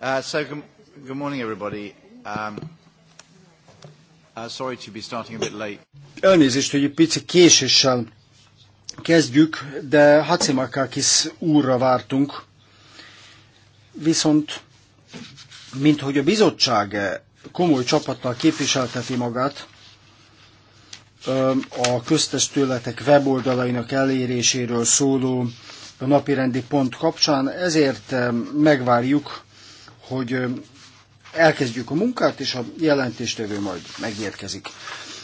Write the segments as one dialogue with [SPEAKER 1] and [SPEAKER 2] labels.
[SPEAKER 1] Uh, so, good, morning, everybody. Um, uh, sorry to be starting a bit late.
[SPEAKER 2] Elnézést, hogy egy pici késéssel kezdjük, de Hacimakakis úrra vártunk. Viszont, mint hogy a bizottság komoly csapattal képviselteti magát, a köztes tőletek weboldalainak eléréséről szóló napirendi pont kapcsán, ezért megvárjuk hogy elkezdjük a munkát, és a jelentéstevő majd megérkezik.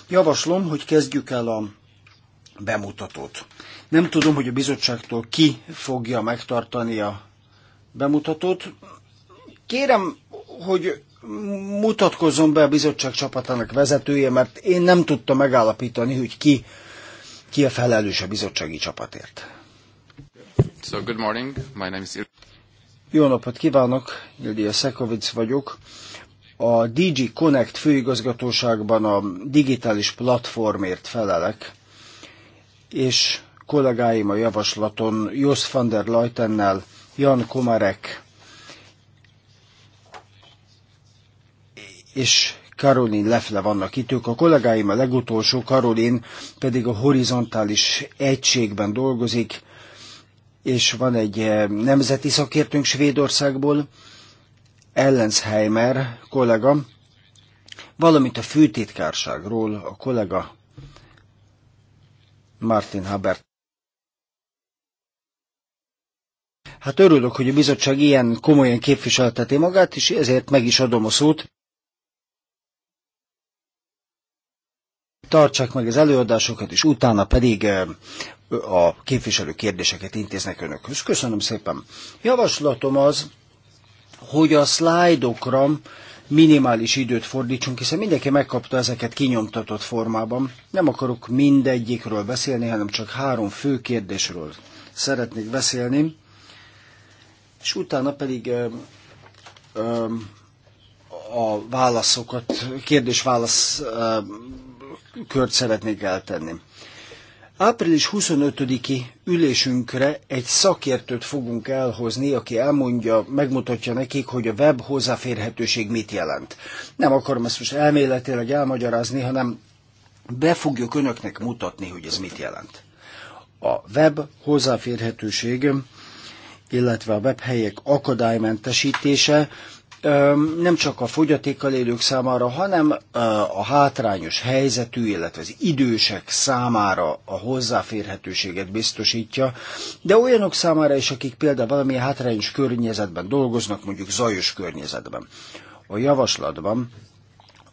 [SPEAKER 2] Javaslom, hogy kezdjük el a bemutatót. Nem tudom, hogy a bizottságtól ki fogja megtartani a bemutatót. Kérem, hogy mutatkozzon be a bizottság csapatának vezetője, mert én nem tudtam megállapítani, hogy ki, ki a felelős a bizottsági csapatért.
[SPEAKER 3] So, good morning. My name is
[SPEAKER 2] jó napot kívánok, Ildia Szekovic vagyok. A DG Connect főigazgatóságban a digitális platformért felelek, és kollégáim a javaslaton Jos van der Leutennel, Jan Komarek és Karolin Lefle vannak itt, ők a kollégáim, a legutolsó Karolin pedig a horizontális egységben dolgozik, és van egy eh, nemzeti szakértőnk Svédországból, Ellensheimer kollega, valamint a főtitkárságról a kollega Martin Habert. Hát örülök, hogy a bizottság ilyen komolyan képviselteti magát, és ezért meg is adom a szót. tartsák meg az előadásokat, és utána pedig a képviselő kérdéseket intéznek önökhöz. Köszönöm szépen. Javaslatom az, hogy a szlájdokra minimális időt fordítsunk, hiszen mindenki megkapta ezeket kinyomtatott formában. Nem akarok mindegyikről beszélni, hanem csak három fő kérdésről szeretnék beszélni, és utána pedig ö, ö, a válaszokat, kérdés-válasz kört szeretnék eltenni. Április 25-i ülésünkre egy szakértőt fogunk elhozni, aki elmondja, megmutatja nekik, hogy a web hozzáférhetőség mit jelent. Nem akarom ezt most elméletileg elmagyarázni, hanem be fogjuk önöknek mutatni, hogy ez mit jelent. A web hozzáférhetőség, illetve a webhelyek akadálymentesítése nem csak a fogyatékkal élők számára, hanem a hátrányos helyzetű, illetve az idősek számára a hozzáférhetőséget biztosítja, de olyanok számára is, akik például valamilyen hátrányos környezetben dolgoznak, mondjuk zajos környezetben. A javaslatban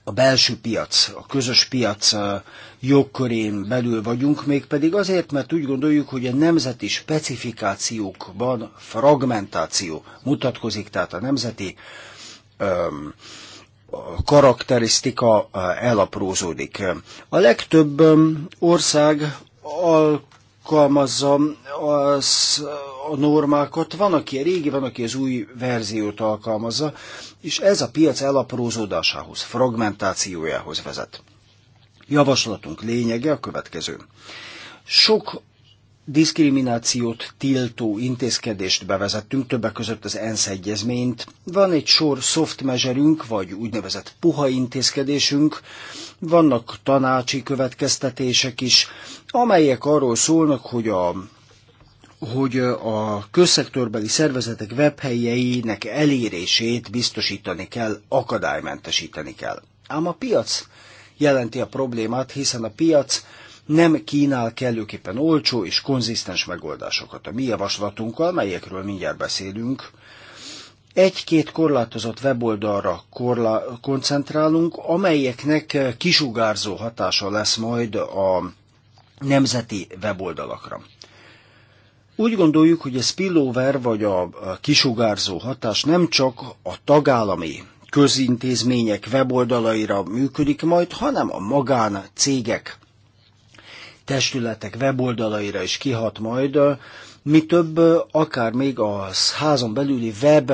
[SPEAKER 2] a belső piac, a közös piac jogkörén belül vagyunk, mégpedig azért, mert úgy gondoljuk, hogy a nemzeti specifikációkban fragmentáció mutatkozik, tehát a nemzeti Um, karakterisztika uh, elaprózódik. A legtöbb um, ország alkalmazza az a normákat, van, aki a régi, van, aki az új verziót alkalmazza, és ez a piac elaprózódásához, fragmentációjához vezet. Javaslatunk lényege a következő. Sok diszkriminációt tiltó intézkedést bevezettünk, többek között az ENSZ egyezményt. Van egy sor soft measure vagy úgynevezett puha intézkedésünk, vannak tanácsi következtetések is, amelyek arról szólnak, hogy a hogy a közszektorbeli szervezetek webhelyeinek elérését biztosítani kell, akadálymentesíteni kell. Ám a piac jelenti a problémát, hiszen a piac nem kínál kellőképpen olcsó és konzisztens megoldásokat. A mi javaslatunkkal, melyekről mindjárt beszélünk, egy-két korlátozott weboldalra korla- koncentrálunk, amelyeknek kisugárzó hatása lesz majd a nemzeti weboldalakra. Úgy gondoljuk, hogy a spillover vagy a kisugárzó hatás nem csak a tagállami közintézmények weboldalaira működik majd, hanem a magán cégek testületek weboldalaira is kihat majd, mi több, akár még a házon belüli web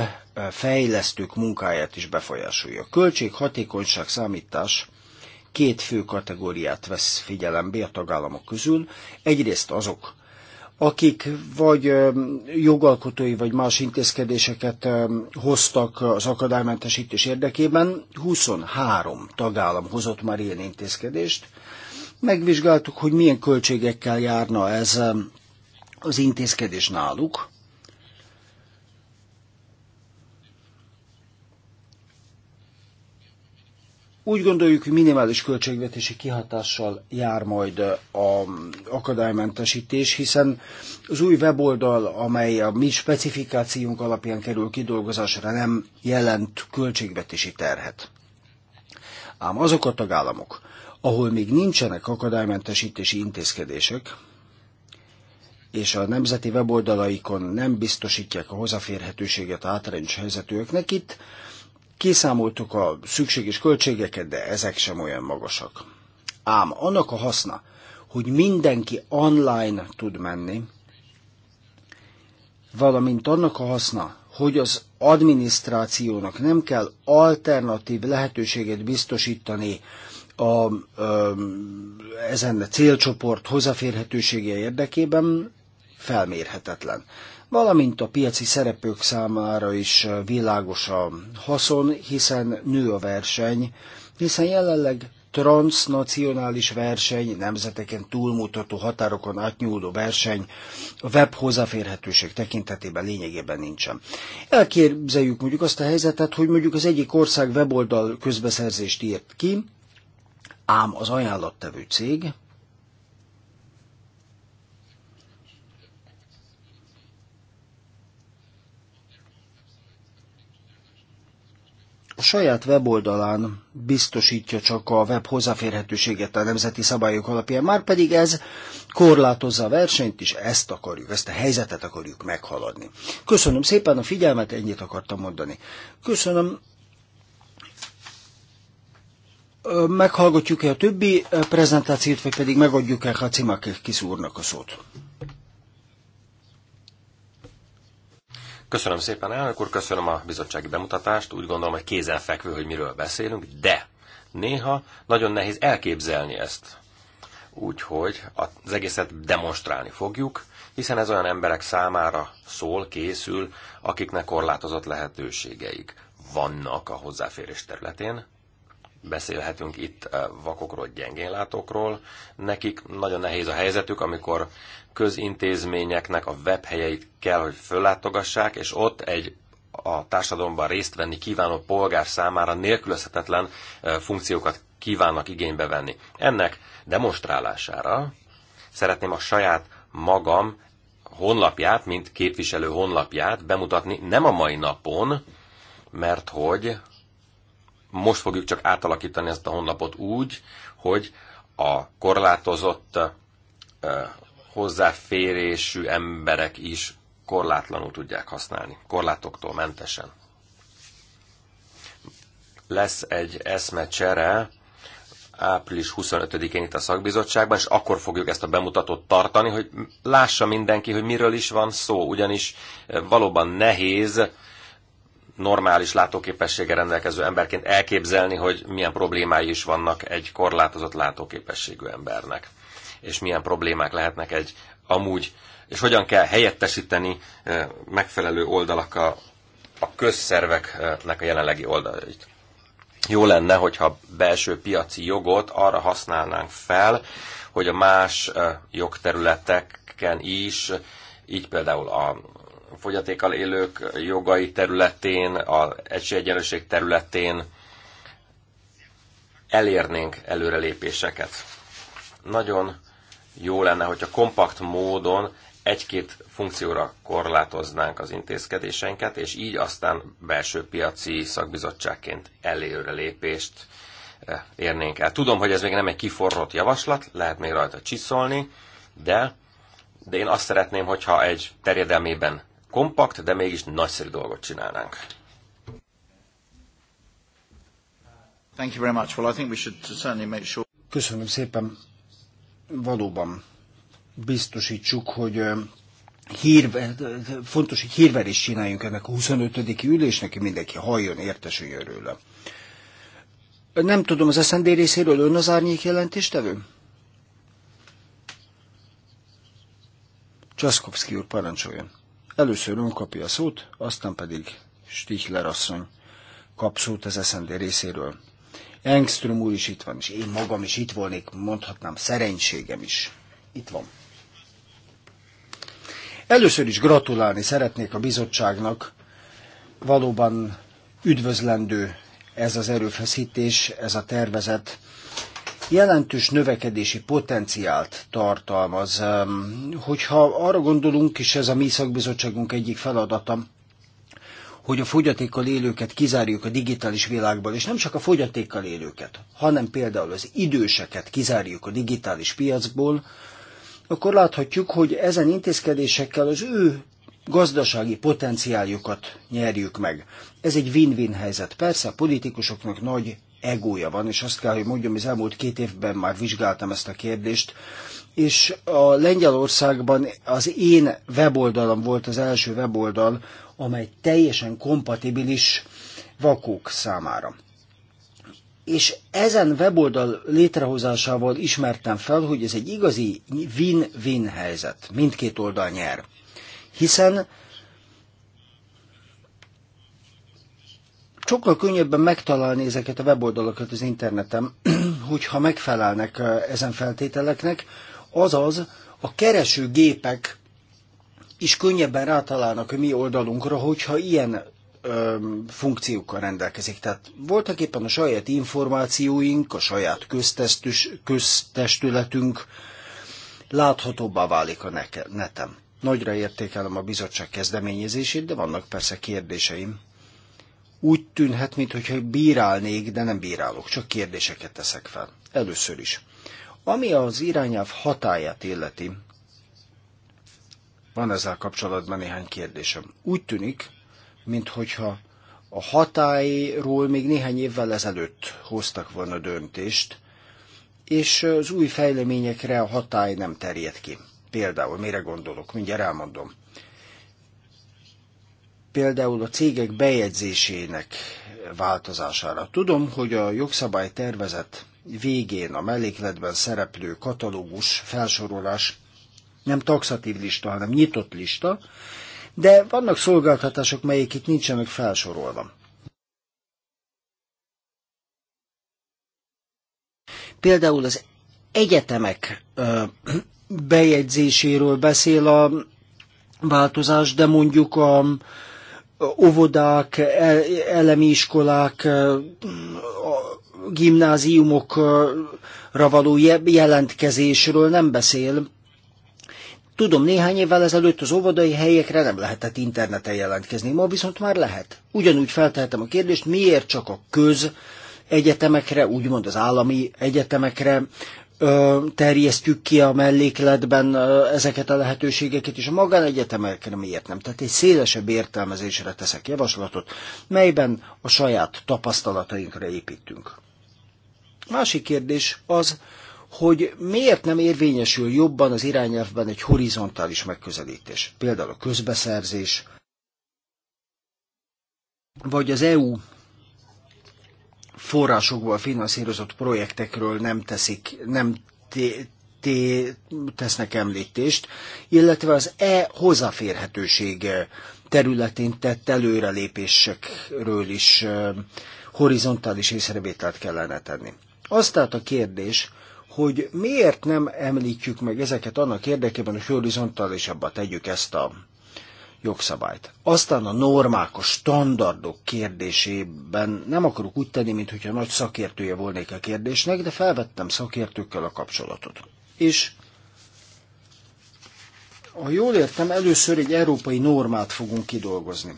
[SPEAKER 2] fejlesztők munkáját is befolyásolja. Költség-hatékonyság számítás két fő kategóriát vesz figyelembe a tagállamok közül. Egyrészt azok, akik vagy jogalkotói, vagy más intézkedéseket hoztak az akadálymentesítés érdekében. 23 tagállam hozott már ilyen intézkedést, Megvizsgáltuk, hogy milyen költségekkel járna ez az intézkedés náluk. Úgy gondoljuk, hogy minimális költségvetési kihatással jár majd a akadálymentesítés, hiszen az új weboldal, amely a mi specifikációnk alapján kerül kidolgozásra, nem jelent költségvetési terhet. Ám azok a tagállamok, ahol még nincsenek akadálymentesítési intézkedések, és a nemzeti weboldalaikon nem biztosítják a hozzáférhetőséget átrendis helyzetűeknek itt, kiszámoltuk a szükséges költségeket, de ezek sem olyan magasak. Ám annak a haszna, hogy mindenki online tud menni, valamint annak a haszna, hogy az adminisztrációnak nem kell alternatív lehetőséget biztosítani a, ezen a célcsoport hozzáférhetősége érdekében felmérhetetlen. Valamint a piaci szereplők számára is világos a haszon, hiszen nő a verseny, hiszen jelenleg transnacionális verseny, nemzeteken túlmutató határokon átnyúló verseny a web hozzáférhetőség tekintetében lényegében nincsen. Elképzeljük mondjuk azt a helyzetet, hogy mondjuk az egyik ország weboldal közbeszerzést írt ki, ám az ajánlattevő cég a saját weboldalán biztosítja csak a web hozzáférhetőséget a nemzeti szabályok alapján, már pedig ez korlátozza a versenyt, és ezt akarjuk, ezt a helyzetet akarjuk meghaladni. Köszönöm szépen a figyelmet, ennyit akartam mondani. Köszönöm meghallgatjuk-e a többi prezentációt, vagy pedig megadjuk-e Hacimakek kiszúrnak a szót?
[SPEAKER 3] Köszönöm szépen, elnök úr, köszönöm a bizottsági bemutatást. Úgy gondolom, hogy kézenfekvő, hogy miről beszélünk, de néha nagyon nehéz elképzelni ezt. Úgyhogy az egészet demonstrálni fogjuk, hiszen ez olyan emberek számára szól, készül, akiknek korlátozott lehetőségeik vannak a hozzáférés területén, beszélhetünk itt eh, vakokról, gyengénlátókról. Nekik nagyon nehéz a helyzetük, amikor közintézményeknek a webhelyeit kell, hogy föllátogassák, és ott egy a társadalomban részt venni kívánó polgár számára nélkülözhetetlen eh, funkciókat kívánnak igénybe venni. Ennek demonstrálására szeretném a saját magam honlapját, mint képviselő honlapját bemutatni nem a mai napon, mert hogy most fogjuk csak átalakítani ezt a honlapot úgy, hogy a korlátozott hozzáférésű emberek is korlátlanul tudják használni, korlátoktól mentesen. Lesz egy eszmecsere április 25-én itt a szakbizottságban, és akkor fogjuk ezt a bemutatót tartani, hogy lássa mindenki, hogy miről is van szó, ugyanis valóban nehéz normális látóképessége rendelkező emberként elképzelni, hogy milyen problémái is vannak egy korlátozott látóképességű embernek, és milyen problémák lehetnek egy amúgy, és hogyan kell helyettesíteni megfelelő oldalakkal a közszerveknek a jelenlegi oldalait. Jó lenne, hogyha belső piaci jogot arra használnánk fel, hogy a más jogterületeken is, így például a fogyatékkal élők jogai területén, az egységegyenlőség területén elérnénk előrelépéseket. Nagyon jó lenne, hogyha kompakt módon egy-két funkcióra korlátoznánk az intézkedéseinket, és így aztán belső piaci szakbizottságként előrelépést eh, érnénk el. Tudom, hogy ez még nem egy kiforrott javaslat, lehet még rajta csiszolni, de, de én azt szeretném, hogyha egy terjedelmében kompakt, de mégis nagyszerű dolgot csinálnánk.
[SPEAKER 1] Thank
[SPEAKER 2] you very much. Well, I think we should certainly make sure... Köszönöm szépen. Valóban biztosítsuk, hogy hírve, fontos, hogy is csináljunk ennek a 25. ülésnek, hogy mindenki halljon, értesüljön róla. Nem tudom, az SZND részéről ön az árnyék jelentéstevő? Csaszkowski úr, parancsoljon. Először ön kapja a szót, aztán pedig Stichler asszony kap szót az SZND részéről. Engström úr is itt van, és én magam is itt volnék, mondhatnám szerencségem is. Itt van. Először is gratulálni szeretnék a bizottságnak. Valóban üdvözlendő ez az erőfeszítés, ez a tervezet, jelentős növekedési potenciált tartalmaz. Hogyha arra gondolunk, és ez a mi szakbizottságunk egyik feladata, hogy a fogyatékkal élőket kizárjuk a digitális világból, és nem csak a fogyatékkal élőket, hanem például az időseket kizárjuk a digitális piacból, akkor láthatjuk, hogy ezen intézkedésekkel az ő gazdasági potenciáljukat nyerjük meg. Ez egy win-win helyzet. Persze a politikusoknak nagy egója van, és azt kell, hogy mondjam, az elmúlt két évben már vizsgáltam ezt a kérdést, és a Lengyelországban az én weboldalam volt az első weboldal, amely teljesen kompatibilis vakók számára. És ezen weboldal létrehozásával ismertem fel, hogy ez egy igazi win-win helyzet. Mindkét oldal nyer. Hiszen sokkal könnyebben megtalálni ezeket a weboldalakat az interneten, hogyha megfelelnek ezen feltételeknek, azaz a kereső gépek is könnyebben rátalálnak a mi oldalunkra, hogyha ilyen funkciókkal rendelkezik. Tehát voltak éppen a saját információink, a saját köztestüs, köztestületünk láthatóbbá válik a nekem, netem. Nagyra értékelem a bizottság kezdeményezését, de vannak persze kérdéseim úgy tűnhet, mintha bírálnék, de nem bírálok, csak kérdéseket teszek fel. Először is. Ami az irányelv hatáját illeti, van ezzel kapcsolatban néhány kérdésem. Úgy tűnik, mintha a hatályról még néhány évvel ezelőtt hoztak volna döntést, és az új fejleményekre a hatály nem terjed ki. Például mire gondolok, mindjárt elmondom például a cégek bejegyzésének változására. Tudom, hogy a jogszabály tervezet végén a mellékletben szereplő katalógus felsorolás nem taxatív lista, hanem nyitott lista, de vannak szolgáltatások, melyik itt nincsenek felsorolva. Például az egyetemek bejegyzéséről beszél a változás, de mondjuk a óvodák, elemi iskolák, gimnáziumokra való jelentkezésről nem beszél. Tudom, néhány évvel ezelőtt az óvodai helyekre nem lehetett interneten jelentkezni, ma viszont már lehet. Ugyanúgy feltehetem a kérdést, miért csak a köz egyetemekre, úgymond az állami egyetemekre terjesztjük ki a mellékletben ezeket a lehetőségeket, és a magánegyetemekre miért nem? Tehát egy szélesebb értelmezésre teszek javaslatot, melyben a saját tapasztalatainkra építünk. Másik kérdés az, hogy miért nem érvényesül jobban az irányelvben egy horizontális megközelítés, például a közbeszerzés, vagy az EU forrásokból finanszírozott projektekről nem teszik, nem té tesznek említést, illetve az e hozzáférhetőség területén tett előrelépésekről is horizontális észrevételt kellene tenni. Azt tehát a kérdés, hogy miért nem említjük meg ezeket annak érdekében, hogy horizontálisabbat tegyük ezt a jogszabályt. Aztán a normák, a standardok kérdésében nem akarok úgy tenni, mintha nagy szakértője volnék a kérdésnek, de felvettem szakértőkkel a kapcsolatot. És ha jól értem, először egy európai normát fogunk kidolgozni.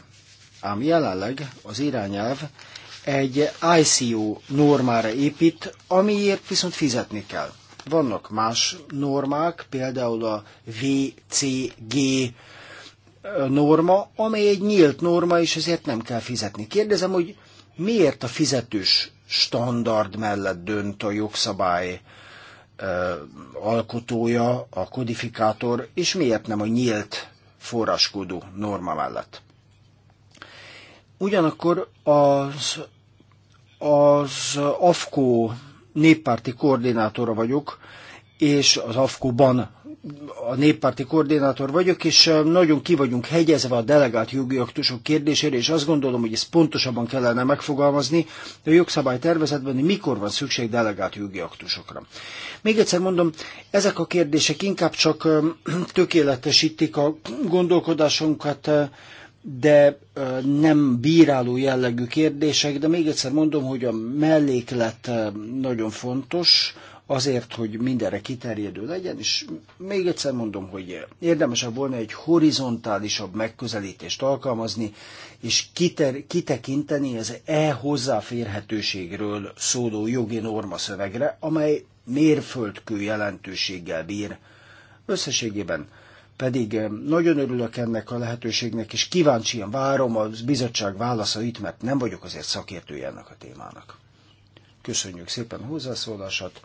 [SPEAKER 2] Ám jelenleg az irányelv egy ICO normára épít, amiért viszont fizetni kell. Vannak más normák, például a VCG norma, amely egy nyílt norma, és ezért nem kell fizetni. Kérdezem, hogy miért a fizetős standard mellett dönt a jogszabály alkotója, a kodifikátor, és miért nem a nyílt forraskodó norma mellett. Ugyanakkor az, az AFKO néppárti koordinátora vagyok, és az AFKO-ban a néppárti koordinátor vagyok, és nagyon ki vagyunk hegyezve a delegált jogi aktusok kérdésére, és azt gondolom, hogy ezt pontosabban kellene megfogalmazni a jogszabálytervezetben, hogy mikor van szükség delegált jogi aktusokra. Még egyszer mondom, ezek a kérdések inkább csak tökéletesítik a gondolkodásunkat, de nem bíráló jellegű kérdések, de még egyszer mondom, hogy a melléklet nagyon fontos, azért, hogy mindenre kiterjedő legyen, és még egyszer mondom, hogy érdemesebb volna egy horizontálisabb megközelítést alkalmazni, és kiter, kitekinteni az e-hozzáférhetőségről szóló jogi norma szövegre, amely mérföldkő jelentőséggel bír. Összességében pedig nagyon örülök ennek a lehetőségnek, és kíváncsian várom a bizottság válaszait, mert nem vagyok azért szakértője ennek a témának. Köszönjük szépen hozzászólását!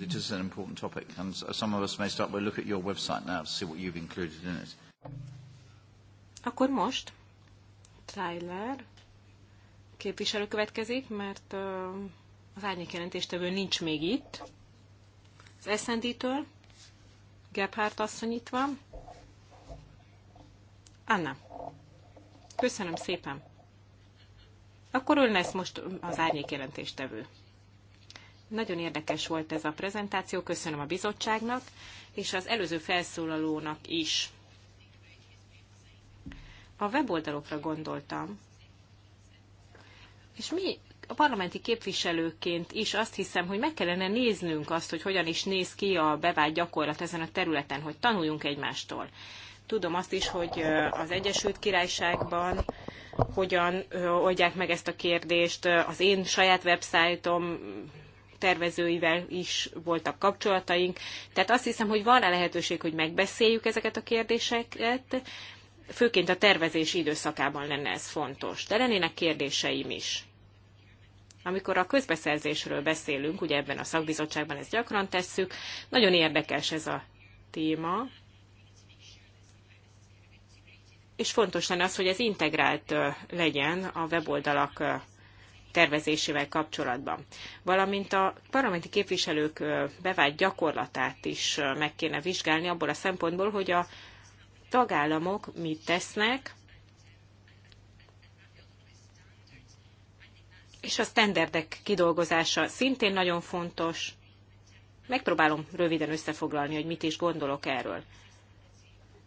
[SPEAKER 1] It is an important topic, and some of us may start by look at your website now to see what you've included in it.
[SPEAKER 4] Akkor most Tyler képviselő következik, mert az árnyék jelentéstevő nincs még itt. Az SND-től Gebhardt asszony itt van. Anna, köszönöm szépen. Akkor ön lesz most az árnyék jelentéstevő. Nagyon érdekes volt ez a prezentáció, köszönöm a bizottságnak, és az előző felszólalónak is. A weboldalokra gondoltam, és mi a parlamenti képviselőként is azt hiszem, hogy meg kellene néznünk azt, hogy hogyan is néz ki a bevált gyakorlat ezen a területen, hogy tanuljunk egymástól. Tudom azt is, hogy az Egyesült Királyságban hogyan oldják meg ezt a kérdést. Az én saját websájtom tervezőivel is voltak kapcsolataink, tehát azt hiszem, hogy van e lehetőség, hogy megbeszéljük ezeket a kérdéseket, főként a tervezés időszakában lenne ez fontos. De lennének kérdéseim is. Amikor a közbeszerzésről beszélünk, ugye ebben a szakbizottságban ezt gyakran tesszük, nagyon érdekes ez a téma, és fontos lenne az, hogy ez integrált legyen a weboldalak tervezésével kapcsolatban. Valamint a parlamenti képviselők bevált gyakorlatát is meg kéne vizsgálni abból a szempontból, hogy a tagállamok mit tesznek, és a standardek kidolgozása szintén nagyon fontos. Megpróbálom röviden összefoglalni, hogy mit is gondolok erről.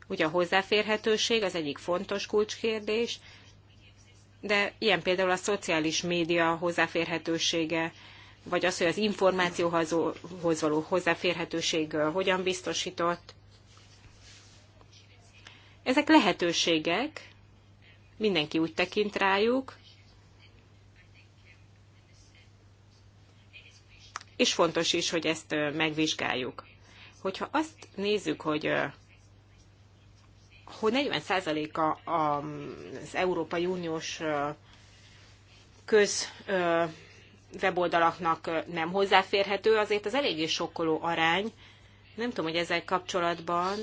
[SPEAKER 4] Ugye a hozzáférhetőség az egyik fontos kulcskérdés, de ilyen például a szociális média hozzáférhetősége, vagy az, hogy az információhoz való hozzáférhetőség hogyan biztosított. Ezek lehetőségek, mindenki úgy tekint rájuk, és fontos is, hogy ezt megvizsgáljuk. Hogyha azt nézzük, hogy hogy 40%-a az Európai Uniós köz weboldalaknak nem hozzáférhető, azért az eléggé sokkoló arány. Nem tudom, hogy ezzel kapcsolatban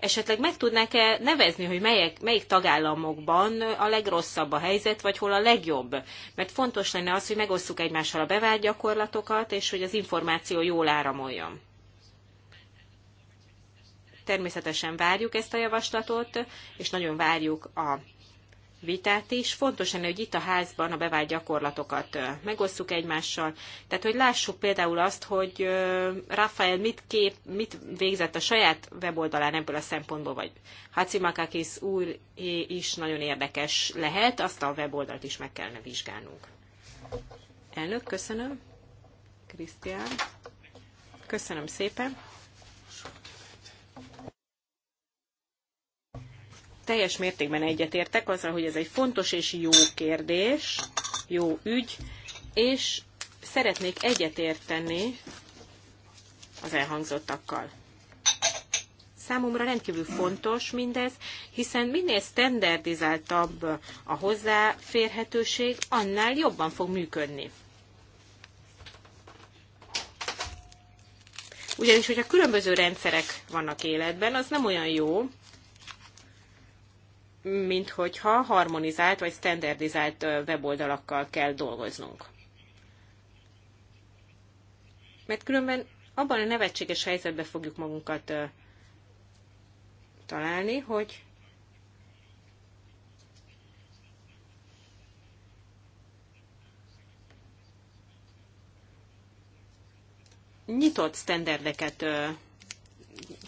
[SPEAKER 4] esetleg meg tudnák-e nevezni, hogy melyek, melyik tagállamokban a legrosszabb a helyzet, vagy hol a legjobb? Mert fontos lenne az, hogy megosszuk egymással a bevált gyakorlatokat, és hogy az információ jól áramoljon. Természetesen várjuk ezt a javaslatot, és nagyon várjuk a vitát is. Fontos lenne, hogy itt a házban a bevált gyakorlatokat megosszuk egymással. Tehát, hogy lássuk például azt, hogy Rafael mit, kép, mit végzett a saját weboldalán ebből a szempontból, vagy Hacimakakis úr is nagyon érdekes lehet, azt a weboldalt is meg kellene vizsgálnunk. Elnök, köszönöm. Krisztián. Köszönöm szépen. teljes mértékben egyetértek azzal, hogy ez egy fontos és jó kérdés, jó ügy, és szeretnék egyetérteni az elhangzottakkal. Számomra rendkívül fontos mindez, hiszen minél standardizáltabb a hozzáférhetőség, annál jobban fog működni. Ugyanis, hogyha különböző rendszerek vannak életben, az nem olyan jó, mint hogyha harmonizált vagy standardizált weboldalakkal kell dolgoznunk. Mert különben abban a nevetséges helyzetben fogjuk magunkat találni, hogy nyitott standardeket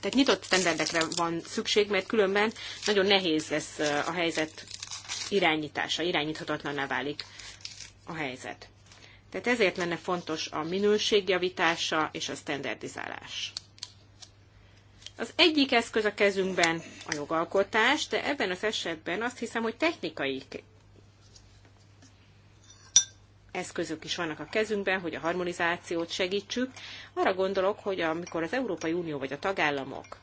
[SPEAKER 4] tehát nyitott standardekre van szükség, mert különben nagyon nehéz lesz a helyzet irányítása, irányíthatatlaná válik a helyzet. Tehát ezért lenne fontos a minőségjavítása és a standardizálás. Az egyik eszköz a kezünkben a jogalkotás, de ebben az esetben azt hiszem, hogy technikai eszközök is vannak a kezünkben, hogy a harmonizációt segítsük. Arra gondolok, hogy amikor az Európai Unió vagy a tagállamok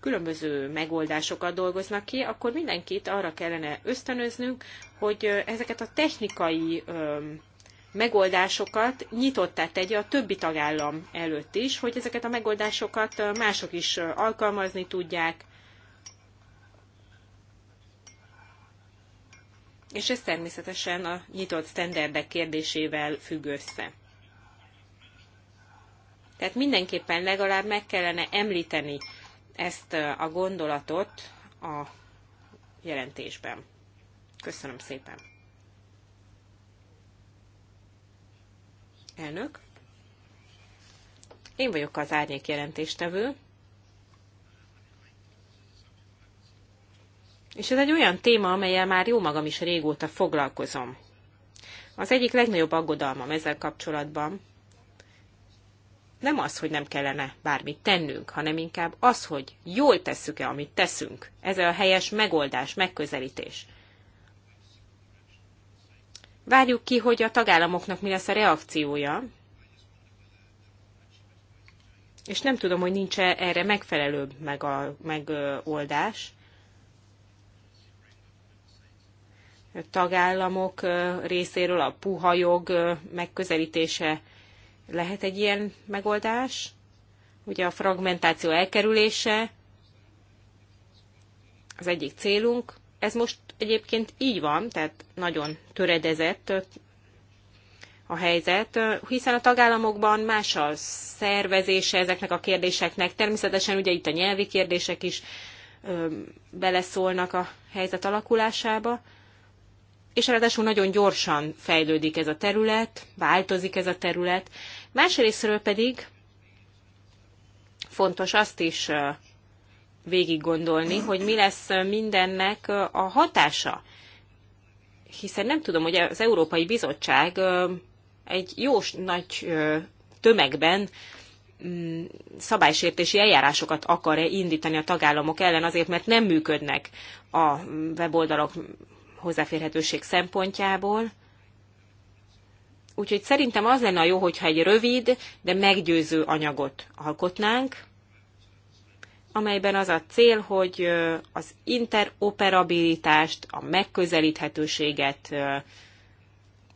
[SPEAKER 4] különböző megoldásokat dolgoznak ki, akkor mindenkit arra kellene ösztönöznünk, hogy ezeket a technikai megoldásokat nyitottá tegye a többi tagállam előtt is, hogy ezeket a megoldásokat mások is alkalmazni tudják, és ez természetesen a nyitott standardek kérdésével függ össze. Tehát mindenképpen legalább meg kellene említeni ezt a gondolatot a jelentésben. Köszönöm szépen. Elnök. Én vagyok az árnyék jelentéstevő. És ez egy olyan téma, amelyel már jó magam is régóta foglalkozom. Az egyik legnagyobb aggodalmam ezzel kapcsolatban nem az, hogy nem kellene bármit tennünk, hanem inkább az, hogy jól tesszük-e, amit teszünk. Ez a helyes megoldás, megközelítés. Várjuk ki, hogy a tagállamoknak mi lesz a reakciója, és nem tudom, hogy nincs -e erre megfelelőbb megoldás. Meg, tagállamok részéről a puha jog megközelítése lehet egy ilyen megoldás. Ugye a fragmentáció elkerülése az egyik célunk. Ez most egyébként így van, tehát nagyon töredezett a helyzet, hiszen a tagállamokban más a szervezése ezeknek a kérdéseknek. Természetesen ugye itt a nyelvi kérdések is beleszólnak a helyzet alakulásába és ráadásul nagyon gyorsan fejlődik ez a terület, változik ez a terület. Másrésztről pedig fontos azt is végig gondolni, hogy mi lesz mindennek a hatása. Hiszen nem tudom, hogy az Európai Bizottság egy jó nagy tömegben mm, szabálysértési eljárásokat akar-e indítani a tagállamok ellen azért, mert nem működnek a mm, weboldalok hozzáférhetőség szempontjából. Úgyhogy szerintem az lenne a jó, hogyha egy rövid, de meggyőző anyagot alkotnánk, amelyben az a cél, hogy az interoperabilitást, a megközelíthetőséget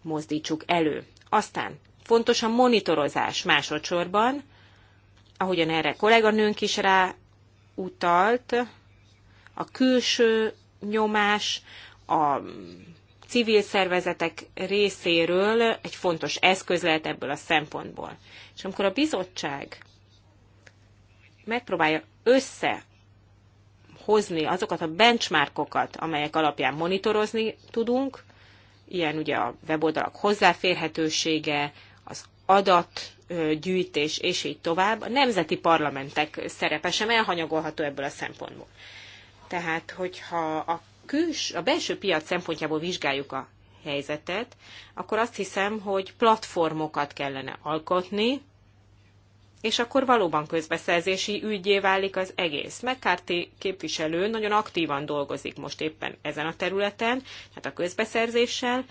[SPEAKER 4] mozdítsuk elő. Aztán fontos a monitorozás másodszorban, ahogyan erre kolléganőnk is rá utalt, a külső nyomás, a civil szervezetek részéről egy fontos eszköz lehet ebből a szempontból. És amikor a bizottság megpróbálja összehozni azokat a benchmarkokat, amelyek alapján monitorozni tudunk, ilyen ugye a weboldalak hozzáférhetősége, az adatgyűjtés, és így tovább. A nemzeti parlamentek szerepe sem elhanyagolható ebből a szempontból. Tehát, hogyha a küls, a belső piac szempontjából vizsgáljuk a helyzetet, akkor azt hiszem, hogy platformokat kellene alkotni, és akkor valóban közbeszerzési ügyé válik az egész. McCarthy képviselő nagyon aktívan dolgozik most éppen ezen a területen, tehát a közbeszerzéssel,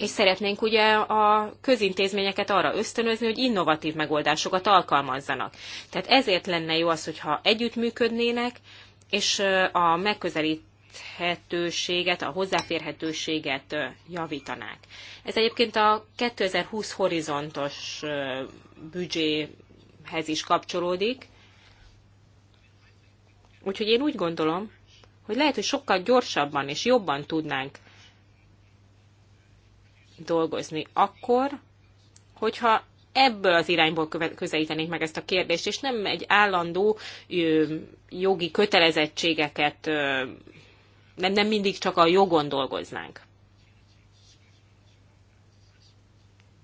[SPEAKER 4] és szeretnénk ugye a közintézményeket arra ösztönözni, hogy innovatív megoldásokat alkalmazzanak. Tehát ezért lenne jó az, hogyha együttműködnének, és a megközelíthetőséget, a hozzáférhetőséget javítanák. Ez egyébként a 2020 horizontos büdzséhez is kapcsolódik. Úgyhogy én úgy gondolom, hogy lehet, hogy sokkal gyorsabban és jobban tudnánk dolgozni akkor, hogyha ebből az irányból közelítenék meg ezt a kérdést, és nem egy állandó jogi kötelezettségeket, nem, nem mindig csak a jogon dolgoznánk.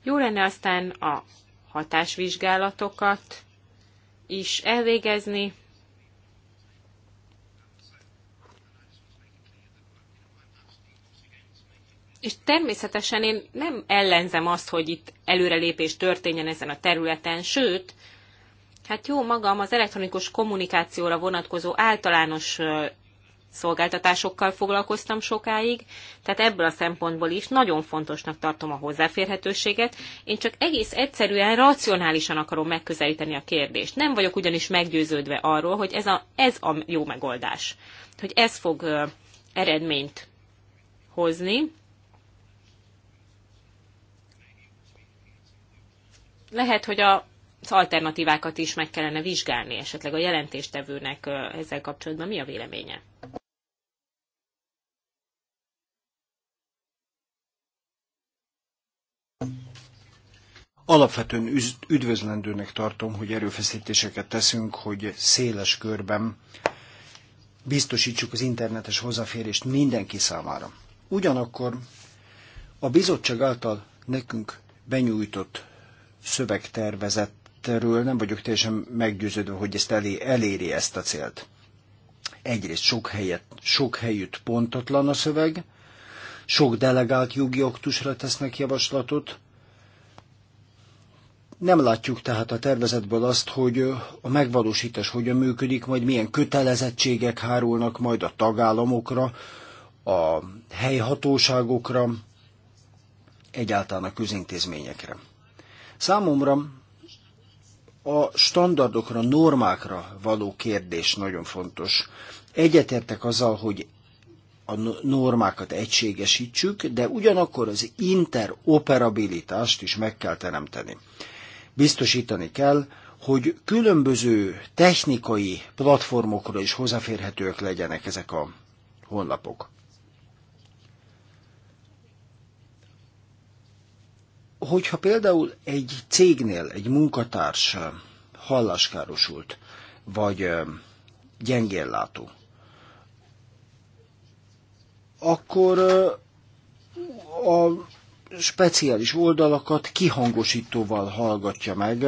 [SPEAKER 4] Jó lenne aztán a hatásvizsgálatokat is elvégezni, És természetesen én nem ellenzem azt, hogy itt előrelépés történjen ezen a területen, sőt, hát jó magam az elektronikus kommunikációra vonatkozó általános szolgáltatásokkal foglalkoztam sokáig, tehát ebből a szempontból is nagyon fontosnak tartom a hozzáférhetőséget. Én csak egész egyszerűen racionálisan akarom megközelíteni a kérdést. Nem vagyok ugyanis meggyőződve arról, hogy ez a, ez a jó megoldás, hogy ez fog eredményt hozni. lehet, hogy a az alternatívákat is meg kellene vizsgálni, esetleg a jelentéstevőnek ezzel kapcsolatban mi a véleménye?
[SPEAKER 2] Alapvetően üdvözlendőnek tartom, hogy erőfeszítéseket teszünk, hogy széles körben biztosítsuk az internetes hozzáférést mindenki számára. Ugyanakkor a bizottság által nekünk benyújtott szövegtervezetről nem vagyok teljesen meggyőződve, hogy ezt elé, eléri ezt a célt. Egyrészt sok, helyet, sok helyütt pontotlan a szöveg, sok delegált jogi aktusra tesznek javaslatot, nem látjuk tehát a tervezetből azt, hogy a megvalósítás hogyan működik, majd milyen kötelezettségek hárulnak majd a tagállamokra, a helyhatóságokra, egyáltalán a közintézményekre. Számomra a standardokra, normákra való kérdés nagyon fontos. Egyetértek azzal, hogy a normákat egységesítsük, de ugyanakkor az interoperabilitást is meg kell teremteni. Biztosítani kell, hogy különböző technikai platformokra is hozzáférhetőek legyenek ezek a honlapok. hogyha például egy cégnél egy munkatárs halláskárosult, vagy gyengéllátó, akkor a speciális oldalakat kihangosítóval hallgatja meg,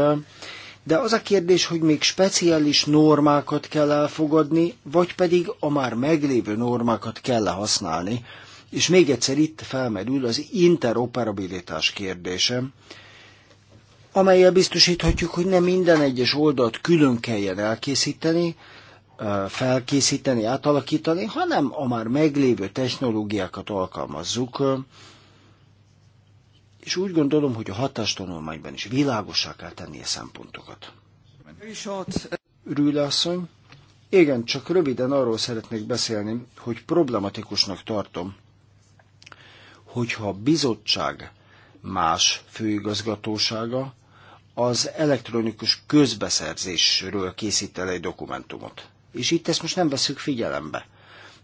[SPEAKER 2] de az a kérdés, hogy még speciális normákat kell elfogadni, vagy pedig a már meglévő normákat kell használni, és még egyszer itt felmerül az interoperabilitás kérdése, amelyel biztosíthatjuk, hogy nem minden egyes oldalt külön kelljen elkészíteni, felkészíteni, átalakítani, hanem a már meglévő technológiákat alkalmazzuk. És úgy gondolom, hogy a hatástanulmányban is világosá kell tenni a szempontokat. Rüle asszony? Igen, csak röviden arról szeretnék beszélni, hogy problematikusnak tartom, hogyha a bizottság más főigazgatósága az elektronikus közbeszerzésről készít el egy dokumentumot. És itt ezt most nem veszük figyelembe.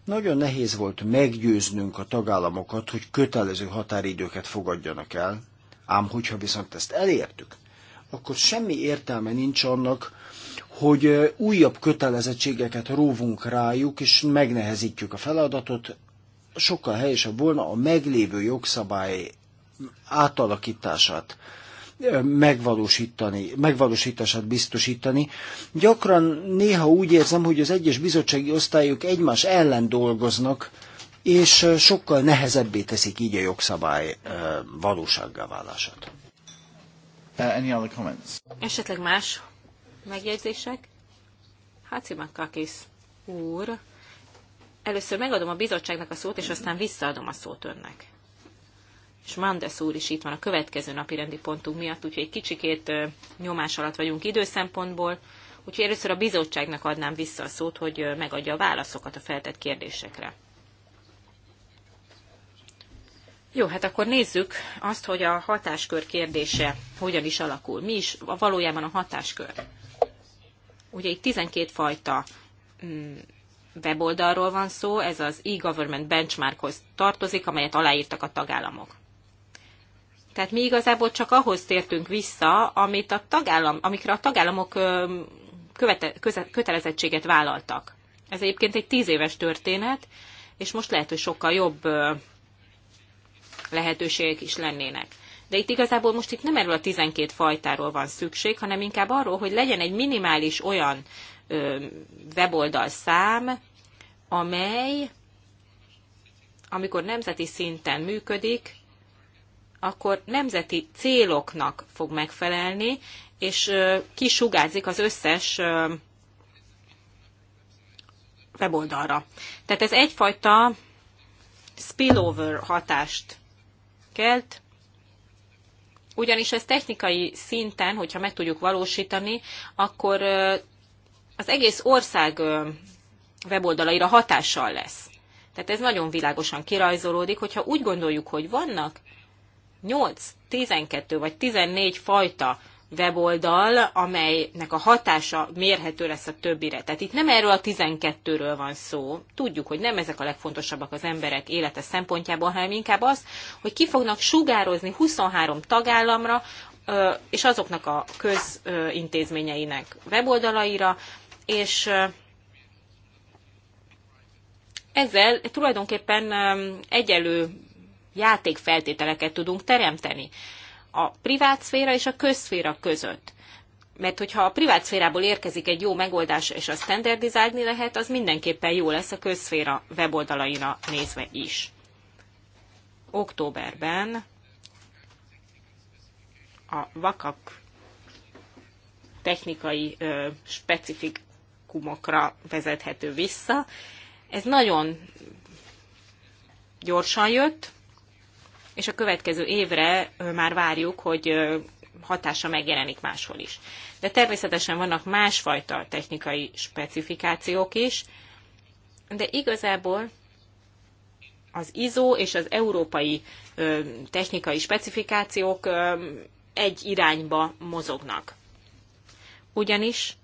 [SPEAKER 2] Nagyon nehéz volt meggyőznünk a tagállamokat, hogy kötelező határidőket fogadjanak el, ám hogyha viszont ezt elértük, akkor semmi értelme nincs annak, hogy újabb kötelezettségeket róvunk rájuk, és megnehezítjük a feladatot, sokkal helyesebb volna a meglévő jogszabály átalakítását megvalósítani, megvalósítását biztosítani. Gyakran néha úgy érzem, hogy az egyes bizottsági osztályok egymás ellen dolgoznak, és sokkal nehezebbé teszik így a jogszabály valósággá válását.
[SPEAKER 1] Uh, any other comments?
[SPEAKER 4] Esetleg más megjegyzések? Háci Makakis úr Először megadom a bizottságnak a szót, és aztán visszaadom a szót önnek. És Mandes úr is itt van a következő napi rendi pontunk miatt, úgyhogy egy kicsikét nyomás alatt vagyunk időszempontból. Úgyhogy először a bizottságnak adnám vissza a szót, hogy megadja a válaszokat a feltett kérdésekre. Jó, hát akkor nézzük azt, hogy a hatáskör kérdése hogyan is alakul. Mi is valójában a hatáskör? Ugye itt 12 fajta mm, weboldalról van szó, ez az e-government benchmarkhoz tartozik, amelyet aláírtak a tagállamok. Tehát mi igazából csak ahhoz tértünk vissza, amit a tagállam, amikre a tagállamok követe, köze, kötelezettséget vállaltak. Ez egyébként egy tíz éves történet, és most lehet, hogy sokkal jobb lehetőségek is lennének. De itt igazából most itt nem erről a 12 fajtáról van szükség, hanem inkább arról, hogy legyen egy minimális olyan szám, amely, amikor nemzeti szinten működik, akkor nemzeti céloknak fog megfelelni, és kisugárzik az összes weboldalra. Tehát ez egyfajta spillover hatást kelt, ugyanis ez technikai szinten, hogyha meg tudjuk valósítani, akkor az egész ország weboldalaira hatással lesz. Tehát ez nagyon világosan kirajzolódik, hogyha úgy gondoljuk, hogy vannak 8, 12 vagy 14 fajta weboldal, amelynek a hatása mérhető lesz a többire. Tehát itt nem erről a 12-ről van szó. Tudjuk, hogy nem ezek a legfontosabbak az emberek élete szempontjából, hanem inkább az, hogy ki fognak sugározni 23 tagállamra, és azoknak a közintézményeinek weboldalaira, és ezzel tulajdonképpen egyelő játékfeltételeket tudunk teremteni a privát szféra és a közszféra között. Mert hogyha a privát szférából érkezik egy jó megoldás, és azt standardizálni lehet, az mindenképpen jó lesz a közszféra weboldalaira nézve is. Októberben a vakak technikai specifik vákumokra vezethető vissza. Ez nagyon gyorsan jött, és a következő évre már várjuk, hogy hatása megjelenik máshol is. De természetesen vannak másfajta technikai specifikációk is, de igazából az ISO és az európai technikai specifikációk egy irányba mozognak. Ugyanis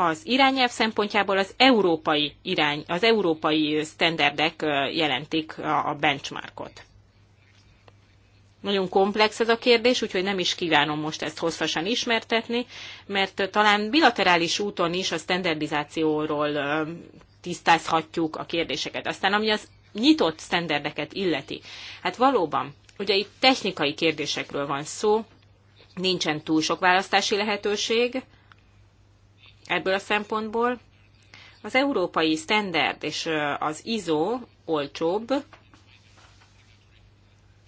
[SPEAKER 4] az irányelv szempontjából az európai irány, az európai standardek jelentik a benchmarkot. Nagyon komplex ez a kérdés, úgyhogy nem is kívánom most ezt hosszasan ismertetni, mert talán bilaterális úton is a standardizációról tisztázhatjuk a kérdéseket. Aztán ami az nyitott standardeket illeti, hát valóban, ugye itt technikai kérdésekről van szó, nincsen túl sok választási lehetőség, Ebből a szempontból az európai standard és az ISO olcsóbb,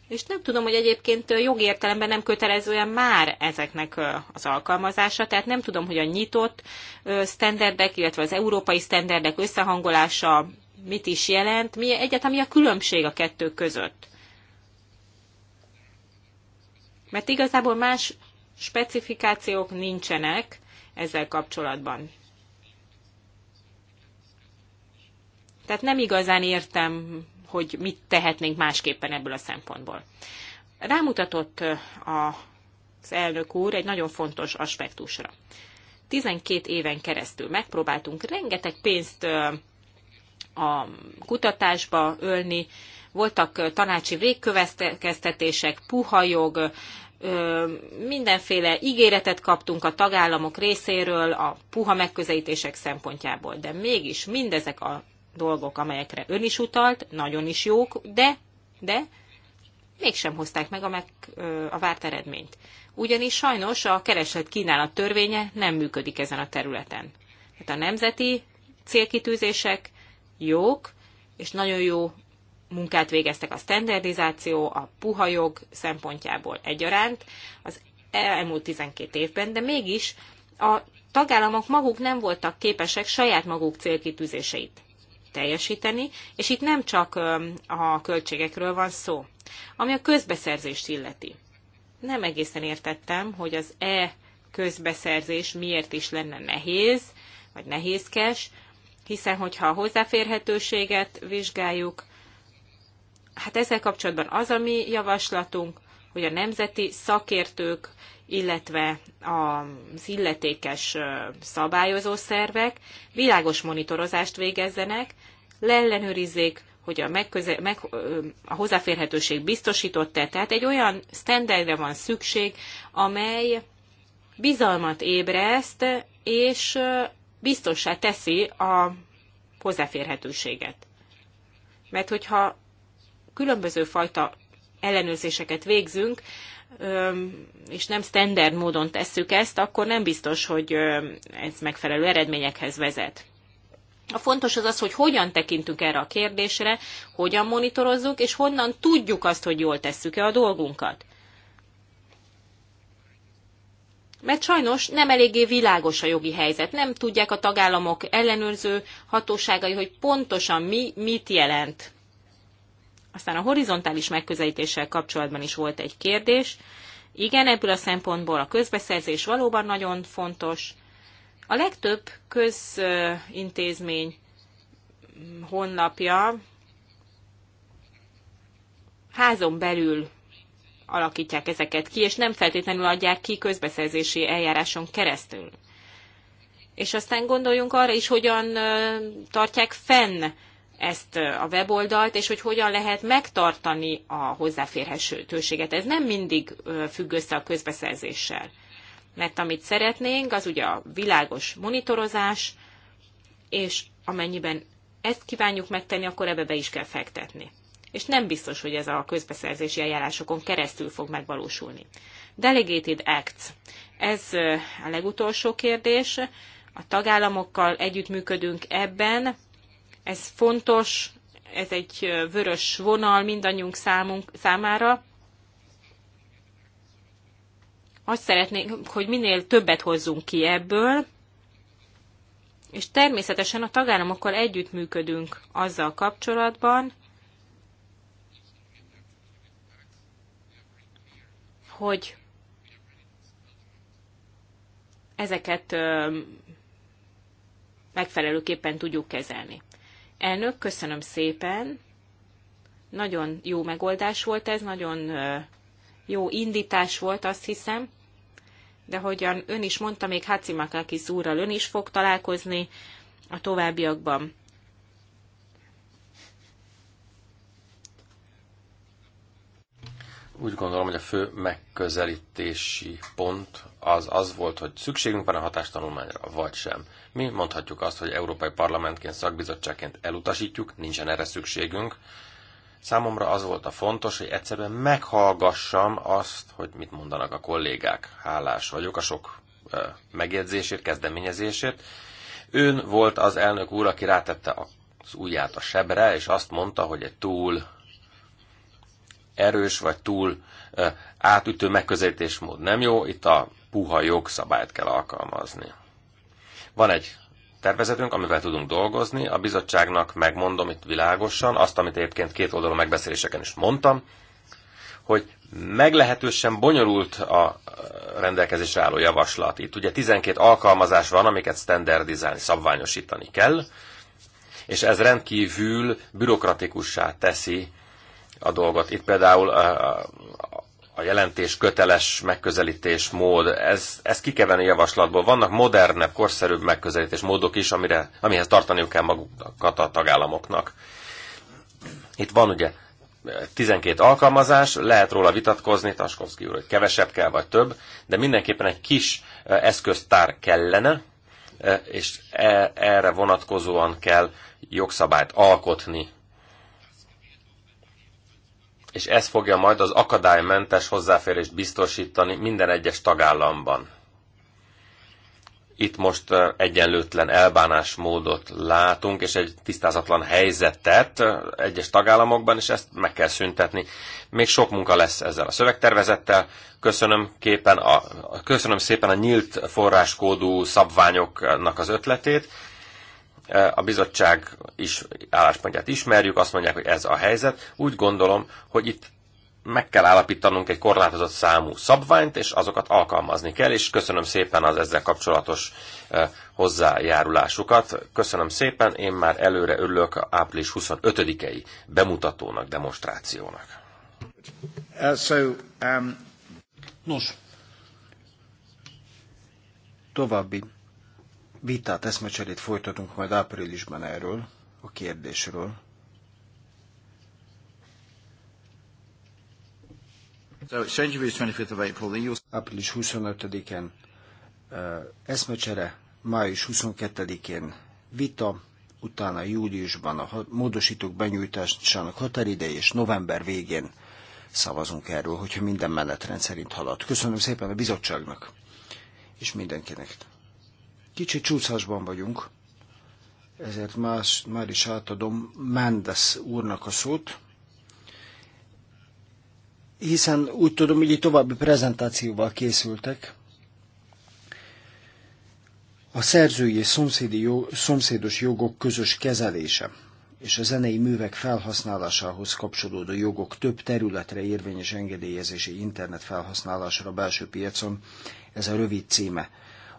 [SPEAKER 4] és nem tudom, hogy egyébként jogértelemben nem kötelezően már ezeknek az alkalmazása, tehát nem tudom, hogy a nyitott standardek, illetve az európai standardek összehangolása mit is jelent, mi egyáltalán mi a különbség a kettő között. Mert igazából más specifikációk nincsenek, ezzel kapcsolatban. Tehát nem igazán értem, hogy mit tehetnénk másképpen ebből a szempontból. Rámutatott a az elnök úr egy nagyon fontos aspektusra. 12 éven keresztül megpróbáltunk rengeteg pénzt a kutatásba ölni, voltak tanácsi végkövetkeztetések, puha jog, mindenféle ígéretet kaptunk a tagállamok részéről a puha megközelítések szempontjából, de mégis mindezek a dolgok, amelyekre ön is utalt, nagyon is jók, de, de mégsem hozták meg a, meg, a várt eredményt. Ugyanis sajnos a kereslet kínálat törvénye nem működik ezen a területen. Tehát a nemzeti célkitűzések jók, és nagyon jó munkát végeztek a standardizáció, a puha jog szempontjából egyaránt az elmúlt 12 évben, de mégis a tagállamok maguk nem voltak képesek saját maguk célkitűzéseit teljesíteni, és itt nem csak a költségekről van szó, ami a közbeszerzést illeti. Nem egészen értettem, hogy az e közbeszerzés miért is lenne nehéz, vagy nehézkes, hiszen hogyha a hozzáférhetőséget vizsgáljuk, Hát ezzel kapcsolatban az a mi javaslatunk, hogy a nemzeti szakértők, illetve az illetékes szabályozó szervek világos monitorozást végezzenek, leellenőrizzék, hogy a, megköze- meg, a hozzáférhetőség biztosított-e. Tehát egy olyan standardre van szükség, amely bizalmat ébreszt, és biztossá teszi a hozzáférhetőséget. Mert hogyha különböző fajta ellenőrzéseket végzünk, és nem standard módon tesszük ezt, akkor nem biztos, hogy ez megfelelő eredményekhez vezet. A fontos az az, hogy hogyan tekintünk erre a kérdésre, hogyan monitorozzuk, és honnan tudjuk azt, hogy jól tesszük-e a dolgunkat. Mert sajnos nem eléggé világos a jogi helyzet. Nem tudják a tagállamok ellenőrző hatóságai, hogy pontosan mi mit jelent aztán a horizontális megközelítéssel kapcsolatban is volt egy kérdés. Igen, ebből a szempontból a közbeszerzés valóban nagyon fontos. A legtöbb közintézmény honlapja házon belül alakítják ezeket ki, és nem feltétlenül adják ki közbeszerzési eljáráson keresztül. És aztán gondoljunk arra is, hogyan tartják fenn ezt a weboldalt, és hogy hogyan lehet megtartani a hozzáférhetőséget. Ez nem mindig függ össze a közbeszerzéssel. Mert amit szeretnénk, az ugye a világos monitorozás, és amennyiben ezt kívánjuk megtenni, akkor ebbe be is kell fektetni. És nem biztos, hogy ez a közbeszerzési eljárásokon keresztül fog megvalósulni. Delegated Acts. Ez a legutolsó kérdés. A tagállamokkal együttműködünk ebben, ez fontos, ez egy vörös vonal mindannyiunk számunk, számára. Azt szeretnénk, hogy minél többet hozzunk ki ebből, és természetesen a tagállamokkal együttműködünk azzal kapcsolatban, hogy ezeket megfelelőképpen tudjuk kezelni. Elnök, köszönöm szépen. Nagyon jó megoldás volt ez, nagyon jó indítás volt, azt hiszem. De hogyan ön is mondta, még Hacimakakis úrral ön is fog találkozni a továbbiakban.
[SPEAKER 3] Úgy gondolom, hogy a fő megközelítési pont az az volt, hogy szükségünk van a hatástanulmányra, vagy sem. Mi mondhatjuk azt, hogy Európai Parlamentként, szakbizottságként elutasítjuk, nincsen erre szükségünk. Számomra az volt a fontos, hogy egyszerűen meghallgassam azt, hogy mit mondanak a kollégák. Hálás vagyok a sok megjegyzésért, kezdeményezésért. Ön volt az elnök úr, aki rátette az ujját a sebre, és azt mondta, hogy egy túl erős vagy túl átütő megközelítésmód nem jó. Itt a puha jogszabályt kell alkalmazni. Van egy tervezetünk, amivel tudunk dolgozni. A bizottságnak megmondom itt világosan, azt, amit egyébként két oldalon megbeszéléseken is mondtam, hogy meglehetősen bonyolult a eh, rendelkezésre álló javaslat. Itt ugye 12 alkalmazás van, amiket standardizálni, szabványosítani kell, és ez rendkívül bürokratikussá teszi a dolgot. Itt például eh, a jelentés köteles megközelítés mód, ez, ez kikeveni javaslatból. Vannak modernebb, korszerűbb megközelítés módok is, amire, amihez tartaniuk kell magukat a tagállamoknak. Itt van ugye 12 alkalmazás, lehet róla vitatkozni, Taskovszki úr, hogy kevesebb kell, vagy több, de mindenképpen egy kis eszköztár kellene, és e, erre vonatkozóan kell jogszabályt alkotni és ez fogja majd az akadálymentes hozzáférést biztosítani minden egyes tagállamban. Itt most egyenlőtlen elbánásmódot látunk, és egy tisztázatlan helyzetet egyes tagállamokban, és ezt meg kell szüntetni. Még sok munka lesz ezzel a szövegtervezettel. Köszönöm, képen a, köszönöm szépen a nyílt forráskódú szabványoknak az ötletét, E, a bizottság is álláspontját ismerjük, azt mondják, hogy ez a helyzet. Úgy gondolom, hogy itt meg kell állapítanunk egy korlátozott számú szabványt, és azokat alkalmazni kell, és köszönöm szépen az ezzel kapcsolatos e, hozzájárulásukat. Köszönöm szépen, én már előre örülök április 25-i bemutatónak, demonstrációnak.
[SPEAKER 1] Uh, so, um...
[SPEAKER 2] Nos, további vitát, eszmecserét folytatunk majd áprilisban erről, a kérdésről. Április 25-en eszmecsere, május 22-én vita, utána júliusban a módosítók benyújtásának határideje, és november végén szavazunk erről, hogyha minden menetrend szerint halad. Köszönöm szépen a bizottságnak, és mindenkinek. Kicsit csúszásban vagyunk, ezért más, már is átadom Mendes úrnak a szót, hiszen úgy tudom, hogy egy további prezentációval készültek. A szerzői és szomszédi szomszédos jogok közös kezelése és a zenei művek felhasználásához kapcsolódó jogok több területre érvényes engedélyezési internet felhasználásra a belső piacon. Ez a rövid címe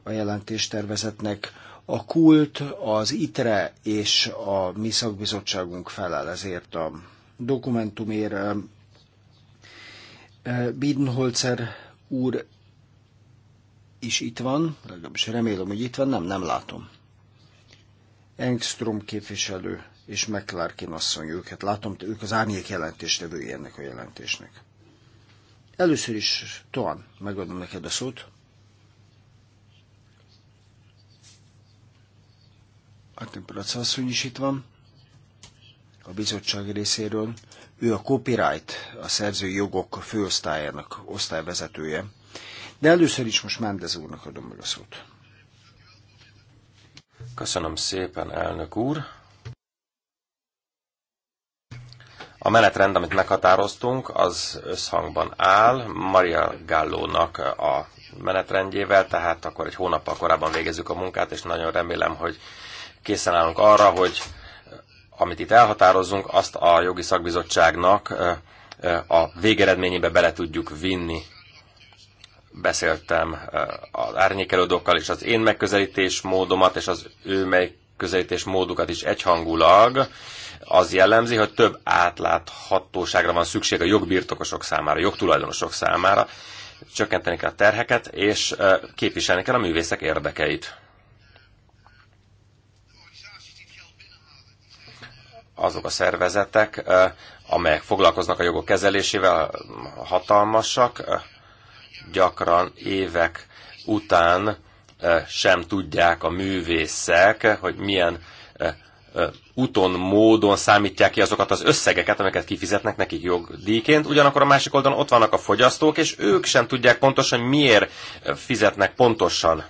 [SPEAKER 2] a jelentéstervezetnek. A kult, az ITRE és a mi szakbizottságunk felel ezért a dokumentumért. Biedenholzer úr is itt van, legalábbis remélem, hogy itt van, nem, nem látom. Engström képviselő és McClarkin asszony, őket látom, ők az árnyék jelentéstevői ennek a jelentésnek. Először is, Toan, megadom neked a szót. Attenpulac asszony is itt van, a bizottság részéről. Ő a copyright, a szerzői jogok főosztályának osztályvezetője. De először is most Mendez úrnak adom meg a szót.
[SPEAKER 3] Köszönöm szépen, elnök úr. A menetrend, amit meghatároztunk, az összhangban áll Maria Gallónak a menetrendjével, tehát akkor egy hónappal korábban végezzük a munkát, és nagyon remélem, hogy készen állunk arra, hogy eh, amit itt elhatározzunk, azt a jogi szakbizottságnak eh, eh, a végeredményébe bele tudjuk vinni. Beszéltem az árnyékelődókkal is, az én megközelítés módomat és az ő megközelítés módukat is egyhangulag. Az jellemzi, hogy több átláthatóságra van szükség a jogbirtokosok számára, a jogtulajdonosok számára, csökkenteni kell a terheket, és képviselni kell a művészek érdekeit. azok a szervezetek, amelyek foglalkoznak a jogok kezelésével, hatalmasak, gyakran évek után sem tudják a művészek, hogy milyen úton, módon számítják ki azokat az összegeket, amiket kifizetnek nekik jogdíjként. Ugyanakkor a másik oldalon ott vannak a fogyasztók, és ők sem tudják pontosan, miért fizetnek pontosan.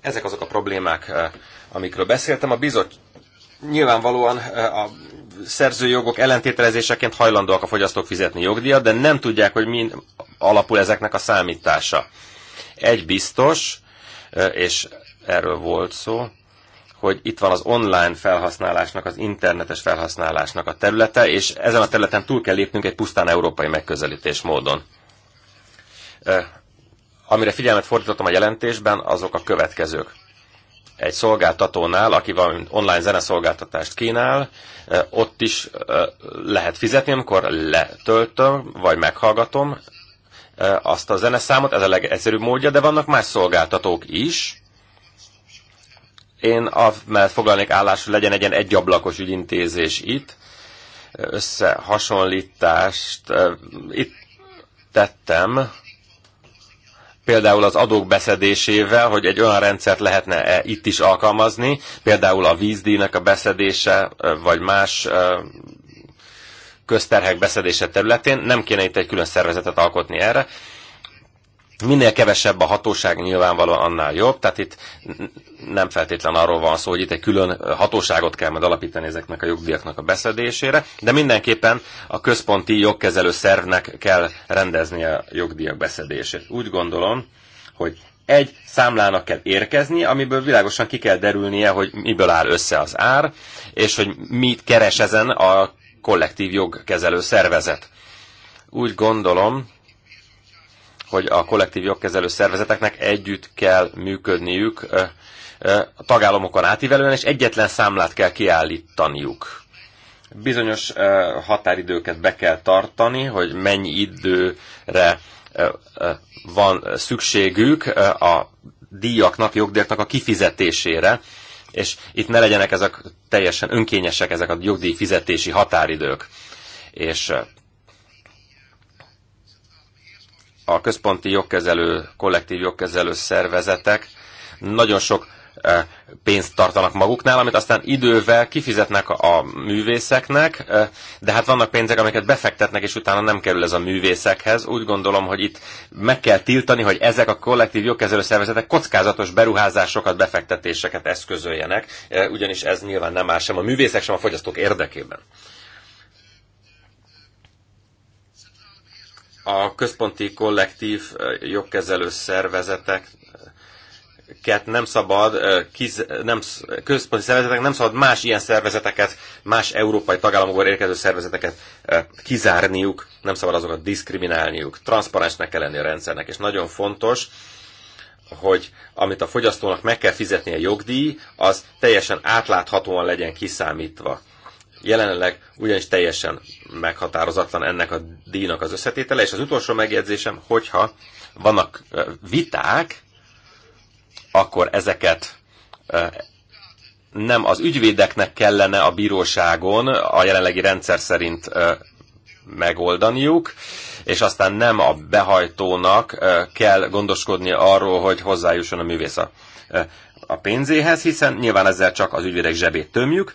[SPEAKER 3] Ezek azok a problémák, amikről beszéltem. A bizottság nyilvánvalóan a szerzőjogok ellentételezéseként hajlandóak a fogyasztók fizetni jogdíjat, de nem tudják, hogy mi alapul ezeknek a számítása. Egy biztos, és erről volt szó, hogy itt van az online felhasználásnak, az internetes felhasználásnak a területe, és ezen a területen túl kell lépnünk egy pusztán európai megközelítés módon. Amire figyelmet fordítottam a jelentésben, azok a következők egy szolgáltatónál, aki valami online zeneszolgáltatást kínál, eh, ott is eh, lehet fizetni, amikor letöltöm, vagy meghallgatom eh, azt a zeneszámot, ez a legegyszerűbb módja, de vannak más szolgáltatók is. Én mert foglalnék állás, hogy legyen egy ilyen egyablakos ügyintézés itt, összehasonlítást itt tettem, például az adók beszedésével, hogy egy olyan rendszert lehetne -e itt is alkalmazni, például a vízdíjnak a beszedése, vagy más közterhek beszedése területén, nem kéne itt egy külön szervezetet alkotni erre, minél kevesebb a hatóság nyilvánvalóan annál jobb, tehát itt nem feltétlen arról van szó, hogy itt egy külön hatóságot kell majd alapítani ezeknek a jogdíjaknak a beszedésére, de mindenképpen a központi jogkezelő szervnek kell rendezni a jogdíjak beszedését. Úgy gondolom, hogy egy számlának kell érkezni, amiből világosan ki kell derülnie, hogy miből áll össze az ár, és hogy mit keres ezen a kollektív jogkezelő szervezet. Úgy gondolom, hogy a kollektív jogkezelő szervezeteknek együtt kell működniük a tagállamokon átívelően, és egyetlen számlát kell kiállítaniuk. Bizonyos határidőket be kell tartani, hogy mennyi időre van szükségük a díjaknak, jogdíjaknak a kifizetésére, és itt ne legyenek ezek teljesen önkényesek, ezek a jogdíj fizetési határidők. És a központi jogkezelő, kollektív jogkezelő szervezetek nagyon sok e, pénzt tartanak maguknál, amit aztán idővel kifizetnek a művészeknek, e, de hát vannak pénzek, amiket befektetnek, és utána nem kerül ez a művészekhez. Úgy gondolom, hogy itt meg kell tiltani, hogy ezek a kollektív jogkezelő szervezetek kockázatos beruházásokat, befektetéseket eszközöljenek, e, ugyanis ez nyilván nem más sem a művészek, sem a fogyasztók érdekében. a központi kollektív jogkezelő szervezetek nem szabad, kiz, nem, központi szervezetek nem szabad más ilyen szervezeteket, más európai tagállamokból érkező szervezeteket kizárniuk, nem szabad azokat diszkriminálniuk. Transzparensnek kell lenni a rendszernek, és nagyon fontos, hogy amit a fogyasztónak meg kell fizetnie a jogdíj, az teljesen átláthatóan legyen kiszámítva. Jelenleg ugyanis teljesen meghatározatlan ennek a díjnak az összetétele, és az utolsó megjegyzésem, hogyha vannak viták, akkor ezeket nem az ügyvédeknek kellene a bíróságon a jelenlegi rendszer szerint megoldaniuk, és aztán nem a behajtónak kell gondoskodni arról, hogy hozzájusson a művész a pénzéhez, hiszen nyilván ezzel csak az ügyvédek zsebét tömjük,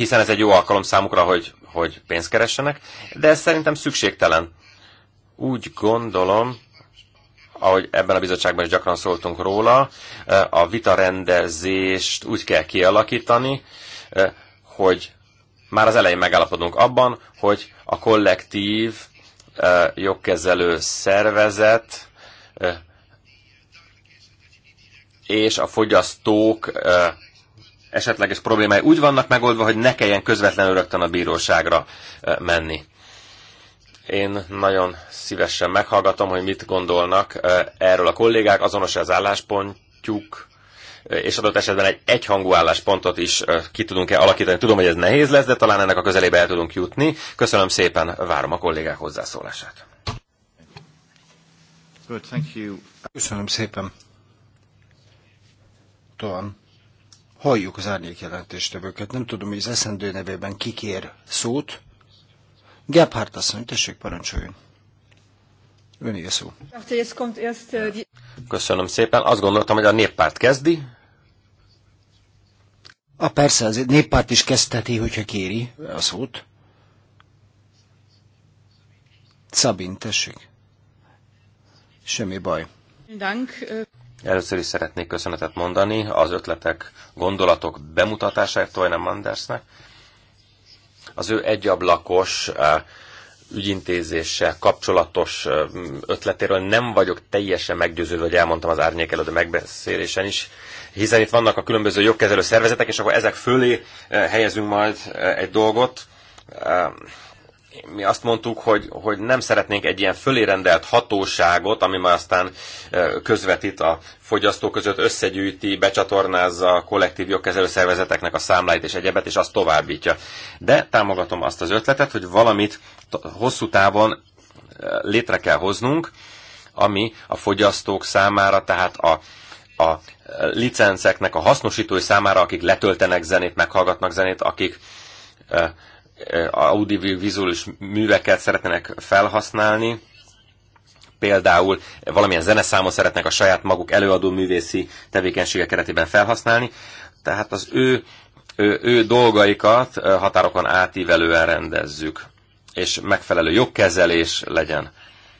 [SPEAKER 3] hiszen ez egy jó alkalom számukra, hogy, hogy pénzt keressenek, de ez szerintem szükségtelen. Úgy gondolom, ahogy ebben a bizottságban is gyakran szóltunk róla, a vitarendezést úgy kell kialakítani, hogy már az elején megállapodunk abban, hogy a kollektív jogkezelő szervezet és a fogyasztók esetleges problémái úgy vannak megoldva, hogy ne kelljen közvetlenül rögtön a bíróságra menni. Én nagyon szívesen meghallgatom, hogy mit gondolnak erről a kollégák, azonos az álláspontjuk, és adott esetben egy egyhangú álláspontot is ki tudunk-e alakítani. Tudom, hogy ez nehéz lesz, de talán ennek a közelébe el tudunk jutni. Köszönöm szépen, várom a kollégák hozzászólását.
[SPEAKER 2] Good, thank you. Köszönöm szépen. Tovább. Halljuk az árnyék jelentéstevőket. Nem tudom, hogy az eszendő nevében kikér szót. Gebhardt asszony, tessék, parancsoljon.
[SPEAKER 3] Öné a szó. Köszönöm szépen. Azt gondoltam, hogy a néppárt kezdi.
[SPEAKER 2] A persze, az néppárt is kezdheti, hogyha kéri a szót.
[SPEAKER 3] Szabin, tessék. Semmi baj. Először is szeretnék köszönetet mondani az ötletek, gondolatok bemutatásáért Tojna Mandersnek. Az ő egyablakos ügyintézéssel kapcsolatos ötletéről nem vagyok teljesen meggyőződve, hogy elmondtam az árnyék előtt a megbeszélésen is, hiszen itt vannak a különböző jogkezelő szervezetek, és akkor ezek fölé helyezünk majd egy dolgot mi azt mondtuk, hogy, hogy nem szeretnénk egy ilyen fölé rendelt hatóságot, ami már aztán közvetít a fogyasztó között, összegyűjti, becsatornázza a kollektív jogkezelő szervezeteknek a számláit és egyebet, és azt továbbítja. De támogatom azt az ötletet, hogy valamit hosszú távon létre kell hoznunk, ami a fogyasztók számára, tehát a, a licenceknek a hasznosítói számára, akik letöltenek zenét, meghallgatnak zenét, akik audiovizuális műveket szeretnének felhasználni, például valamilyen zeneszámot szeretnek a saját maguk előadó művészi tevékenysége keretében felhasználni, tehát az ő, ő, ő dolgaikat határokon átívelően rendezzük, és megfelelő jogkezelés legyen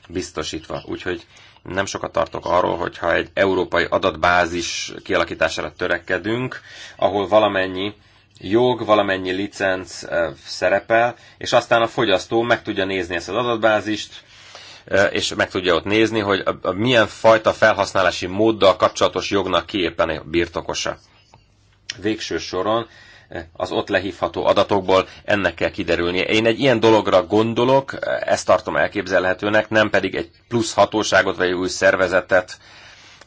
[SPEAKER 3] biztosítva. Úgyhogy nem sokat tartok arról, hogyha egy európai adatbázis kialakítására törekedünk, ahol valamennyi jog, valamennyi licenc szerepel, és aztán a fogyasztó meg tudja nézni ezt az adatbázist, és meg tudja ott nézni, hogy a, a milyen fajta felhasználási móddal kapcsolatos jognak ki éppen a birtokosa. Végső soron az ott lehívható adatokból ennek kell kiderülnie. Én egy ilyen dologra gondolok, ezt tartom elképzelhetőnek, nem pedig egy plusz hatóságot vagy egy új szervezetet,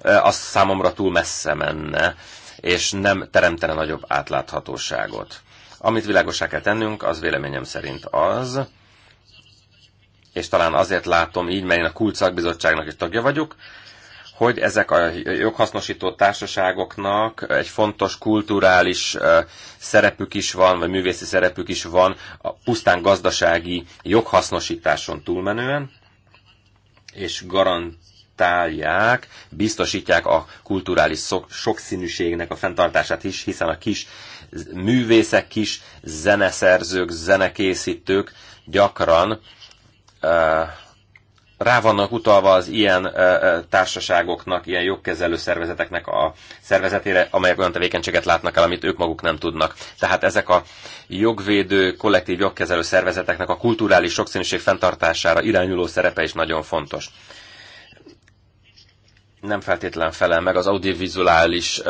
[SPEAKER 3] az számomra túl messze menne és nem teremtene nagyobb átláthatóságot. Amit világosá kell tennünk, az véleményem szerint az, és talán azért látom így, mert én a Kult szakbizottságnak is tagja vagyok, hogy ezek a joghasznosító társaságoknak egy fontos kulturális szerepük is van, vagy művészi szerepük is van, a pusztán gazdasági joghasznosításon túlmenően, és garant garantálják, biztosítják a kulturális szok, sokszínűségnek a fenntartását is, hiszen a kis művészek, kis zeneszerzők, zenekészítők gyakran uh, rá vannak utalva az ilyen társaságoknak, ilyen jogkezelő szervezeteknek a szervezetére, amelyek olyan tevékenységet látnak el, amit ők maguk nem tudnak. Tehát ezek a jogvédő, kollektív jogkezelő szervezeteknek a kulturális sokszínűség fenntartására irányuló szerepe is nagyon fontos nem feltétlen felel meg az audiovizuális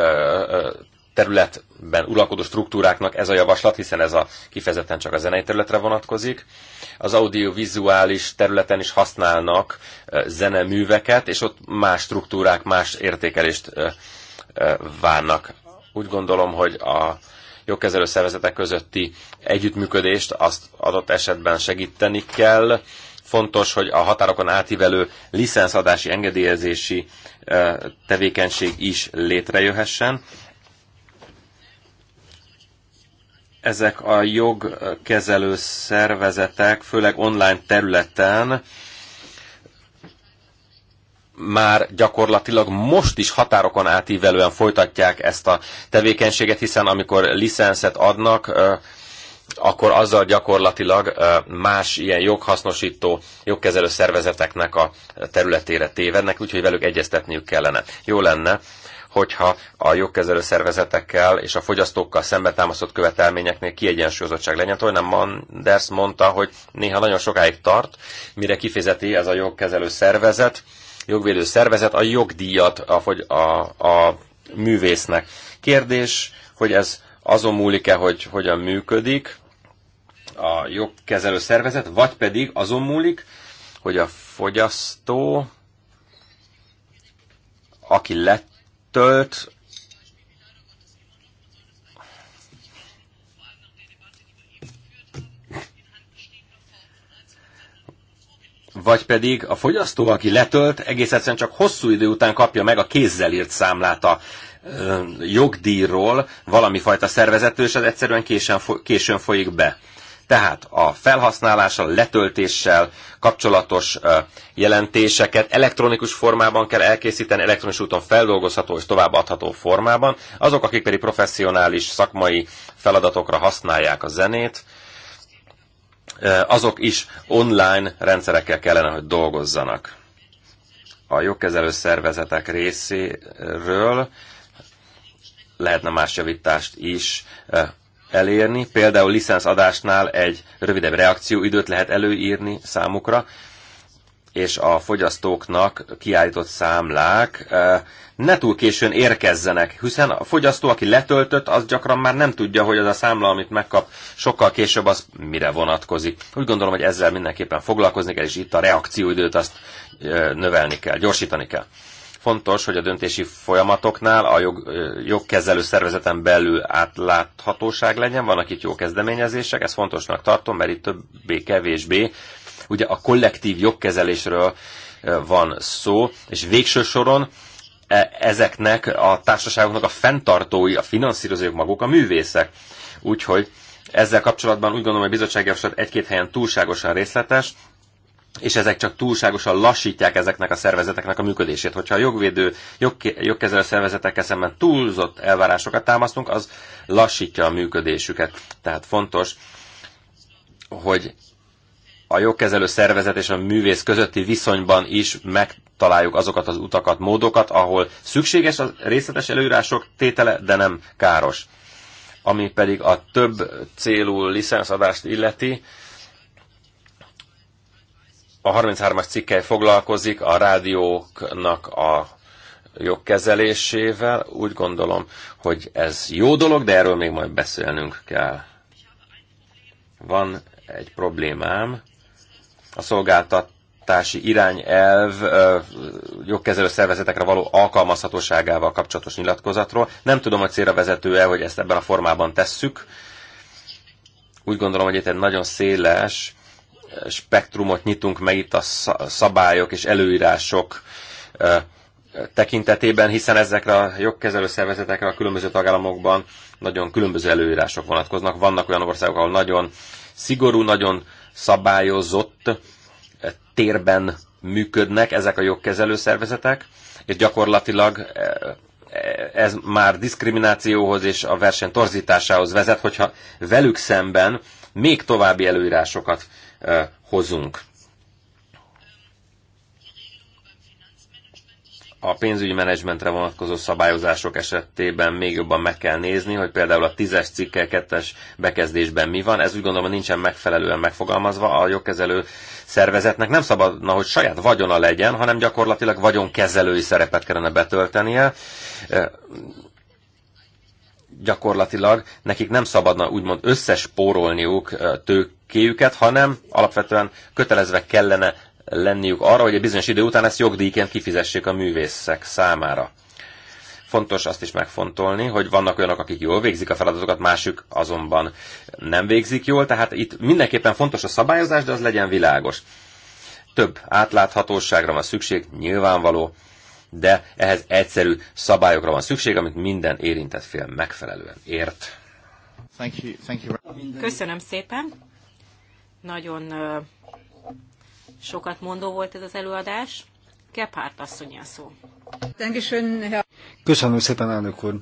[SPEAKER 3] területben uralkodó struktúráknak ez a javaslat, hiszen ez a kifejezetten csak a zenei területre vonatkozik. Az audiovizuális területen is használnak zeneműveket, és ott más struktúrák, más értékelést várnak. Úgy gondolom, hogy a jogkezelő szervezetek közötti együttműködést azt adott esetben segíteni kell, fontos, hogy a határokon átívelő licenszadási, engedélyezési tevékenység is létrejöhessen. Ezek a jogkezelő szervezetek, főleg online területen, már gyakorlatilag most is határokon átívelően folytatják ezt a tevékenységet, hiszen amikor licenszet adnak, akkor azzal gyakorlatilag más ilyen joghasznosító, jogkezelő szervezeteknek a területére tévednek, úgyhogy velük egyeztetniük kellene. Jó lenne, hogyha a jogkezelő szervezetekkel és a fogyasztókkal szembe támasztott követelményeknél kiegyensúlyozottság legyen. Tolján Manders mondta, hogy néha nagyon sokáig tart, mire kifizeti ez a jogkezelő szervezet, jogvédő szervezet a jogdíjat a, a, a művésznek. Kérdés, hogy ez azon múlik-e, hogy hogyan működik a jogkezelő szervezet, vagy pedig azon múlik, hogy a fogyasztó, aki letölt, vagy pedig a fogyasztó, aki letölt, egész egyszerűen csak hosszú idő után kapja meg a kézzel írt számlát a jogdíjról valami fajta szervezető, és az egyszerűen későn, későn folyik be. Tehát a felhasználással, letöltéssel kapcsolatos jelentéseket elektronikus formában kell elkészíteni, elektronikus úton feldolgozható és továbbadható formában. Azok, akik pedig professzionális szakmai feladatokra használják a zenét, azok is online rendszerekkel kellene, hogy dolgozzanak. A jogkezelő szervezetek részéről lehetne más javítást is eh, elérni. Például adásnál egy rövidebb reakcióidőt lehet előírni számukra, és a fogyasztóknak kiállított számlák eh, ne túl későn érkezzenek, hiszen a fogyasztó, aki letöltött, az gyakran már nem tudja, hogy az a számla, amit megkap sokkal később, az mire vonatkozik. Úgy gondolom, hogy ezzel mindenképpen foglalkozni kell, és itt a reakcióidőt azt eh, növelni kell, gyorsítani kell. Fontos, hogy a döntési folyamatoknál a jog, jogkezelő szervezeten belül átláthatóság legyen, vannak itt jó kezdeményezések, ez fontosnak tartom, mert itt többé-kevésbé ugye a kollektív jogkezelésről van szó, és végső soron e, ezeknek a társaságoknak a fenntartói, a finanszírozók maguk a művészek. Úgyhogy ezzel kapcsolatban úgy gondolom, hogy a bizottságjavaslat egy-két helyen túlságosan részletes, és ezek csak túlságosan lassítják ezeknek a szervezeteknek a működését. Hogyha a jogvédő, jog, jogkezelő szervezetekkel szemben túlzott elvárásokat támasztunk, az lassítja a működésüket. Tehát fontos, hogy a jogkezelő szervezet és a művész közötti viszonyban is megtaláljuk azokat az utakat, módokat, ahol szükséges a részletes előírások tétele, de nem káros. Ami pedig a több célú licenszadást illeti, a 33-as cikkely foglalkozik a rádióknak a jogkezelésével. Úgy gondolom, hogy ez jó dolog, de erről még majd beszélnünk kell. Van egy problémám. A szolgáltatási irányelv jogkezelő szervezetekre való alkalmazhatóságával kapcsolatos nyilatkozatról. Nem tudom, hogy célra vezető-e, hogy ezt ebben a formában tesszük. Úgy gondolom, hogy itt egy nagyon széles spektrumot nyitunk meg itt a szabályok és előírások tekintetében, hiszen ezekre a jogkezelő szervezetekre a különböző tagállamokban nagyon különböző előírások vonatkoznak. Vannak olyan országok, ahol nagyon szigorú, nagyon szabályozott térben működnek ezek a jogkezelő szervezetek, és gyakorlatilag ez már diszkriminációhoz és a verseny torzításához vezet, hogyha velük szemben még további előírásokat Eh, hozunk. a pénzügyi menedzsmentre vonatkozó szabályozások esetében még jobban meg kell nézni, hogy például a tízes cikkel kettes bekezdésben mi van. Ez úgy gondolom nincsen megfelelően megfogalmazva. A jogkezelő szervezetnek nem szabadna, hogy saját vagyona legyen, hanem gyakorlatilag vagyonkezelői szerepet kellene betöltenie. Eh, gyakorlatilag nekik nem szabadna úgymond összespórolniuk eh, tők, kéjüket, hanem alapvetően kötelezve kellene lenniük arra, hogy egy bizonyos idő után ezt jogdíjként kifizessék a művészek számára. Fontos azt is megfontolni, hogy vannak olyanok, akik jól végzik a feladatokat, másik azonban nem végzik jól, tehát itt mindenképpen fontos a szabályozás, de az legyen világos. Több átláthatóságra van szükség, nyilvánvaló, de ehhez egyszerű szabályokra van szükség, amit minden érintett fél megfelelően ért.
[SPEAKER 4] Köszönöm szépen. Nagyon sokat mondó volt ez az előadás. Kepárt asszony a szó.
[SPEAKER 2] Köszönöm szépen, elnök úr.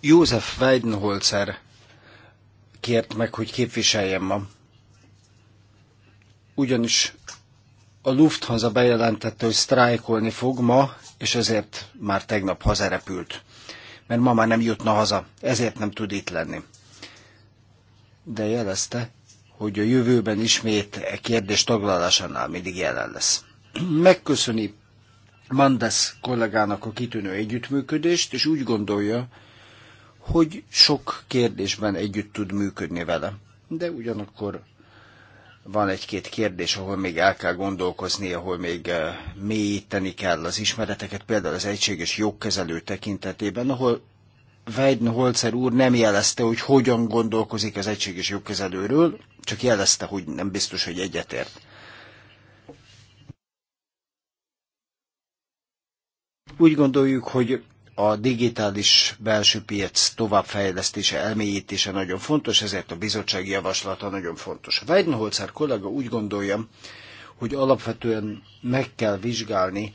[SPEAKER 2] József Weidenholzer kért meg, hogy képviseljem ma. Ugyanis a Lufthansa bejelentette, hogy sztrájkolni fog ma, és ezért már tegnap hazarepült. Mert ma már nem jutna haza, ezért nem tud itt lenni de jelezte, hogy a jövőben ismét e kérdés taglalásánál mindig jelen lesz. Megköszöni Mandes kollégának a kitűnő együttműködést, és úgy gondolja, hogy sok kérdésben együtt tud működni vele. De ugyanakkor van egy-két kérdés, ahol még el kell gondolkozni, ahol még e, mélyíteni kell az ismereteket, például az egységes jogkezelő tekintetében, ahol Weidenholzer úr nem jelezte, hogy hogyan gondolkozik az egységes jogkezelőről, csak jelezte, hogy nem biztos, hogy egyetért. Úgy gondoljuk, hogy a digitális belső piac továbbfejlesztése, elmélyítése nagyon fontos, ezért a bizottsági javaslata nagyon fontos. A Weidenholzer kollega úgy gondolja, hogy alapvetően meg kell vizsgálni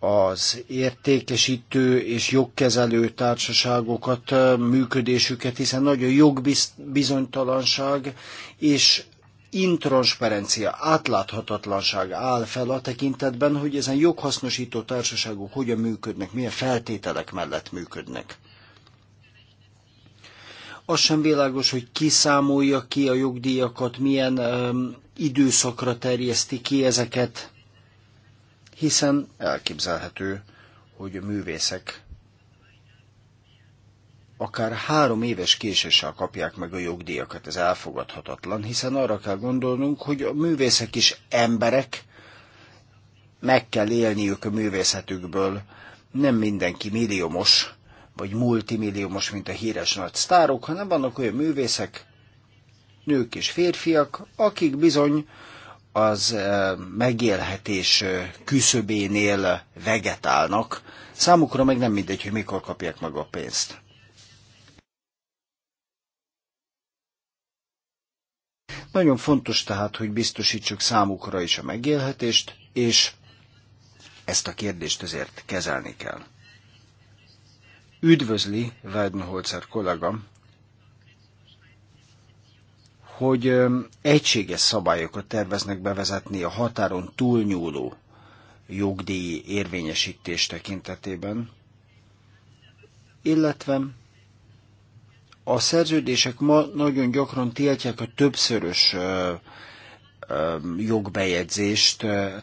[SPEAKER 2] az értékesítő és jogkezelő társaságokat, működésüket, hiszen nagy a jogbizonytalanság és intranszparencia, átláthatatlanság áll fel a tekintetben, hogy ezen joghasznosító társaságok hogyan működnek, milyen feltételek mellett működnek. Az sem világos, hogy ki számolja ki a jogdíjakat, milyen um, időszakra terjeszti ki ezeket, hiszen elképzelhető, hogy a művészek akár három éves késéssel kapják meg a jogdíjakat. Ez elfogadhatatlan, hiszen arra kell gondolnunk, hogy a művészek is emberek, meg kell élniük a művészetükből. Nem mindenki milliómos, vagy multimilliómos, mint a híres nagy sztárok, hanem vannak olyan művészek, nők és férfiak, akik bizony az megélhetés küszöbénél vegetálnak, számukra meg nem mindegy, hogy mikor kapják meg a pénzt. Nagyon fontos tehát, hogy biztosítsuk számukra is a megélhetést, és ezt a kérdést azért kezelni kell. Üdvözli Weidenholzer kollega hogy egységes szabályokat terveznek bevezetni a határon túlnyúló jogdíj érvényesítés tekintetében, illetve a szerződések ma nagyon gyakran tiltják a többszörös ö, ö, jogbejegyzést,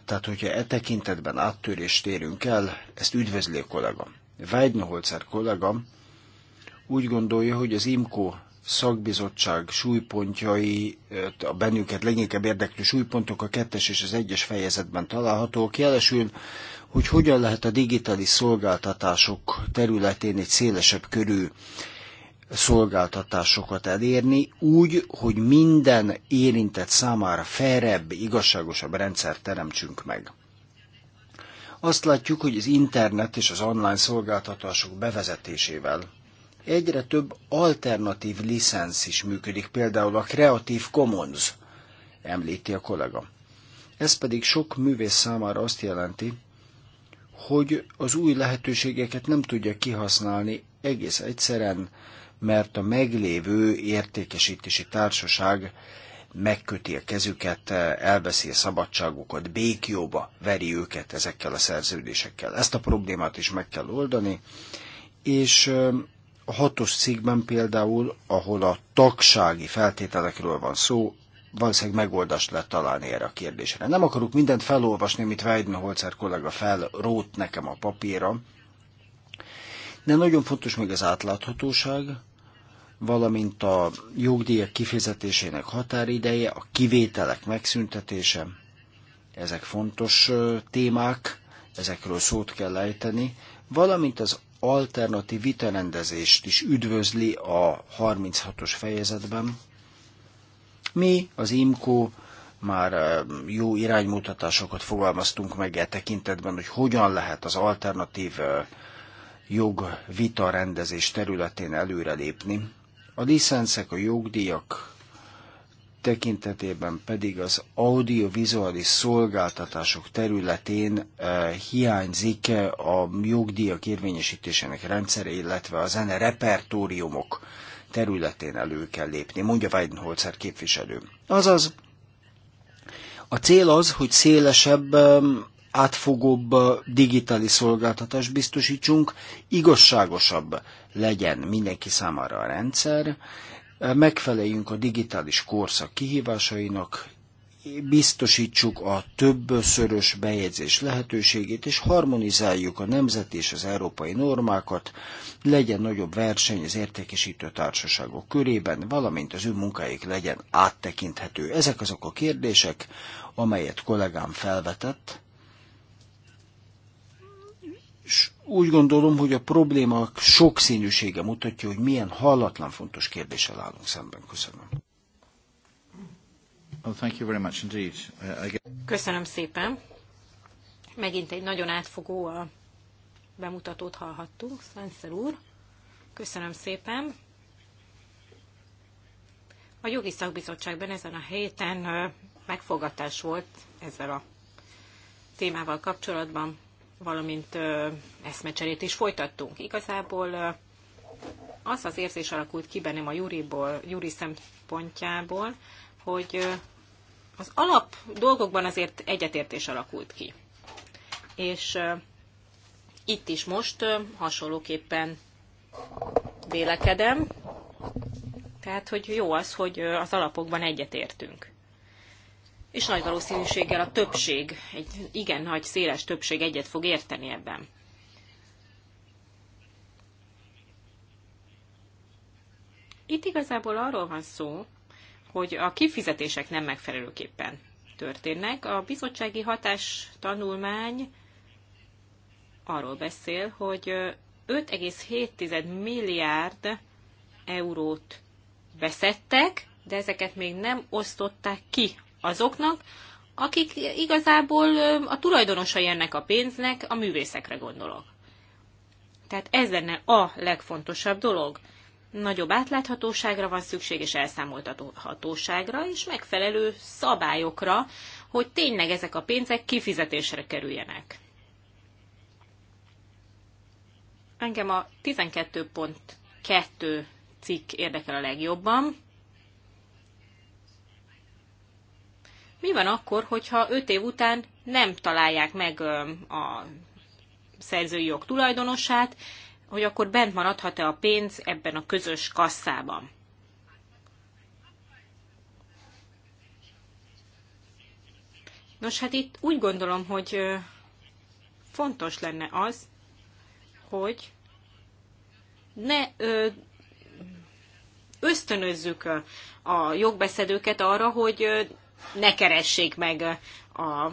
[SPEAKER 2] tehát hogyha e tekintetben áttörést érünk el, ezt üdvözli a kollega. Weidenholzer kollega úgy gondolja, hogy az IMCO szakbizottság súlypontjai, a bennünket leginkább érdeklő súlypontok a kettes és az egyes fejezetben találhatók. Jelesül, hogy hogyan lehet a digitális szolgáltatások területén egy szélesebb körű szolgáltatásokat elérni, úgy, hogy minden érintett számára felrebb, igazságosabb rendszer teremtsünk meg. Azt látjuk, hogy az internet és az online szolgáltatások bevezetésével egyre több alternatív licensz is működik, például a Creative Commons, említi a kollega. Ez pedig sok művész számára azt jelenti, hogy az új lehetőségeket nem tudja kihasználni egész egyszeren, mert a meglévő értékesítési társaság megköti a kezüket, elveszi a szabadságukat, békjóba veri őket ezekkel a szerződésekkel. Ezt a problémát is meg kell oldani, és a hatos cikkben például, ahol a tagsági feltételekről van szó, valószínűleg megoldást lehet találni erre a kérdésre. Nem akarok mindent felolvasni, amit Weidenholzer kollega felrót nekem a papírra, de nagyon fontos még az átláthatóság, valamint a jogdíjak kifizetésének határideje, a kivételek megszüntetése. Ezek fontos témák, ezekről szót kell ejteni, valamint az alternatív vitarendezést is üdvözli a 36-os fejezetben. Mi, az IMCO már jó iránymutatásokat fogalmaztunk meg e tekintetben, hogy hogyan lehet az alternatív jog rendezés területén előrelépni. A licencek, a jogdíjak tekintetében pedig az audiovizuális szolgáltatások területén uh, hiányzik eh, a jogdíjak érvényesítésének rendszere, illetve a zene repertóriumok területén elő kell lépni, mondja Weidenholzer képviselő. Azaz, a cél az, hogy szélesebb, eh, átfogóbb digitális szolgáltatást biztosítsunk, igazságosabb legyen mindenki számára a rendszer, megfeleljünk a digitális korszak kihívásainak, biztosítsuk a többszörös bejegyzés lehetőségét, és harmonizáljuk a nemzeti és az európai normákat, legyen nagyobb verseny az értékesítő társaságok körében, valamint az ő munkáik legyen áttekinthető. Ezek azok a kérdések, amelyet kollégám felvetett, úgy gondolom, hogy a probléma sokszínűsége mutatja, hogy milyen hallatlan fontos kérdéssel állunk szemben. Köszönöm. Uh,
[SPEAKER 4] Köszönöm szépen. Megint egy nagyon átfogó a bemutatót hallhattunk, Szenszer úr. Köszönöm szépen. A jogi szakbizottságban ezen a héten megfogatás volt ezzel a témával kapcsolatban valamint eszmecserét is folytattunk. Igazából az az érzés alakult ki bennem a Juriból, Juri szempontjából, hogy az alap dolgokban azért egyetértés alakult ki. És itt is most hasonlóképpen vélekedem, tehát hogy jó az, hogy az alapokban egyetértünk és nagy valószínűséggel a többség, egy igen nagy, széles többség egyet fog érteni ebben. Itt igazából arról van szó, hogy a kifizetések nem megfelelőképpen történnek. A bizottsági hatás tanulmány arról beszél, hogy 5,7 milliárd eurót beszettek, de ezeket még nem osztották ki azoknak, akik igazából a tulajdonosai ennek a pénznek, a művészekre gondolok. Tehát ez lenne a legfontosabb dolog. Nagyobb átláthatóságra van szükség, és elszámoltathatóságra, és megfelelő szabályokra, hogy tényleg ezek a pénzek kifizetésre kerüljenek. Engem a 12.2 cikk érdekel a legjobban. Mi van akkor, hogyha öt év után nem találják meg a szerzői jog tulajdonosát, hogy akkor bent maradhat-e a pénz ebben a közös kasszában? Nos, hát itt úgy gondolom, hogy fontos lenne az, hogy ne ösztönözzük a jogbeszedőket arra, hogy ne keressék meg a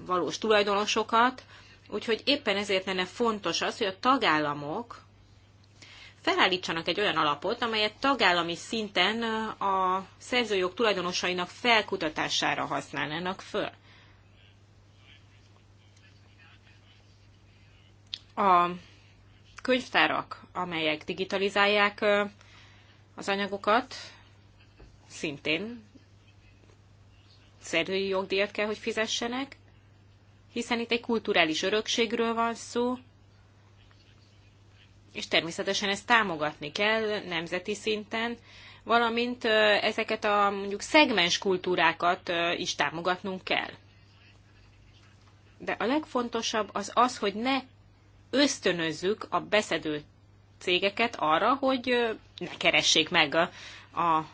[SPEAKER 4] valós tulajdonosokat. Úgyhogy éppen ezért lenne fontos az, hogy a tagállamok felállítsanak egy olyan alapot, amelyet tagállami szinten a szerzőjog tulajdonosainak felkutatására használnának föl. A könyvtárak, amelyek digitalizálják az anyagokat, szintén szerzői jogdíjat kell, hogy fizessenek, hiszen itt egy kulturális örökségről van szó, és természetesen ezt támogatni kell nemzeti szinten, valamint ezeket a mondjuk szegmens kultúrákat is támogatnunk kell. De a legfontosabb az az, hogy ne ösztönözzük a beszedő cégeket arra, hogy ne keressék meg a, a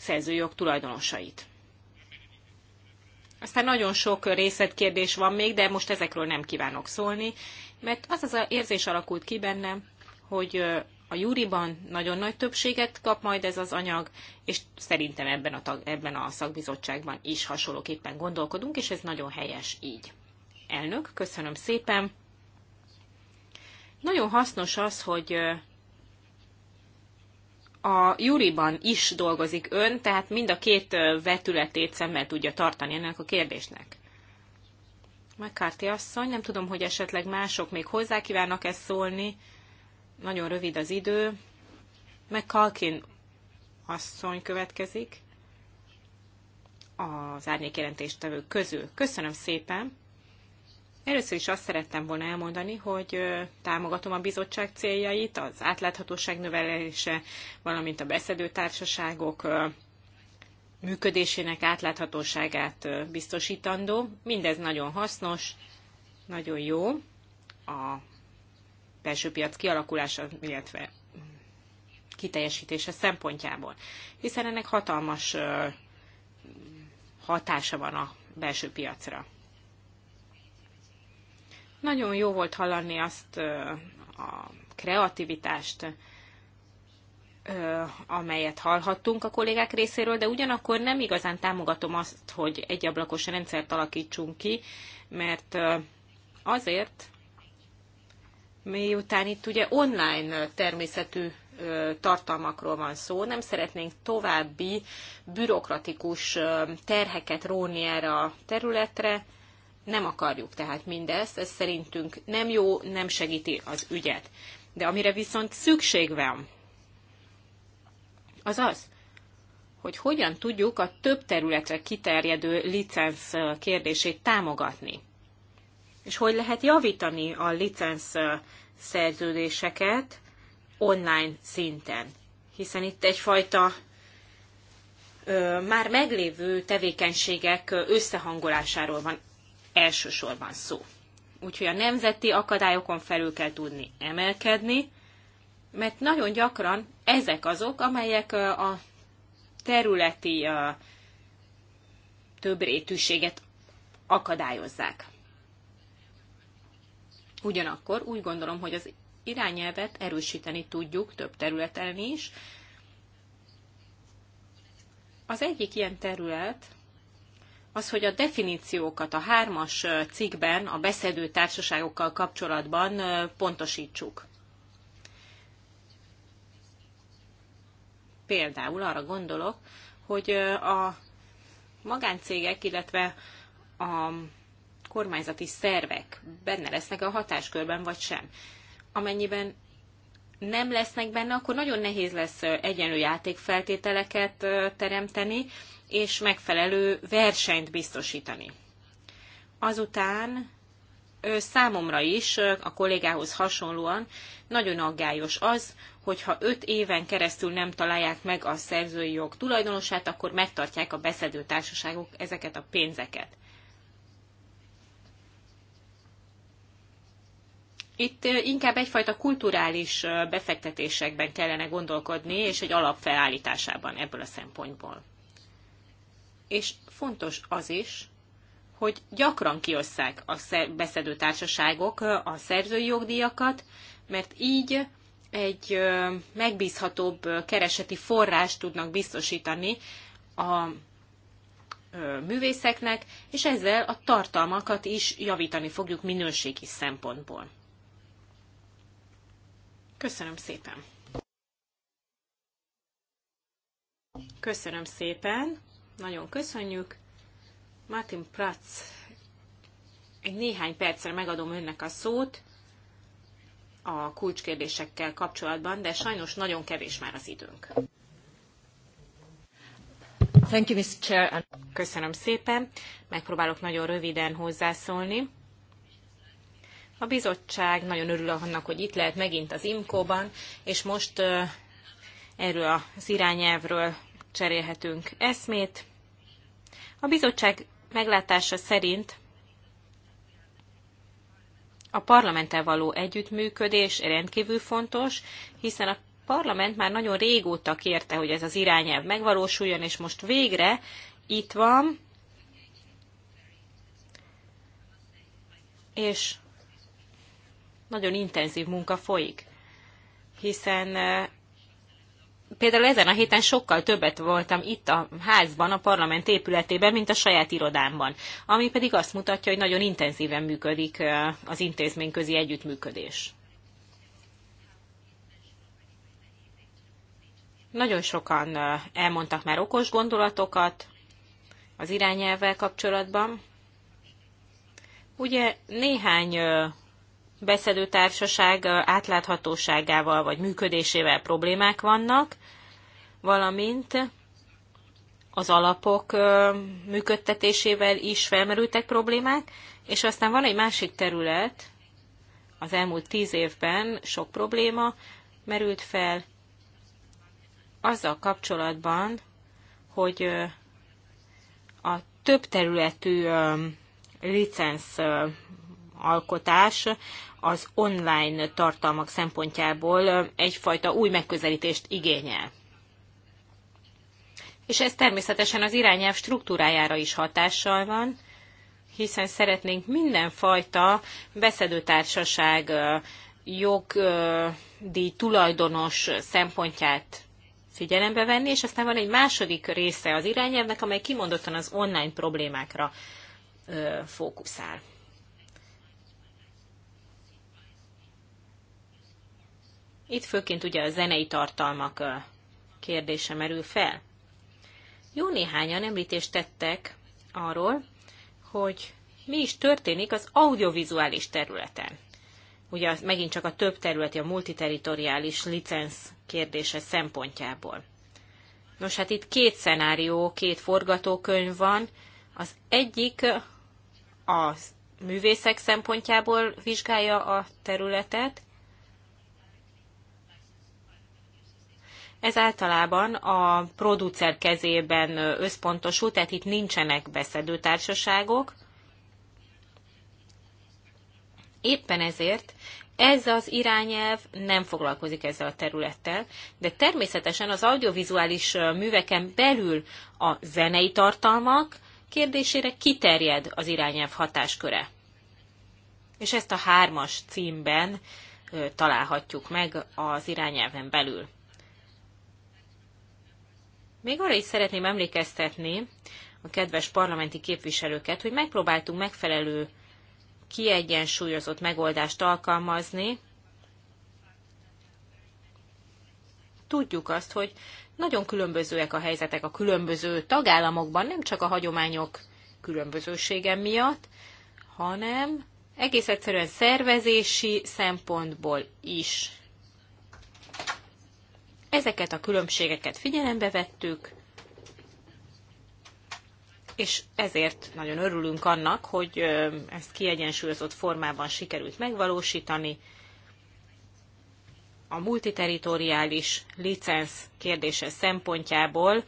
[SPEAKER 4] szerzőjog tulajdonosait. Aztán nagyon sok részletkérdés van még, de most ezekről nem kívánok szólni, mert az az érzés alakult ki bennem, hogy a júriban nagyon nagy többséget kap majd ez az anyag, és szerintem ebben a, tag, ebben a szakbizottságban is hasonlóképpen gondolkodunk, és ez nagyon helyes így. Elnök, köszönöm szépen. Nagyon hasznos az, hogy a júriban is dolgozik ön, tehát mind a két vetületét szemmel tudja tartani ennek a kérdésnek. Megkárti asszony, nem tudom, hogy esetleg mások még hozzá kívánnak ezt szólni. Nagyon rövid az idő. Kalkin asszony következik az árnyékjelentéstevők közül. Köszönöm szépen! Először is azt szerettem volna elmondani, hogy támogatom a bizottság céljait, az átláthatóság növelése, valamint a társaságok működésének átláthatóságát biztosítandó. Mindez nagyon hasznos, nagyon jó a belső piac kialakulása, illetve kiteljesítése szempontjából, hiszen ennek hatalmas hatása van a belső piacra. Nagyon jó volt hallani azt a kreativitást, amelyet hallhattunk a kollégák részéről, de ugyanakkor nem igazán támogatom azt, hogy ablakos rendszert alakítsunk ki, mert azért, miután itt ugye online természetű tartalmakról van szó, nem szeretnénk további bürokratikus terheket róni erre a területre, nem akarjuk tehát mindezt, ez szerintünk nem jó, nem segíti az ügyet. De amire viszont szükség van, az az, hogy hogyan tudjuk a több területre kiterjedő licenc kérdését támogatni. És hogy lehet javítani a licenc szerződéseket online szinten. Hiszen itt egyfajta ö, már meglévő tevékenységek összehangolásáról van elsősorban szó. Úgyhogy a nemzeti akadályokon felül kell tudni emelkedni, mert nagyon gyakran ezek azok, amelyek a területi többrétűséget akadályozzák. Ugyanakkor úgy gondolom, hogy az irányelvet erősíteni tudjuk több területen is. Az egyik ilyen terület az, hogy a definíciókat a hármas cikkben a beszedő társaságokkal kapcsolatban pontosítsuk. Például arra gondolok, hogy a magáncégek, illetve a kormányzati szervek benne lesznek a hatáskörben, vagy sem. Amennyiben nem lesznek benne, akkor nagyon nehéz lesz egyenlő játékfeltételeket teremteni, és megfelelő versenyt biztosítani. Azután számomra is, a kollégához hasonlóan, nagyon aggályos az, hogyha öt éven keresztül nem találják meg a szerzői jog tulajdonosát, akkor megtartják a beszedő társaságok ezeket a pénzeket. Itt inkább egyfajta kulturális befektetésekben kellene gondolkodni, és egy alapfelállításában ebből a szempontból és fontos az is, hogy gyakran kiosszák a beszedő társaságok a szerzői jogdíjakat, mert így egy megbízhatóbb kereseti forrást tudnak biztosítani a művészeknek, és ezzel a tartalmakat is javítani fogjuk minőségi szempontból. Köszönöm szépen! Köszönöm szépen! Nagyon köszönjük. Martin Pratz, egy néhány percre megadom önnek a szót a kulcskérdésekkel kapcsolatban, de sajnos nagyon kevés már az időnk. Thank you, Mr. Chair. Köszönöm szépen. Megpróbálok nagyon röviden hozzászólni. A bizottság nagyon örül annak, hogy itt lehet megint az IMCO-ban, és most erről az irányelvről cserélhetünk eszmét. A bizottság meglátása szerint a parlamenttel való együttműködés rendkívül fontos, hiszen a parlament már nagyon régóta kérte, hogy ez az irányelv megvalósuljon, és most végre itt van, és nagyon intenzív munka folyik, hiszen például ezen a héten sokkal többet voltam itt a házban, a parlament épületében, mint a saját irodámban, ami pedig azt mutatja, hogy nagyon intenzíven működik az intézményközi együttműködés. Nagyon sokan elmondtak már okos gondolatokat az irányelvvel kapcsolatban. Ugye néhány beszedőtársaság átláthatóságával vagy működésével problémák vannak, valamint az alapok működtetésével is felmerültek problémák, és aztán van egy másik terület, az elmúlt tíz évben sok probléma merült fel azzal kapcsolatban, hogy a több területű licensz alkotás az online tartalmak szempontjából egyfajta új megközelítést igényel és ez természetesen az irányelv struktúrájára is hatással van, hiszen szeretnénk mindenfajta beszedőtársaság jogdíj tulajdonos szempontját figyelembe venni, és aztán van egy második része az irányelvnek, amely kimondottan az online problémákra fókuszál. Itt főként ugye a zenei tartalmak kérdése merül fel. Jó néhányan említést tettek arról, hogy mi is történik az audiovizuális területen. Ugye az megint csak a több területi, a multiterritoriális licenc kérdése szempontjából. Nos, hát itt két szenárió, két forgatókönyv van. Az egyik a művészek szempontjából vizsgálja a területet, Ez általában a producer kezében összpontosul, tehát itt nincsenek beszedő társaságok. Éppen ezért ez az irányelv nem foglalkozik ezzel a területtel, de természetesen az audiovizuális műveken belül a zenei tartalmak kérdésére kiterjed az irányelv hatásköre. És ezt a hármas címben találhatjuk meg az irányelven belül. Még arra is szeretném emlékeztetni a kedves parlamenti képviselőket, hogy megpróbáltunk megfelelő kiegyensúlyozott megoldást alkalmazni. Tudjuk azt, hogy nagyon különbözőek a helyzetek a különböző tagállamokban, nem csak a hagyományok különbözősége miatt, hanem egész egyszerűen szervezési szempontból is. Ezeket a különbségeket figyelembe vettük, és ezért nagyon örülünk annak, hogy ezt kiegyensúlyozott formában sikerült megvalósítani. A multiterritoriális licensz kérdése szempontjából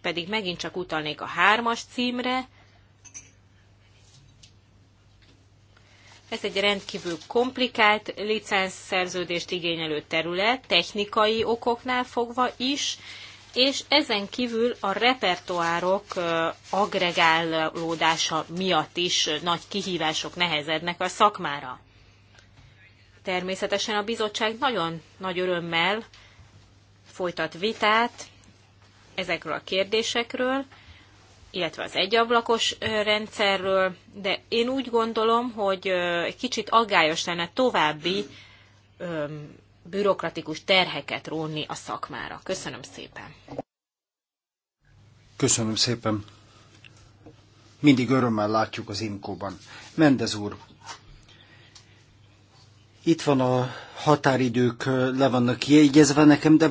[SPEAKER 4] pedig megint csak utalnék a hármas címre, Ez egy rendkívül komplikált licenszerződést igényelő terület, technikai okoknál fogva is, és ezen kívül a repertoárok agregálódása miatt is nagy kihívások nehezednek a szakmára. Természetesen a bizottság nagyon nagy örömmel folytat vitát ezekről a kérdésekről, illetve az egyablakos rendszerről, de én úgy gondolom, hogy egy kicsit aggályos lenne további bürokratikus terheket rónni a szakmára. Köszönöm szépen!
[SPEAKER 2] Köszönöm szépen! Mindig örömmel látjuk az Imkóban. Mendez úr, itt van a határidők, le vannak jegyezve nekem, de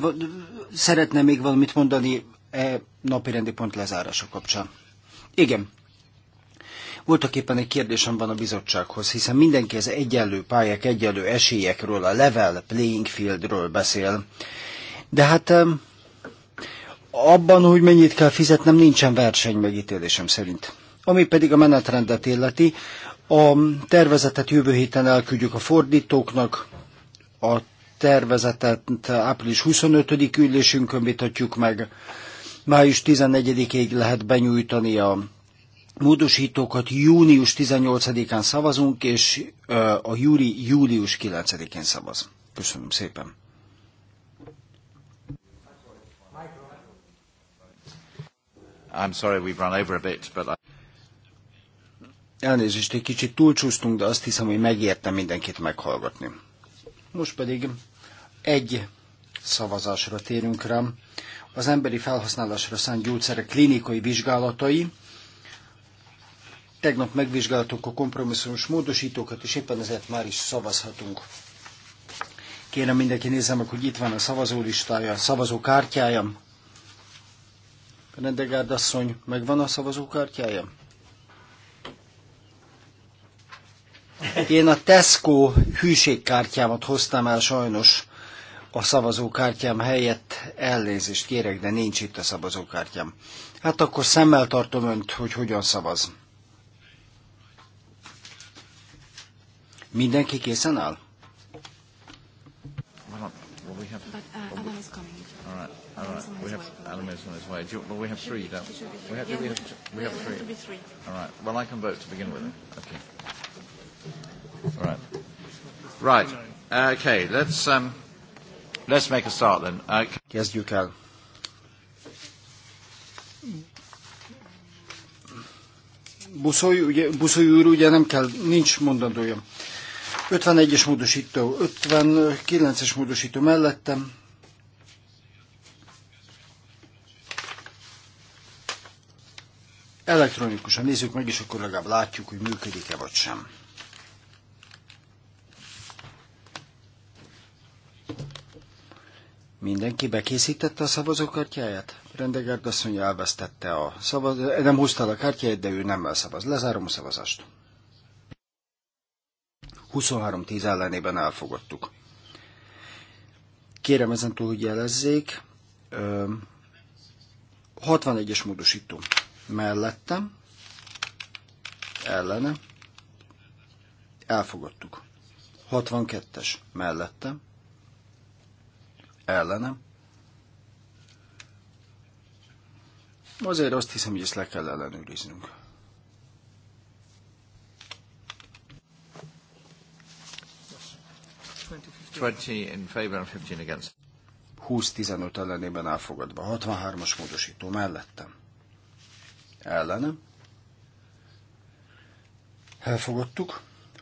[SPEAKER 2] szeretne még valamit mondani, e napirendi pont lezárása kapcsán. Igen. Voltak éppen egy kérdésem van a bizottsághoz, hiszen mindenki az egyenlő pályák, egyenlő esélyekről, a level playing fieldről beszél. De hát abban, hogy mennyit kell fizetnem, nincsen verseny megítélésem szerint. Ami pedig a menetrendet illeti, a tervezetet jövő héten elküldjük a fordítóknak, a tervezetet április 25. ülésünkön vitatjuk meg, Május 14-ig lehet benyújtani a módosítókat, június 18-án szavazunk, és a júri július 9-én szavaz. Köszönöm szépen.
[SPEAKER 1] I'm sorry we've run over a bit, but I...
[SPEAKER 2] Elnézést, egy kicsit túlcsúsztunk, de azt hiszem, hogy megértem mindenkit meghallgatni. Most pedig egy szavazásra térünk rám az emberi felhasználásra szánt gyógyszerek klinikai vizsgálatai. Tegnap megvizsgáltuk a kompromisszumos módosítókat, és éppen ezért már is szavazhatunk. Kérem mindenki nézze meg, hogy itt van a szavazólistája, a szavazókártyája. Rendegárd asszony, megvan a szavazókártyája? Én a Tesco hűségkártyámat hoztam el sajnos a szavazókártyám helyett elnézést kérek, de nincs itt a szavazókártyám. Hát akkor szemmel tartom önt, hogy hogyan szavaz. Mindenki készen áll? we have uh, Alamez on his way.
[SPEAKER 1] well, we have three, don't we? have, three. Well, I can vote to begin with. right. Right. Okay. Let's. Um, Let's make a start then. Uh, Kezdjük el.
[SPEAKER 2] Buszoly, ugye, Buszoly úr, ugye nem kell, nincs mondandója. 51-es módosító, 59-es módosító mellettem. Elektronikusan nézzük meg, és akkor legalább látjuk, hogy működik-e vagy sem. Mindenki bekészítette a szavazókártyáját? Rendegárd asszony elvesztette a szavaz... Nem húzta a kártyáját, de ő nem elszavaz. Lezárom a szavazást. 23-10 ellenében elfogadtuk. Kérem ezentúl, hogy jelezzék. 61-es módosító mellettem, ellene, elfogadtuk. 62-es mellettem, ellenem. Azért azt hiszem, hogy ezt le kell ellenőriznünk. Húsz tizenöt ellenében elfogadva. 63-as módosító mellettem. Ellenem. Elfogadtuk.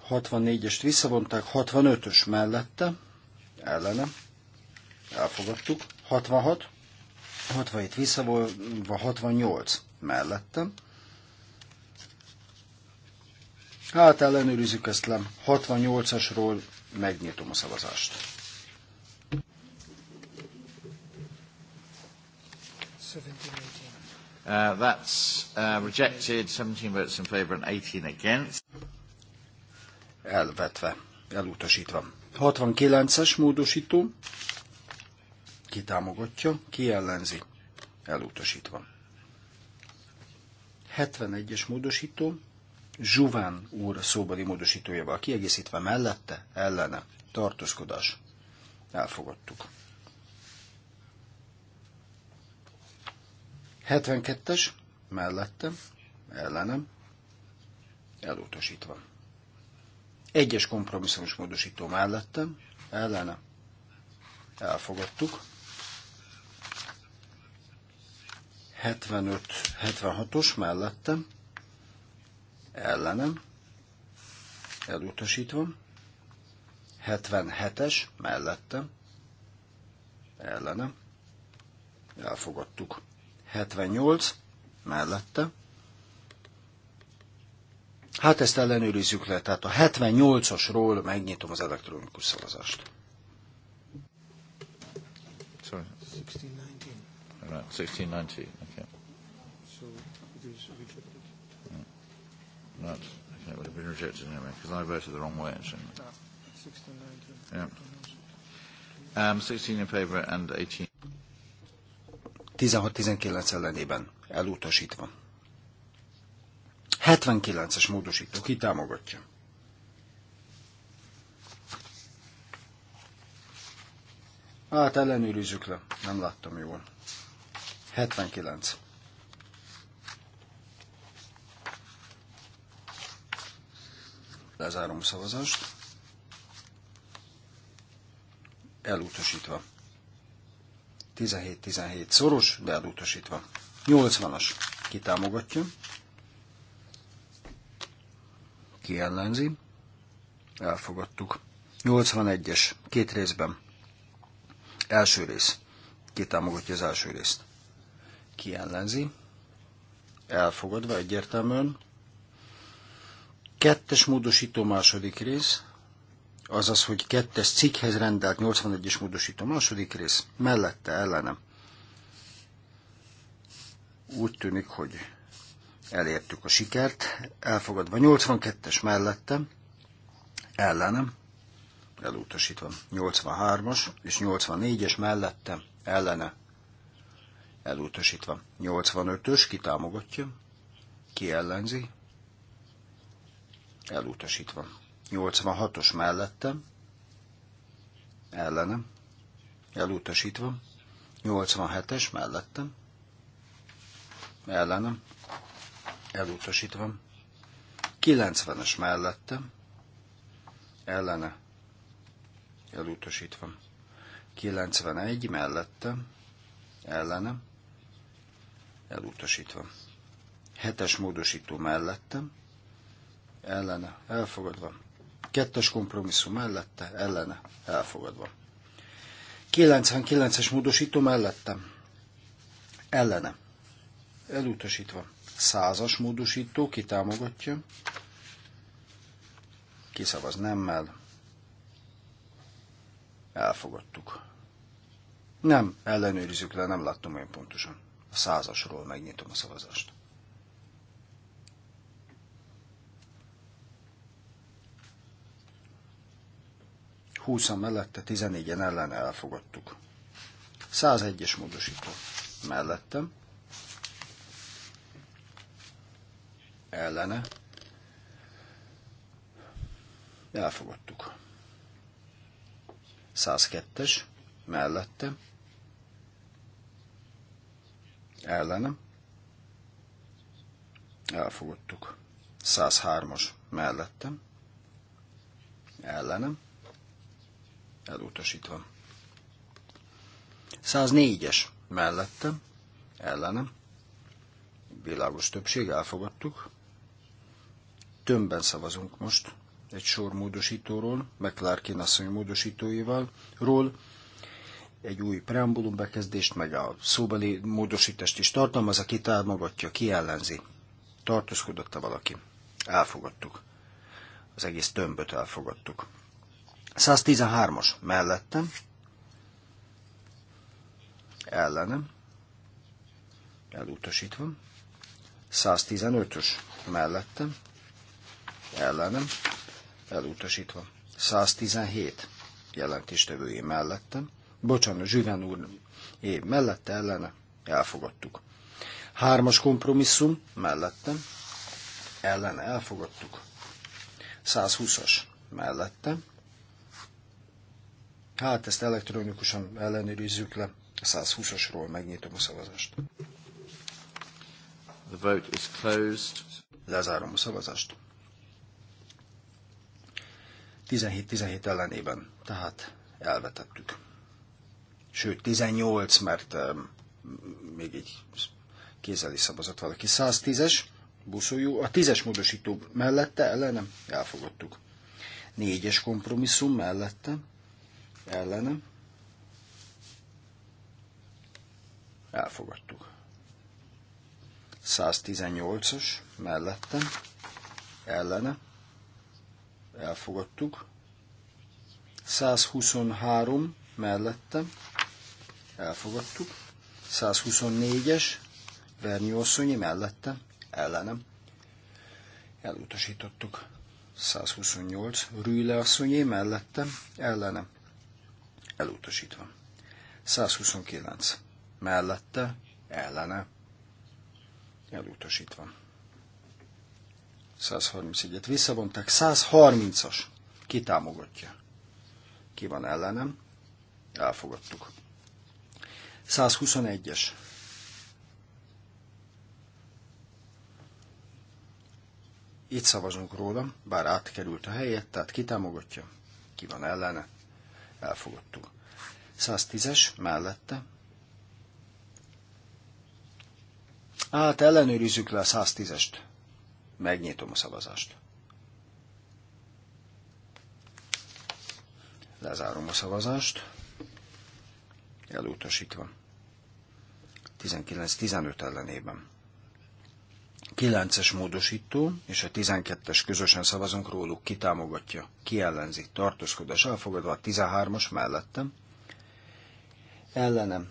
[SPEAKER 2] 64-est visszavonták, 65-ös mellette, ellenem, elfogadtuk, 66, 67 visszavolva, 68 mellettem. Hát ellenőrizzük ezt le, 68-asról megnyitom a szavazást.
[SPEAKER 1] Uh, that's uh, rejected, 17 votes in favour and 18 against.
[SPEAKER 2] Elvetve, elutasítva. 69-es módosító ki támogatja, ki ellenzi. Elutasítva. 71-es módosító, Zsuván úr szóbeli módosítójával kiegészítve mellette, ellene, tartózkodás. Elfogadtuk. 72-es, mellette, ellenem, elutasítva. Egyes kompromisszumos módosító mellettem, ellenem, elfogadtuk. 75-76-os mellettem, ellenem, elutasítva, 77-es mellettem, ellenem, elfogadtuk, 78 mellette. Hát ezt ellenőrizzük le, tehát a 78-asról megnyitom az elektronikus szavazást. Sorry.
[SPEAKER 1] 69. 1690, 1690. 16 18. 16-19
[SPEAKER 2] ellenében elutasítva. 79-es módosító, ki támogatja? Hát ellenőrizzük le, nem láttam jól. 79. Lezárom a szavazást. Elutasítva. 17-17 szoros, de elutasítva. 80-as. Ki támogatja? Ki ellenzi? Elfogadtuk. 81-es. Két részben. Első rész. Ki támogatja az első részt? kiellenzi. elfogadva egyértelműen. Kettes módosító második rész, azaz, hogy kettes cikkhez rendelt 81-es módosító második rész, mellette ellenem. Úgy tűnik, hogy elértük a sikert, elfogadva 82-es mellette, ellenem, elutasítva 83-as és 84-es mellette ellene elutasítva. 85-ös kitámogatja, ki ellenzi, elutasítva. 86-os mellettem, ellenem, elutasítva. 87-es mellettem, ellenem, elutasítva. 90-es mellettem, ellene, elutasítva. 91 mellettem, ellenem, elutasítva. Hetes módosító mellettem, ellene, elfogadva. Kettes kompromisszum mellette, ellene, elfogadva. 99-es módosító mellettem, ellene, elutasítva. Százas módosító, ki támogatja, kiszavaz nemmel, elfogadtuk. Nem, ellenőrizzük le, nem láttam olyan pontosan. A százasról megnyitom a szavazást. Húszan mellette, 14 ellen elfogadtuk. 101-es módosító mellettem. Ellene. Elfogadtuk. 102-es mellette ellenem. Elfogadtuk. 103-as mellettem. Ellenem. Elutasítva. 104-es mellettem. Ellenem. Világos többség, elfogadtuk. Tömbben szavazunk most egy sor módosítóról, McClarkin asszony módosítóival, ról egy új preambulum bekezdést, meg a szóbeli módosítást is tartalmaz, aki támogatja, ki ellenzi. tartózkodott valaki? Elfogadtuk. Az egész tömböt elfogadtuk. 113-as mellettem, ellenem, elutasítva. 115-ös mellettem, ellenem, elutasítva. 117 jelentéstevői mellettem, bocsánat, Zsüven úr é, mellette ellene elfogadtuk. Hármas kompromisszum mellettem ellene elfogadtuk. 120-as mellettem. Hát ezt elektronikusan ellenőrizzük le. 120-asról megnyitom a szavazást. The vote is closed. Lezárom a szavazást. 17-17 ellenében, tehát elvetettük sőt 18, mert eh, még egy kézzel is szavazott valaki. 110-es, buszoljó, a 10-es módosító mellette, ellenem, elfogadtuk. 4-es kompromisszum mellette, ellenem, elfogadtuk. 118-as mellette, ellene, elfogadtuk. 123 mellette, elfogadtuk. 124-es, Vernyó asszonyi mellette, ellenem, elutasítottuk. 128, Rüle Asszonyi mellette, ellenem, elutasítva. 129, mellette, ellene, elutasítva. 131-et visszavonták, 130-as, kitámogatja. Ki van ellenem? Elfogadtuk. 121-es. Itt szavazunk róla, bár átkerült a helyet, tehát kitámogatja, ki van ellene, elfogadtuk. 110-es mellette. Hát ellenőrizzük le a 110-est. Megnyitom a szavazást. Lezárom a szavazást. Elutasítva. 19-15 ellenében. 9-es módosító és a 12-es közösen szavazunk róluk, ki támogatja, ki ellenzi, tartózkodás elfogadva, a 13-as mellettem, ellenem,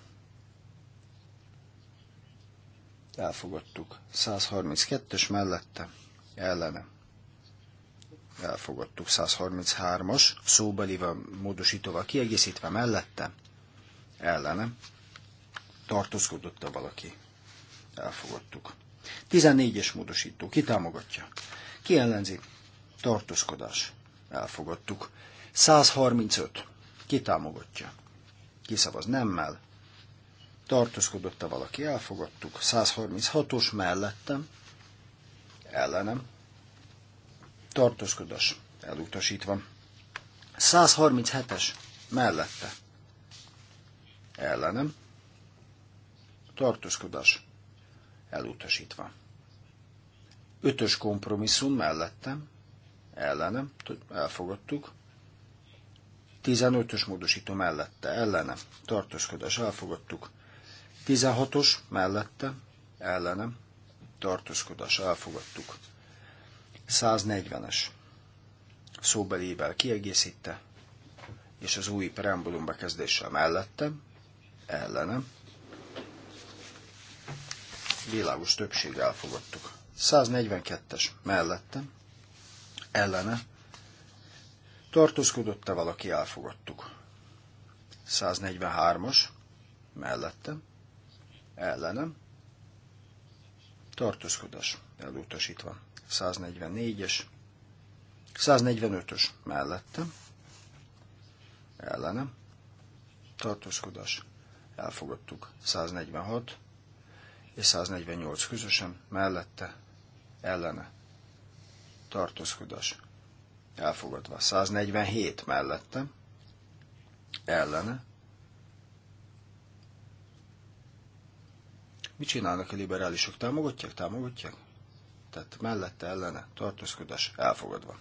[SPEAKER 2] elfogadtuk, 132-es mellette, ellenem, elfogadtuk, 133-as, szóbeli módosítóval kiegészítve mellette, ellenem, tartózkodott-e valaki. Elfogadtuk. 14-es módosító. Ki támogatja? Ki ellenzi? Tartózkodás. Elfogadtuk. 135. Ki támogatja? Kiszavaz nemmel. Tartózkodott-e valaki? Elfogadtuk. 136-os mellettem. Ellenem. Tartózkodás. Elutasítva. 137-es mellette. Ellenem tartózkodás elutasítva. Ötös kompromisszum mellettem, ellenem, elfogadtuk. Tizenötös módosító mellette, ellenem, tartózkodás, elfogadtuk. Tizenhatos mellette, ellenem, tartózkodás, elfogadtuk. 140-es szóbelével kiegészítte, és az új preambulum bekezdéssel mellettem, ellenem, világos többséggel elfogadtuk. 142-es mellette, ellene, tartózkodott-e valaki, elfogadtuk. 143-as mellette, ellene, tartózkodás elutasítva. 144-es, 145-ös mellette, ellene, tartózkodás elfogadtuk. 146, és 148 közösen, mellette, ellene, tartózkodás, elfogadva. 147 mellette, ellene. Mit csinálnak a liberálisok? Támogatják? Támogatják? Tehát mellette, ellene, tartózkodás, elfogadva.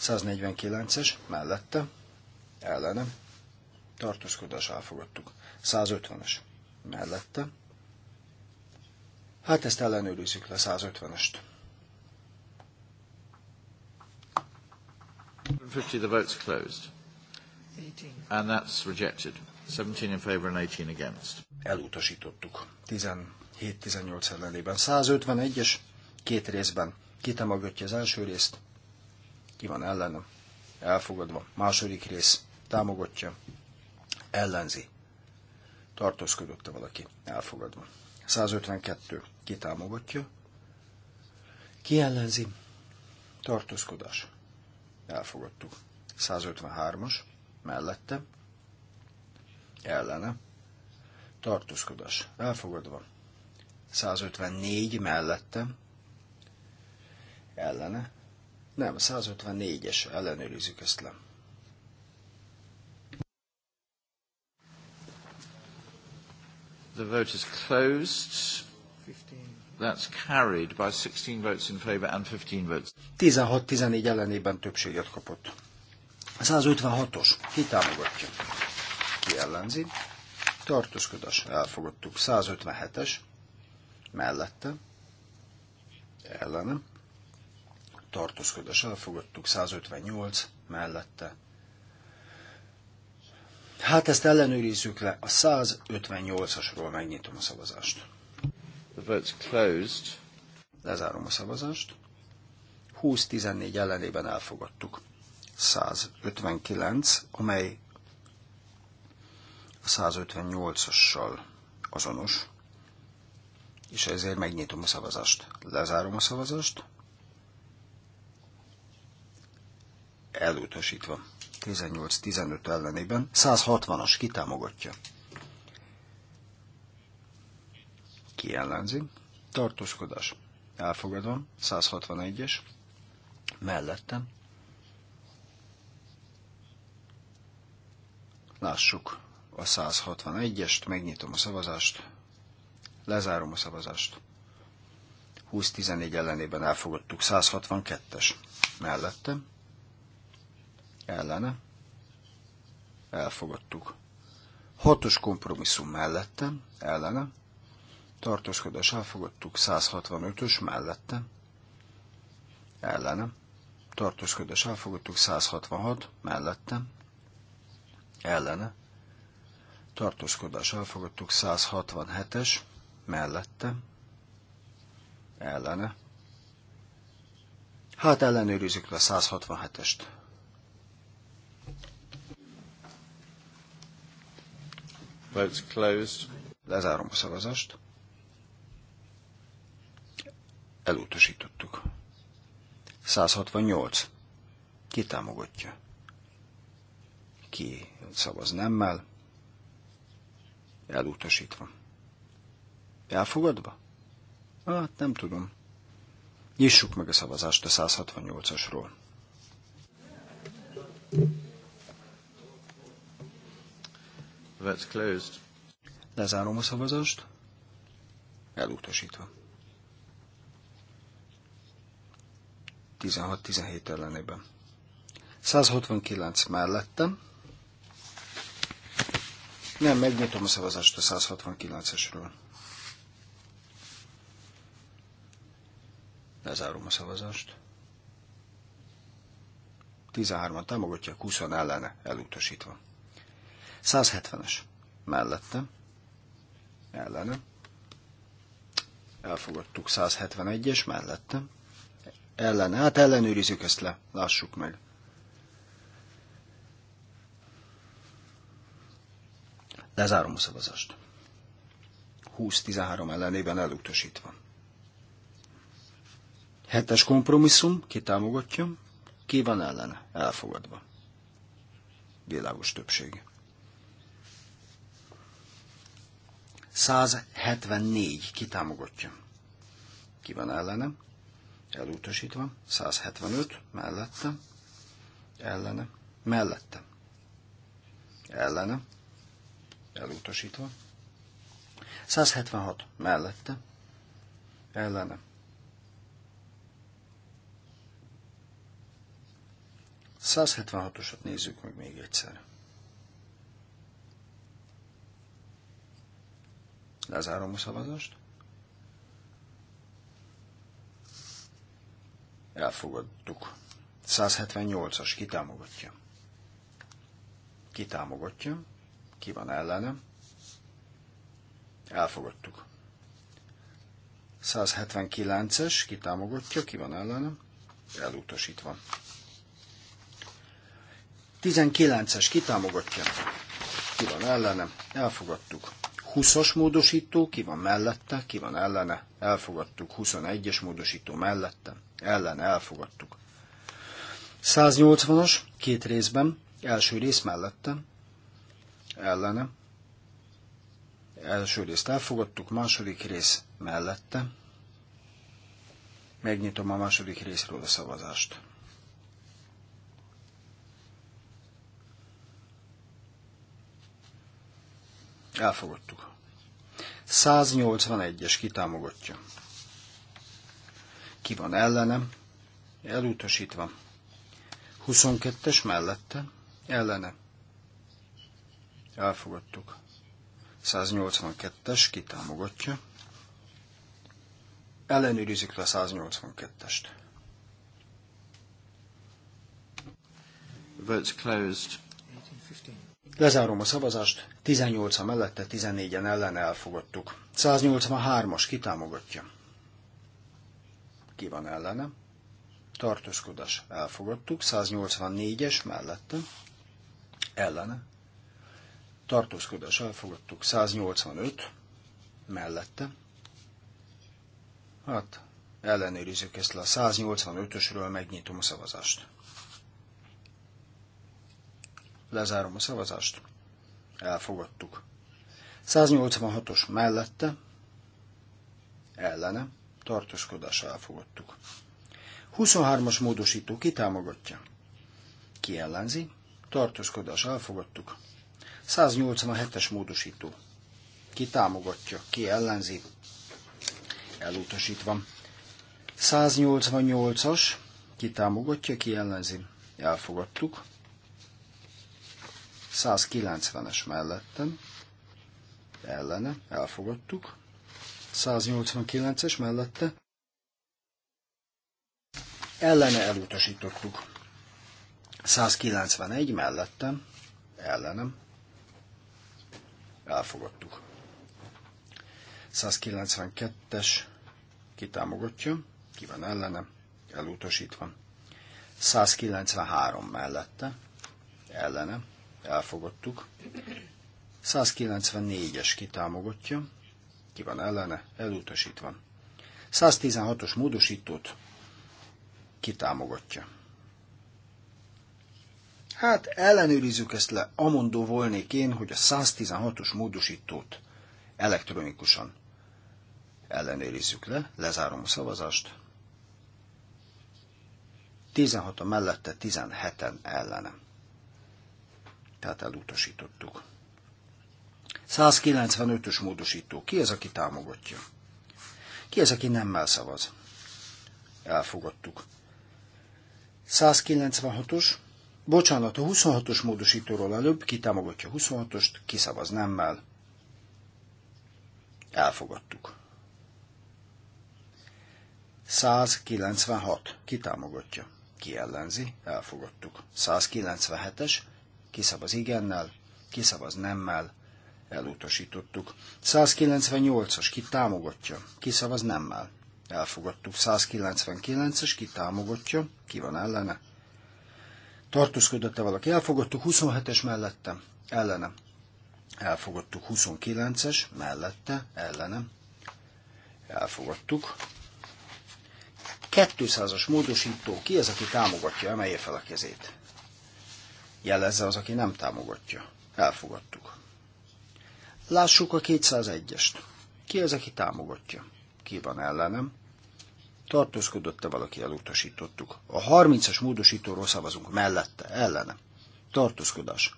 [SPEAKER 2] 149-es, mellette, ellene, tartózkodás, elfogadtuk. 150-es, mellette, Hát ezt ellenőrizzük le 150-est. 150 the vote's
[SPEAKER 1] closed. And that's
[SPEAKER 2] rejected. 17 in favor and 18 against. Elutasítottuk. 17-18 ellenében. 151-es, két részben. Ki támogatja az első részt? Ki van ellene, Elfogadva. Második rész. Támogatja. Ellenzi. Tartózkodott-e valaki? Elfogadva. 152. Ki támogatja? Ki ellenzi? Tartózkodás. Elfogadtuk. 153-as. Mellette. Ellene. Tartózkodás. Elfogadva. 154 mellette. Ellene. Nem, 154-es. Ellenőrizzük ezt le. The vote is closed.
[SPEAKER 1] 15. That's carried by 16 votes in favor and 15 votes.
[SPEAKER 2] 16-14 ellenében többséget kapott. 156-os. Ki támogatja? Ki ellenzi? Tartózkodás. Elfogadtuk. 157-es. Mellette. Ellenem. Tartózkodás. Elfogadtuk. 158. Mellette Hát ezt ellenőrizzük le. A 158-asról megnyitom a szavazást. The vote's closed. Lezárom a szavazást. 20-14 ellenében elfogadtuk. 159, amely a 158-assal azonos, és ezért megnyitom a szavazást. Lezárom a szavazást. Elutasítva. 18-15 ellenében. 160-as kitámogatja. Ki ellenzi? Tartózkodás. Elfogadom. 161-es. Mellettem. Lássuk a 161-est, megnyitom a szavazást, lezárom a szavazást. 20-14 ellenében elfogadtuk 162-es mellettem ellene, elfogadtuk. Hatos kompromisszum mellettem, ellene, tartózkodás elfogadtuk 165-ös mellette, ellene, tartózkodás elfogadtuk 166 mellettem, ellene, tartózkodás elfogadtuk 167-es mellettem, ellene, Hát ellenőrizzük le a 167-est. Votes closed. Lezárom a szavazást. Elutasítottuk. 168. Ki támogatja? Ki szavaz nemmel? Elutasítva. Elfogadva? Hát nem tudom. Nyissuk meg a szavazást a 168-asról. That's closed. Lezárom a szavazást. Elutasítva. 16-17 ellenében. 169 mellettem. Nem, megnyitom a szavazást a 169-esről. Lezárom a szavazást. 13-an támogatja, 20 ellene elutasítva. 170-es mellette, Ellenem. elfogadtuk 171-es mellette, ellene, hát ellenőrizzük ezt le, lássuk meg. Lezárom a szavazást. 20-13 ellenében elutasítva. Hetes kompromisszum, ki támogatja, ki van ellene, elfogadva. Világos többség. 174 kitámogatja. Ki van ellene? Elutasítva. 175 mellette. Ellene. Mellette. Ellene. Elutasítva. 176 mellette. Ellene. 176-osat nézzük meg még egyszer. Lezárom a szavazást. Elfogadtuk. 178-as kitámogatja. Kitámogatja. Ki van ellene? Elfogadtuk. 179-es kitámogatja. Ki van ellene? Elutasítva. 19-es kitámogatja. Ki van ellene? Elfogadtuk. 20-as módosító, ki van mellette, ki van ellene, elfogadtuk. 21-es módosító mellette, ellen, elfogadtuk. 180-as, két részben, első rész mellette, ellene, első részt elfogadtuk, második rész mellette. Megnyitom a második részről a szavazást. Elfogadtuk. 181-es kitámogatja. Ki van ellenem? Elutasítva. 22-es mellette? Ellene. Elfogadtuk. 182-es kitámogatja. Ellenőrizik le 182-est. Votes closed. Lezárom a szavazást. 18-a mellette, 14-en ellen elfogadtuk. 183-as kitámogatja. Ki van ellene? Tartózkodás elfogadtuk. 184-es mellette, ellene. Tartózkodás elfogadtuk. 185 mellette. Hát, ellenőrizzük ezt le a 185-ösről, megnyitom a szavazást. Lezárom a szavazást elfogadtuk. 186-os mellette, ellene, tartoskodás elfogadtuk. 23-as módosító kitámogatja, ki ellenzi, tartózkodás elfogadtuk. 187-es módosító kitámogatja, ki ellenzi, elutasítva. 188-as kitámogatja, ki ellenzi, elfogadtuk. 190-es mellettem, ellene, elfogadtuk. 189-es mellette, ellene elutasítottuk. 191 mellettem, ellenem, elfogadtuk. 192-es kitámogatja, ki van ellene, elutasítva. 193 mellette, ellenem elfogadtuk. 194-es kitámogatja, ki van ellene, elutasítva. 116-os módosítót kitámogatja. Hát ellenőrizzük ezt le, amondó volnék én, hogy a 116-os módosítót elektronikusan ellenőrizzük le, lezárom a szavazást. 16 a mellette, 17-en ellenem tehát elutasítottuk. 195-ös módosító. Ki az, aki támogatja? Ki az, aki nem szavaz? Elfogadtuk. 196-os. Bocsánat, a 26-os módosítóról előbb ki támogatja 26-ost, ki szavaz nemmel. Elfogadtuk. 196. Ki támogatja? Ki ellenzi? Elfogadtuk. 197-es kiszavaz igennel, kiszavaz nemmel, elutasítottuk. 198-as, ki támogatja, kiszavaz nemmel, elfogadtuk. 199-es, ki támogatja, ki van ellene, tartózkodott-e valaki, elfogadtuk. 27-es mellette, ellene, elfogadtuk. 29-es, mellette, ellene, elfogadtuk. 200-as módosító, ki az, aki támogatja, emelje fel a kezét jelezze az, aki nem támogatja. Elfogadtuk. Lássuk a 201-est. Ki az, aki támogatja? Ki van ellenem? Tartózkodott-e valaki, elutasítottuk. A 30-as módosítóról szavazunk mellette, ellene. Tartózkodás.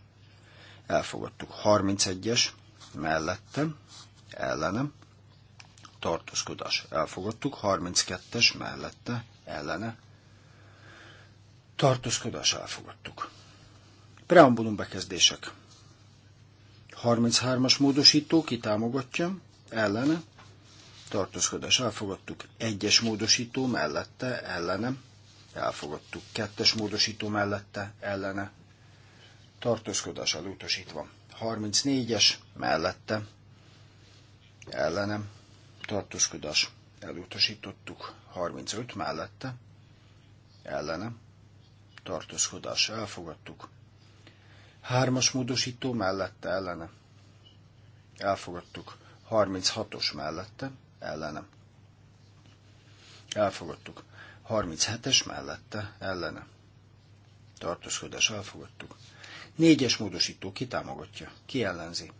[SPEAKER 2] Elfogadtuk. 31-es mellette, ellenem. Tartózkodás. Elfogadtuk. 32-es mellette, ellene. Tartózkodás elfogadtuk. Preambulum bekezdések. 33-as módosító, ki támogatja, ellene, tartózkodás elfogadtuk, egyes módosító mellette, ellene, elfogadtuk, kettes módosító mellette, ellene, tartózkodás elutasítva. 34-es mellette, ellenem, tartózkodás elutasítottuk, 35 mellette, ellenem, tartózkodás elfogadtuk, Hármas módosító mellette ellene. Elfogadtuk. 36-os mellette ellene. Elfogadtuk. 37-es mellette ellene. Tartózkodás elfogadtuk. Négyes módosító kitámogatja, ellenzi.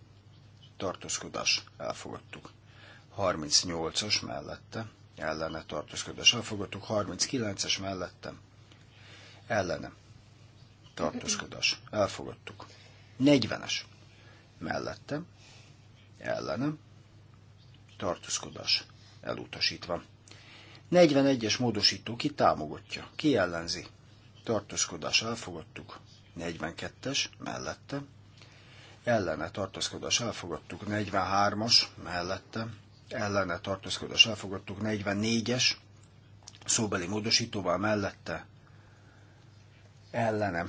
[SPEAKER 2] Tartózkodás elfogadtuk. 38-as mellette ellene tartózkodás elfogadtuk. 39-es mellette ellene tartózkodás. Elfogadtuk. 40-es mellettem, ellenem, tartózkodás elutasítva. 41-es módosító ki támogatja, ki ellenzi. Tartózkodás elfogadtuk. 42-es mellette. Ellene tartózkodás elfogadtuk. 43-as mellette. Ellene tartózkodás elfogadtuk. 44-es szóbeli módosítóval mellette ellene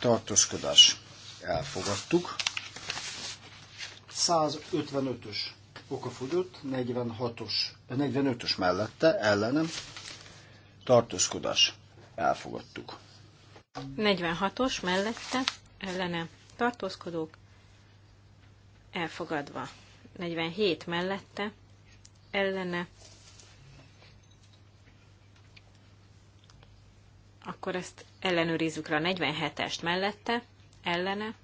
[SPEAKER 2] tartózkodás elfogadtuk. 155-ös okafogyott, 46-os, 45-ös eh, mellette ellenem tartózkodás elfogadtuk.
[SPEAKER 4] 46-os mellette ellene tartózkodók elfogadva. 47 mellette ellene Akkor ezt ellenőrizzük rá a 47-est mellette, ellene,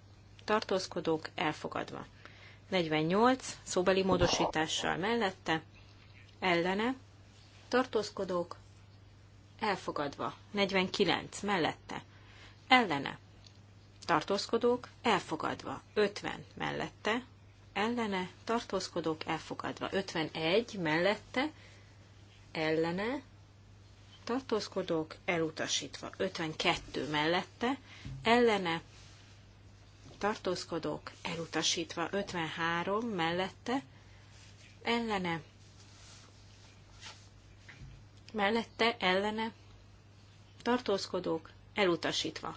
[SPEAKER 4] tartózkodók elfogadva. 48 szóbeli módosítással mellette, ellene, tartózkodók elfogadva. 49 mellette, ellene, tartózkodók elfogadva. 50 mellette, ellene, tartózkodók elfogadva. 51 mellette, ellene, tartózkodók elutasítva. 52 mellette ellene tartózkodók elutasítva. 53 mellette ellene mellette ellene tartózkodók elutasítva.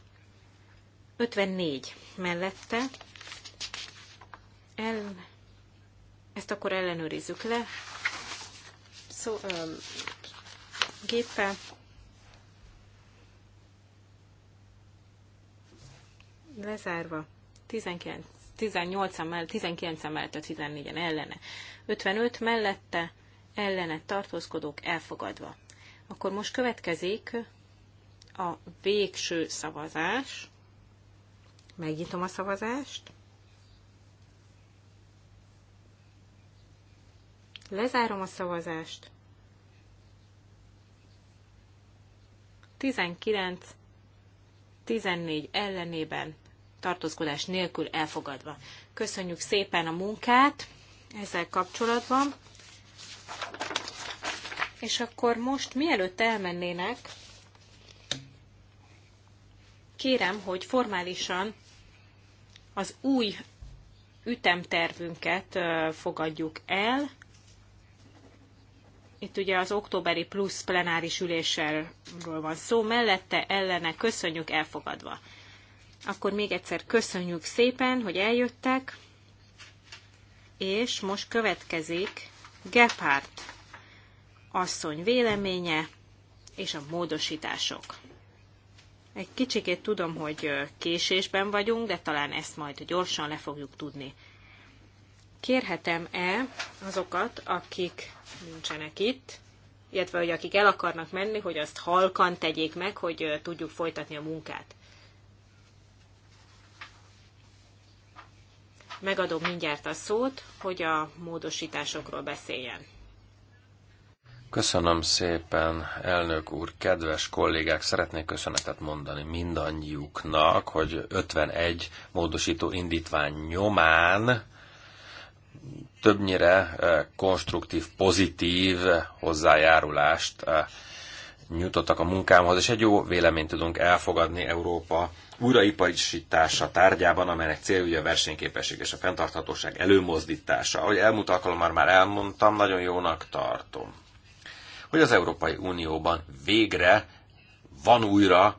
[SPEAKER 4] 54 mellette el, ezt akkor ellenőrizzük le. Szó, ö, géppel. Lezárva. 19, 18 emel, 19 mellett a 14-en ellene. 55 mellette ellene tartózkodók elfogadva. Akkor most következik a végső szavazás. Megnyitom a szavazást. Lezárom a szavazást. 19-14 ellenében tartózkodás nélkül elfogadva. Köszönjük szépen a munkát ezzel kapcsolatban. És akkor most, mielőtt elmennének, kérem, hogy formálisan az új ütemtervünket fogadjuk el. Itt ugye az októberi plusz plenáris ülésről van szó, mellette ellene köszönjük elfogadva. Akkor még egyszer köszönjük szépen, hogy eljöttek, és most következik Gephardt asszony véleménye és a módosítások. Egy kicsikét tudom, hogy késésben vagyunk, de talán ezt majd gyorsan le fogjuk tudni kérhetem-e azokat, akik nincsenek itt, illetve hogy akik el akarnak menni, hogy azt halkan tegyék meg, hogy tudjuk folytatni a munkát. Megadom mindjárt a szót, hogy a módosításokról beszéljen.
[SPEAKER 3] Köszönöm szépen, elnök úr, kedves kollégák, szeretnék köszönetet mondani mindannyiuknak, hogy 51 módosító indítvány nyomán többnyire eh, konstruktív, pozitív hozzájárulást eh, nyújtottak a munkámhoz, és egy jó véleményt tudunk elfogadni Európa újraiparisítása tárgyában, amelynek célja a versenyképesség és a fenntarthatóság előmozdítása. Ahogy elmúlt alkalommal már elmondtam, nagyon jónak tartom, hogy az Európai Unióban végre van újra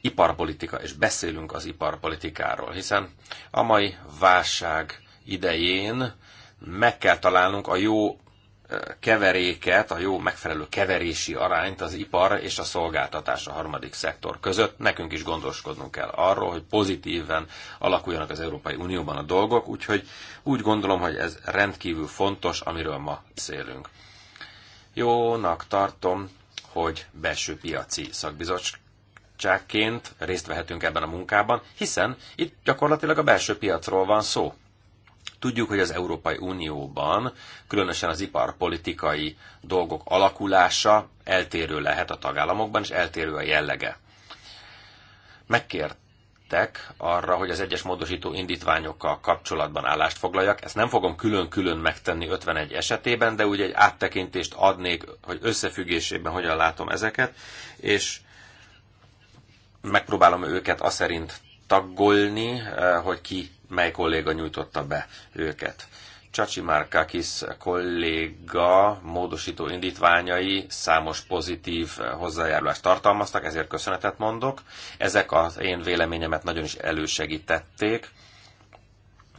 [SPEAKER 3] iparpolitika, és beszélünk az iparpolitikáról, hiszen a mai válság idején meg kell találnunk a jó keveréket, a jó megfelelő keverési arányt az ipar és a szolgáltatás a harmadik szektor között. Nekünk is gondoskodnunk kell arról, hogy pozitíven alakuljanak az Európai Unióban a dolgok, úgyhogy úgy gondolom, hogy ez rendkívül fontos, amiről ma beszélünk. Jónak tartom, hogy belső piaci szakbizottságként részt vehetünk ebben a munkában, hiszen itt gyakorlatilag a belső piacról van szó Tudjuk, hogy az Európai Unióban különösen az iparpolitikai dolgok alakulása eltérő lehet a tagállamokban, és eltérő a jellege. Megkért arra, hogy az egyes módosító indítványokkal kapcsolatban állást foglaljak. Ezt nem fogom külön-külön megtenni 51 esetében, de úgy egy áttekintést adnék, hogy összefüggésében hogyan látom ezeket, és megpróbálom őket aszerint taggolni, eh, hogy ki mely kolléga nyújtotta be őket. Csacsi Márkakis kolléga módosító indítványai számos pozitív hozzájárulást tartalmaztak, ezért köszönetet mondok. Ezek az én véleményemet nagyon is elősegítették,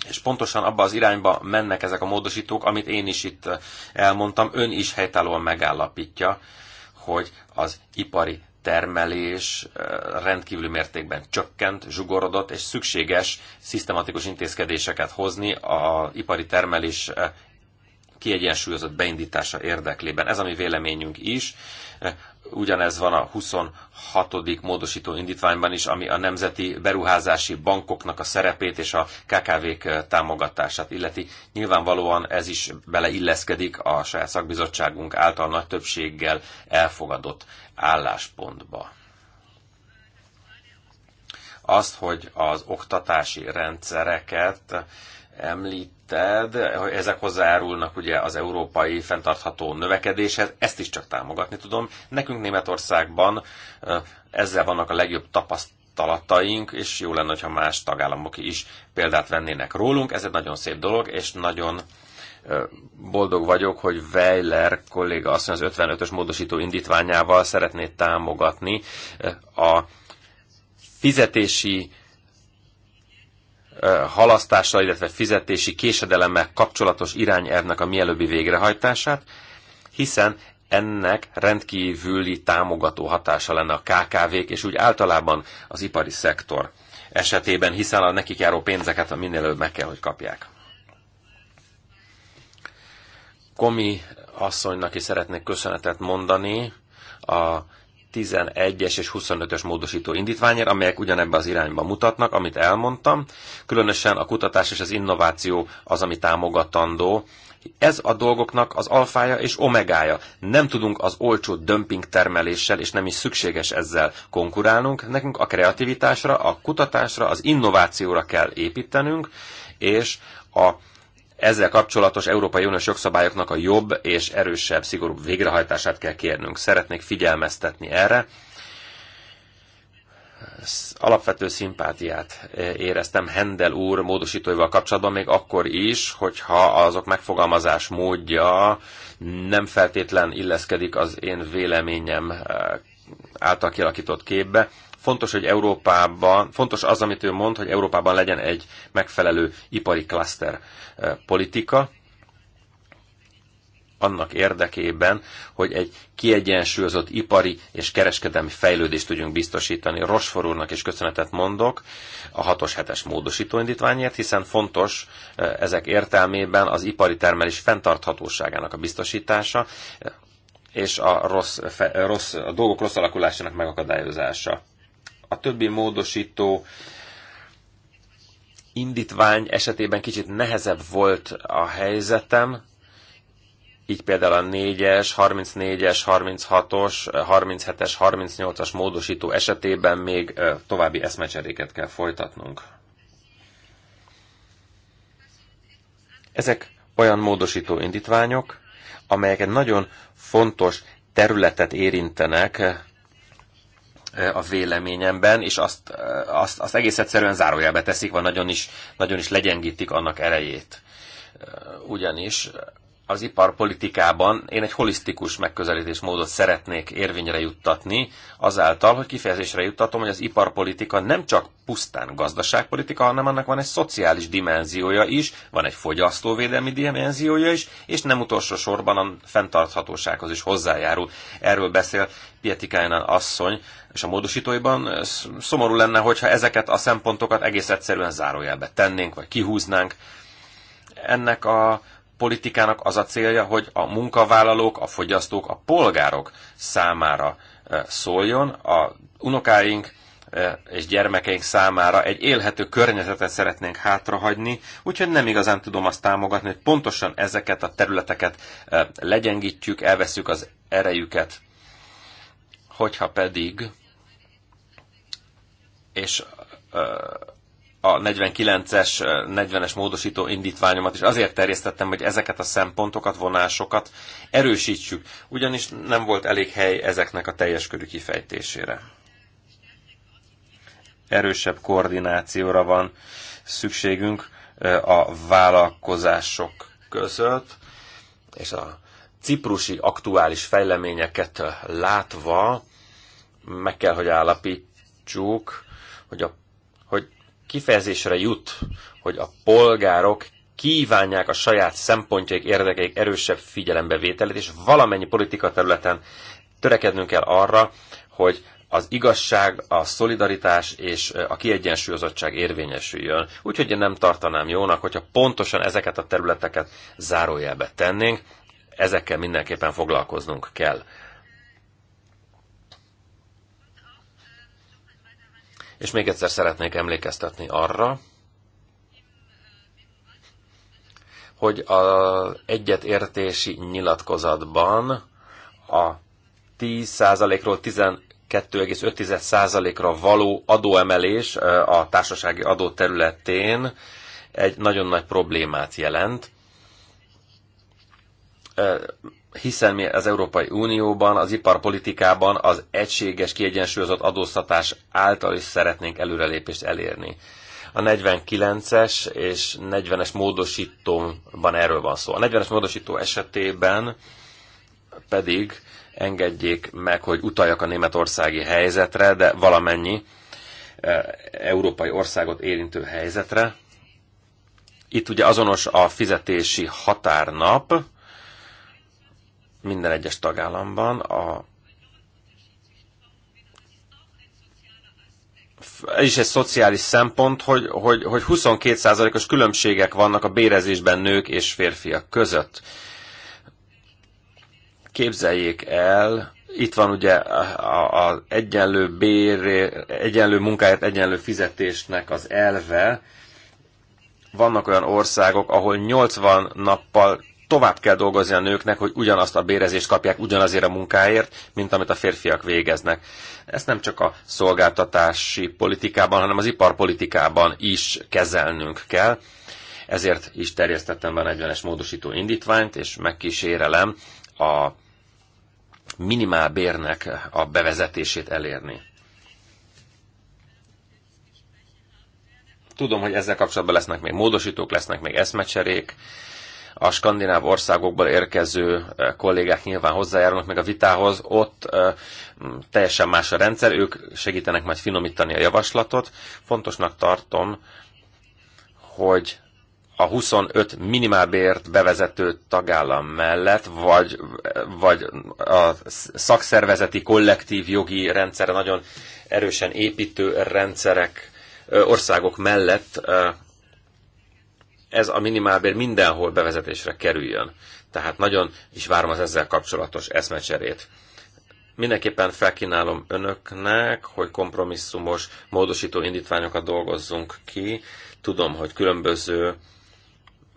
[SPEAKER 3] és pontosan abba az irányba mennek ezek a módosítók, amit én is itt elmondtam, ön is helytállóan megállapítja, hogy az ipari termelés rendkívüli mértékben csökkent, zsugorodott, és szükséges szisztematikus intézkedéseket hozni a ipari termelés kiegyensúlyozott beindítása érdeklében. Ez a mi véleményünk is. Ugyanez van a 26. módosító indítványban is, ami a nemzeti beruházási bankoknak a szerepét és a KKV-k támogatását illeti. Nyilvánvalóan ez is beleilleszkedik a saját szakbizottságunk által nagy többséggel elfogadott álláspontba. Azt, hogy az oktatási rendszereket említed, hogy ezek hozzájárulnak ugye az európai fenntartható növekedéshez, ezt is csak támogatni tudom. Nekünk Németországban ezzel vannak a legjobb tapasztalataink, és jó lenne, ha más tagállamok is példát vennének rólunk. Ez egy nagyon szép dolog, és nagyon boldog vagyok, hogy Weiler kolléga azt mondja, az 55-ös módosító indítványával szeretné támogatni a fizetési halasztással, illetve fizetési késedelemmel kapcsolatos irányelvnek a mielőbbi végrehajtását, hiszen ennek rendkívüli támogató hatása lenne a KKV-k, és úgy általában az ipari szektor esetében, hiszen a nekik járó pénzeket a minél előbb meg kell, hogy kapják. Komi asszonynak is szeretnék köszönetet mondani a 11-es és 25-ös módosító indítványért, amelyek ugyanebben az irányba mutatnak, amit elmondtam. Különösen a kutatás és az innováció az, ami támogatandó. Ez a dolgoknak az alfája és omegája. Nem tudunk az olcsó dömping termeléssel, és nem is szükséges ezzel konkurálnunk. Nekünk a kreativitásra, a kutatásra, az innovációra kell építenünk, és a ezzel kapcsolatos Európai Uniós jogszabályoknak a jobb és erősebb, szigorúbb végrehajtását kell kérnünk. Szeretnék figyelmeztetni erre. Alapvető szimpátiát éreztem Hendel úr módosítóival kapcsolatban, még akkor is, hogyha azok megfogalmazás módja nem feltétlen illeszkedik az én véleményem által kialakított képbe. Fontos, hogy Európában, fontos az, amit ő mond, hogy Európában legyen egy megfelelő ipari klaszter eh, politika, annak érdekében, hogy egy kiegyensúlyozott ipari és kereskedelmi fejlődést tudjunk biztosítani. Rosfor úrnak is köszönetet mondok a 6-os 7-es módosítóindítványért, hiszen fontos eh, ezek értelmében az ipari termelés fenntarthatóságának a biztosítása eh, és a, rossz, rossz, a dolgok rossz alakulásának megakadályozása a többi módosító indítvány esetében kicsit nehezebb volt a helyzetem, így például a 4-es, 34-es, 36-os, 37-es, 38-as módosító esetében még további eszmecseréket kell folytatnunk. Ezek olyan módosító indítványok, amelyek egy nagyon fontos területet érintenek a véleményemben, és azt, azt, azt egész egyszerűen zárójelbe teszik, vagy nagyon is, nagyon is legyengítik annak erejét. Ugyanis az iparpolitikában én egy holisztikus megközelítésmódot szeretnék érvényre juttatni, azáltal, hogy kifejezésre juttatom, hogy az iparpolitika nem csak pusztán gazdaságpolitika, hanem annak van egy szociális dimenziója is, van egy fogyasztóvédelmi dimenziója is, és nem utolsó sorban a fenntarthatósághoz is hozzájárul. Erről beszél Pietikájnán asszony, és a módosítóiban szomorú lenne, hogyha ezeket a szempontokat egész egyszerűen zárójelbe tennénk, vagy kihúznánk. Ennek a politikának az a célja, hogy a munkavállalók, a fogyasztók, a polgárok számára eh, szóljon, a unokáink eh, és gyermekeink számára egy élhető környezetet szeretnénk hátrahagyni, úgyhogy nem igazán tudom azt támogatni, hogy pontosan ezeket a területeket eh, legyengítjük, elveszük az erejüket. Hogyha pedig, és a 49-es, 40-es eh, módosító indítványomat is azért terjesztettem, hogy ezeket a szempontokat, vonásokat erősítsük, ugyanis nem volt elég hely ezeknek a teljes körű kifejtésére. Erősebb koordinációra van szükségünk eh, a vállalkozások között, és a ciprusi aktuális fejleményeket látva meg kell, hogy állapítsuk, hogy, a, hogy kifejezésre jut, hogy a polgárok kívánják a saját szempontjaik, érdekeik erősebb figyelembevételét, és valamennyi politika területen törekednünk kell arra, hogy az igazság, a szolidaritás és a kiegyensúlyozottság érvényesüljön. Úgyhogy én nem tartanám jónak, hogyha pontosan ezeket a területeket zárójelbe tennénk, ezekkel mindenképpen foglalkoznunk kell. És még egyszer szeretnék emlékeztetni arra, hogy az egyetértési nyilatkozatban a 10%-ról 12,5%-ra való adóemelés a társasági adó területén egy nagyon nagy problémát jelent hiszen mi az Európai Unióban, az iparpolitikában az egységes, kiegyensúlyozott adóztatás által is szeretnénk előrelépést elérni. A 49-es és 40-es módosítóban erről van szó. A 40-es módosító esetében pedig engedjék meg, hogy utaljak a németországi helyzetre, de valamennyi eh, európai országot érintő helyzetre. Itt ugye azonos a fizetési határnap, minden egyes tagállamban a ez is egy szociális szempont, hogy, hogy, hogy 22%-os különbségek vannak a bérezésben nők és férfiak között. Képzeljék el, itt van ugye az egyenlő bér, egyenlő munkáért, egyenlő fizetésnek az elve. Vannak olyan országok, ahol 80 nappal tovább kell dolgozni a nőknek, hogy ugyanazt a bérezést kapják ugyanazért a munkáért, mint amit a férfiak végeznek. Ezt nem csak a szolgáltatási politikában, hanem az iparpolitikában is kezelnünk kell. Ezért is terjesztettem be a 40-es módosító indítványt, és megkísérelem a bérnek a bevezetését elérni. Tudom, hogy ezzel kapcsolatban lesznek még módosítók, lesznek még eszmecserék, a skandináv országokból érkező eh, kollégák nyilván hozzájárulnak meg a vitához, ott eh, teljesen más a rendszer, ők segítenek majd finomítani a javaslatot. Fontosnak tartom, hogy a 25 minimálbért bevezető tagállam mellett, vagy, vagy a szakszervezeti kollektív jogi rendszerre nagyon erősen építő rendszerek eh, országok mellett ez a minimálbér mindenhol bevezetésre kerüljön. Tehát nagyon is várom az ezzel kapcsolatos eszmecserét. Mindenképpen felkínálom önöknek, hogy kompromisszumos módosító indítványokat dolgozzunk ki. Tudom, hogy különböző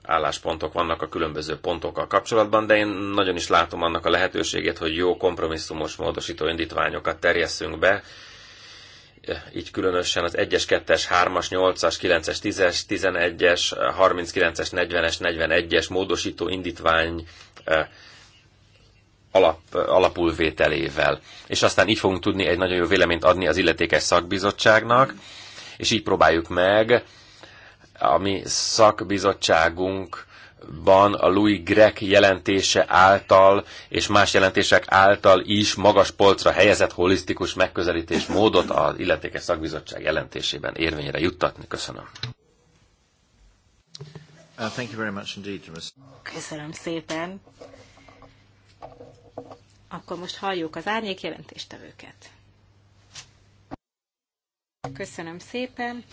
[SPEAKER 3] álláspontok vannak a különböző pontokkal kapcsolatban, de én nagyon is látom annak a lehetőségét, hogy jó kompromisszumos módosító indítványokat terjesszünk be, így különösen az 1-es, 2-es, 3-as, 8-as, 9-es, 10-es, 11-es, 39-es, 40-es, 41-es módosító indítvány alap, alapulvételével. És aztán így fogunk tudni egy nagyon jó véleményt adni az illetékes szakbizottságnak, és így próbáljuk meg a mi szakbizottságunk ban a Louis Greg jelentése által és más jelentések által is magas polcra helyezett holisztikus megközelítés módot az illetékes szakbizottság jelentésében érvényre juttatni. Köszönöm.
[SPEAKER 1] Uh, thank you very much indeed,
[SPEAKER 4] Köszönöm szépen. Akkor most halljuk az árnyék jelentéstevőket. Köszönöm szépen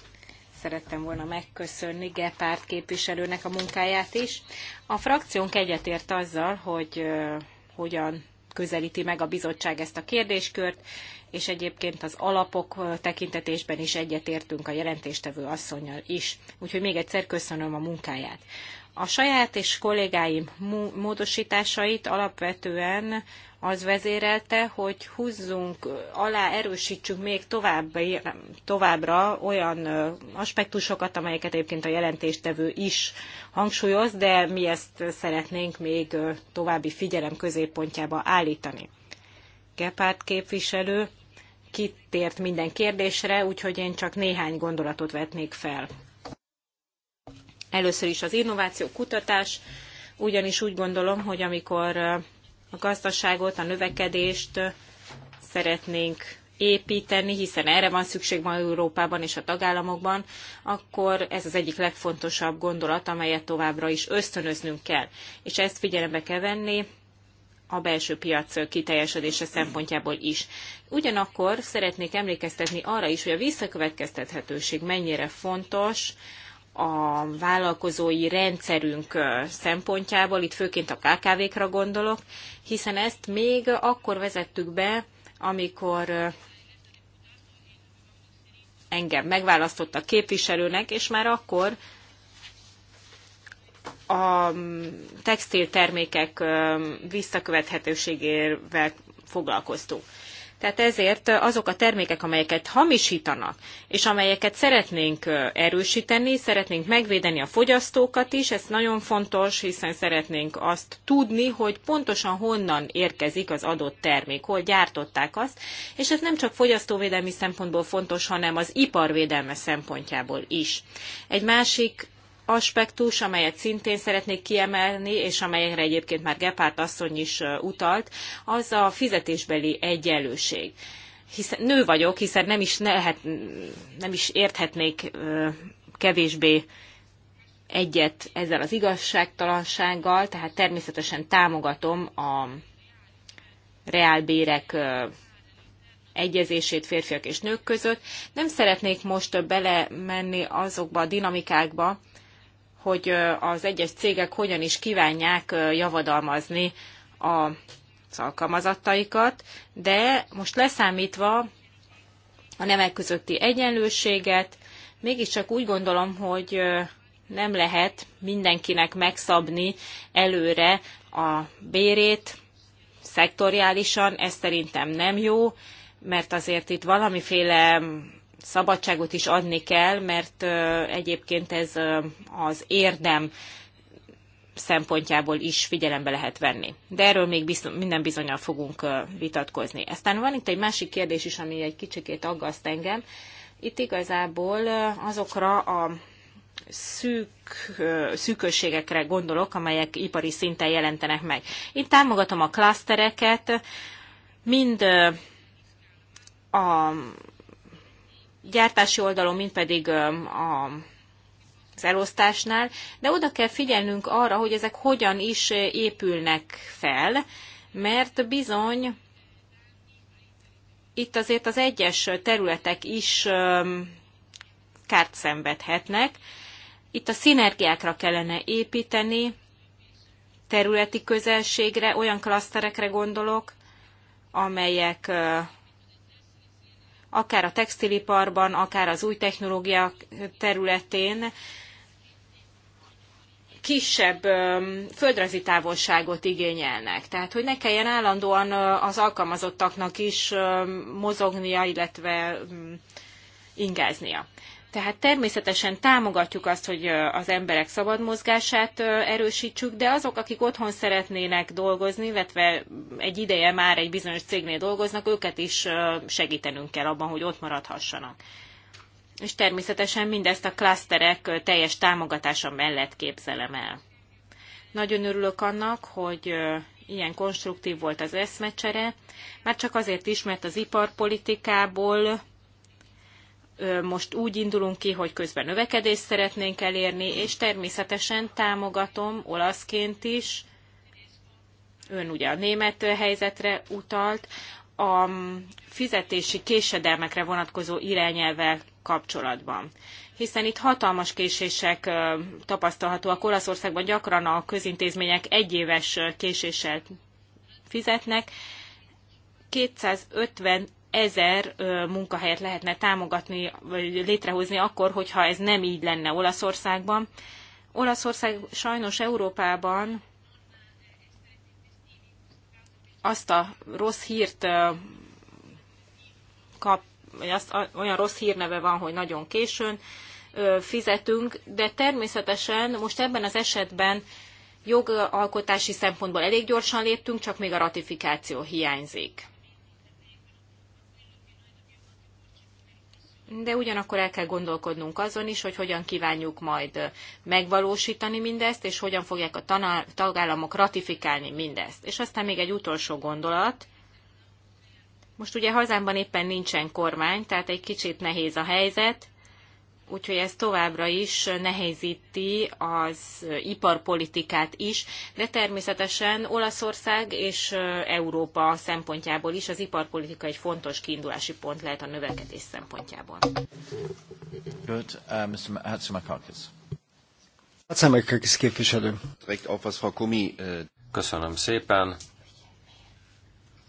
[SPEAKER 4] szerettem volna megköszönni Gepárt képviselőnek a munkáját is. A frakciónk egyetért azzal, hogy hogyan közelíti meg a bizottság ezt a kérdéskört, és egyébként az alapok tekintetésben is egyetértünk a jelentéstevő asszonyal is. Úgyhogy még egyszer köszönöm a munkáját. A saját és kollégáim módosításait alapvetően az vezérelte, hogy húzzunk alá, erősítsük még tovább, továbbra olyan aspektusokat, amelyeket egyébként a jelentéstevő is hangsúlyoz, de mi ezt szeretnénk még további figyelem középpontjába állítani. Gepárt képviselő kitért minden kérdésre, úgyhogy én csak néhány gondolatot vetnék fel. Először is az innováció kutatás, ugyanis úgy gondolom, hogy amikor a gazdaságot, a növekedést szeretnénk építeni, hiszen erre van szükség ma Európában és a tagállamokban, akkor ez az egyik legfontosabb gondolat, amelyet továbbra is ösztönöznünk kell. És ezt figyelembe kell venni a belső piac kiteljesedése szempontjából is. Ugyanakkor szeretnék emlékeztetni arra is, hogy a visszakövetkeztethetőség mennyire fontos, a vállalkozói rendszerünk szempontjából, itt főként a KKV-kra gondolok, hiszen ezt még akkor vezettük be, amikor engem a képviselőnek, és már akkor a textiltermékek visszakövethetőségével foglalkoztunk. Tehát ezért azok a termékek, amelyeket hamisítanak, és amelyeket szeretnénk erősíteni, szeretnénk megvédeni a fogyasztókat is, ez nagyon fontos, hiszen szeretnénk azt tudni, hogy pontosan honnan érkezik az adott termék, hol gyártották azt, és ez nem csak fogyasztóvédelmi szempontból fontos, hanem az iparvédelme szempontjából is. Egy másik aspektus, amelyet szintén szeretnék kiemelni, és amelyekre egyébként már Gepárt asszony is utalt, az a fizetésbeli egyenlőség. Hiszen nő vagyok, hiszen nem is, lehet, nem is érthetnék kevésbé egyet ezzel az igazságtalansággal, tehát természetesen támogatom a reálbérek egyezését férfiak és nők között. Nem szeretnék most belemenni azokba a dinamikákba, hogy az egyes cégek hogyan is kívánják javadalmazni a alkalmazattaikat, de most leszámítva a nemek közötti egyenlőséget, mégiscsak úgy gondolom, hogy nem lehet mindenkinek megszabni előre a bérét szektoriálisan, ez szerintem nem jó, mert azért itt valamiféle szabadságot is adni kell, mert egyébként ez az érdem szempontjából is figyelembe lehet venni. De erről még bizt- minden bizonyal fogunk vitatkozni. Aztán van itt egy másik kérdés is, ami egy kicsikét aggaszt engem. Itt igazából azokra a szűk, szűkösségekre gondolok, amelyek ipari szinten jelentenek meg. Én támogatom a klasztereket, mind a gyártási oldalon, mint pedig a az elosztásnál, de oda kell figyelnünk arra, hogy ezek hogyan is épülnek fel, mert bizony itt azért az egyes területek is kárt szenvedhetnek. Itt a szinergiákra kellene építeni, területi közelségre, olyan klaszterekre gondolok, amelyek akár a textiliparban, akár az új technológiák területén kisebb földrajzi távolságot igényelnek. Tehát, hogy ne kelljen állandóan az alkalmazottaknak is mozognia, illetve mm, ingáznia. Tehát természetesen támogatjuk azt, hogy az emberek szabad mozgását erősítsük, de azok, akik otthon szeretnének dolgozni, illetve egy ideje már egy bizonyos cégnél dolgoznak, őket is segítenünk kell abban, hogy ott maradhassanak. És természetesen mindezt a klaszterek teljes támogatása mellett képzelem el. Nagyon örülök annak, hogy ilyen konstruktív volt az eszmecsere, már csak azért is, mert az iparpolitikából most úgy indulunk ki, hogy közben növekedést szeretnénk elérni, és természetesen támogatom olaszként is, ön ugye a német helyzetre utalt, a fizetési késedelmekre vonatkozó irányelvel kapcsolatban. Hiszen itt hatalmas késések tapasztalhatóak. Olaszországban gyakran a közintézmények egyéves késéssel fizetnek. 250 ezer munkahelyet lehetne támogatni, vagy létrehozni akkor, hogyha ez nem így lenne Olaszországban. Olaszország sajnos Európában azt a rossz hírt kap, vagy azt, olyan rossz hírneve van, hogy nagyon későn fizetünk, de természetesen most ebben az esetben jogalkotási szempontból elég gyorsan léptünk, csak még a ratifikáció hiányzik. de ugyanakkor el kell gondolkodnunk azon is, hogy hogyan kívánjuk majd megvalósítani mindezt, és hogyan fogják a tagállamok ratifikálni mindezt. És aztán még egy utolsó gondolat. Most ugye hazámban éppen nincsen kormány, tehát egy kicsit nehéz a helyzet, úgyhogy ez továbbra is nehézíti az iparpolitikát is, de természetesen Olaszország és Európa szempontjából is az iparpolitika egy fontos kiindulási pont lehet a növekedés szempontjából.
[SPEAKER 1] Good. Uh, Mr. Hatzimakakis.
[SPEAKER 2] Hatzimakakis képviselő.
[SPEAKER 3] Äh, Köszönöm szépen.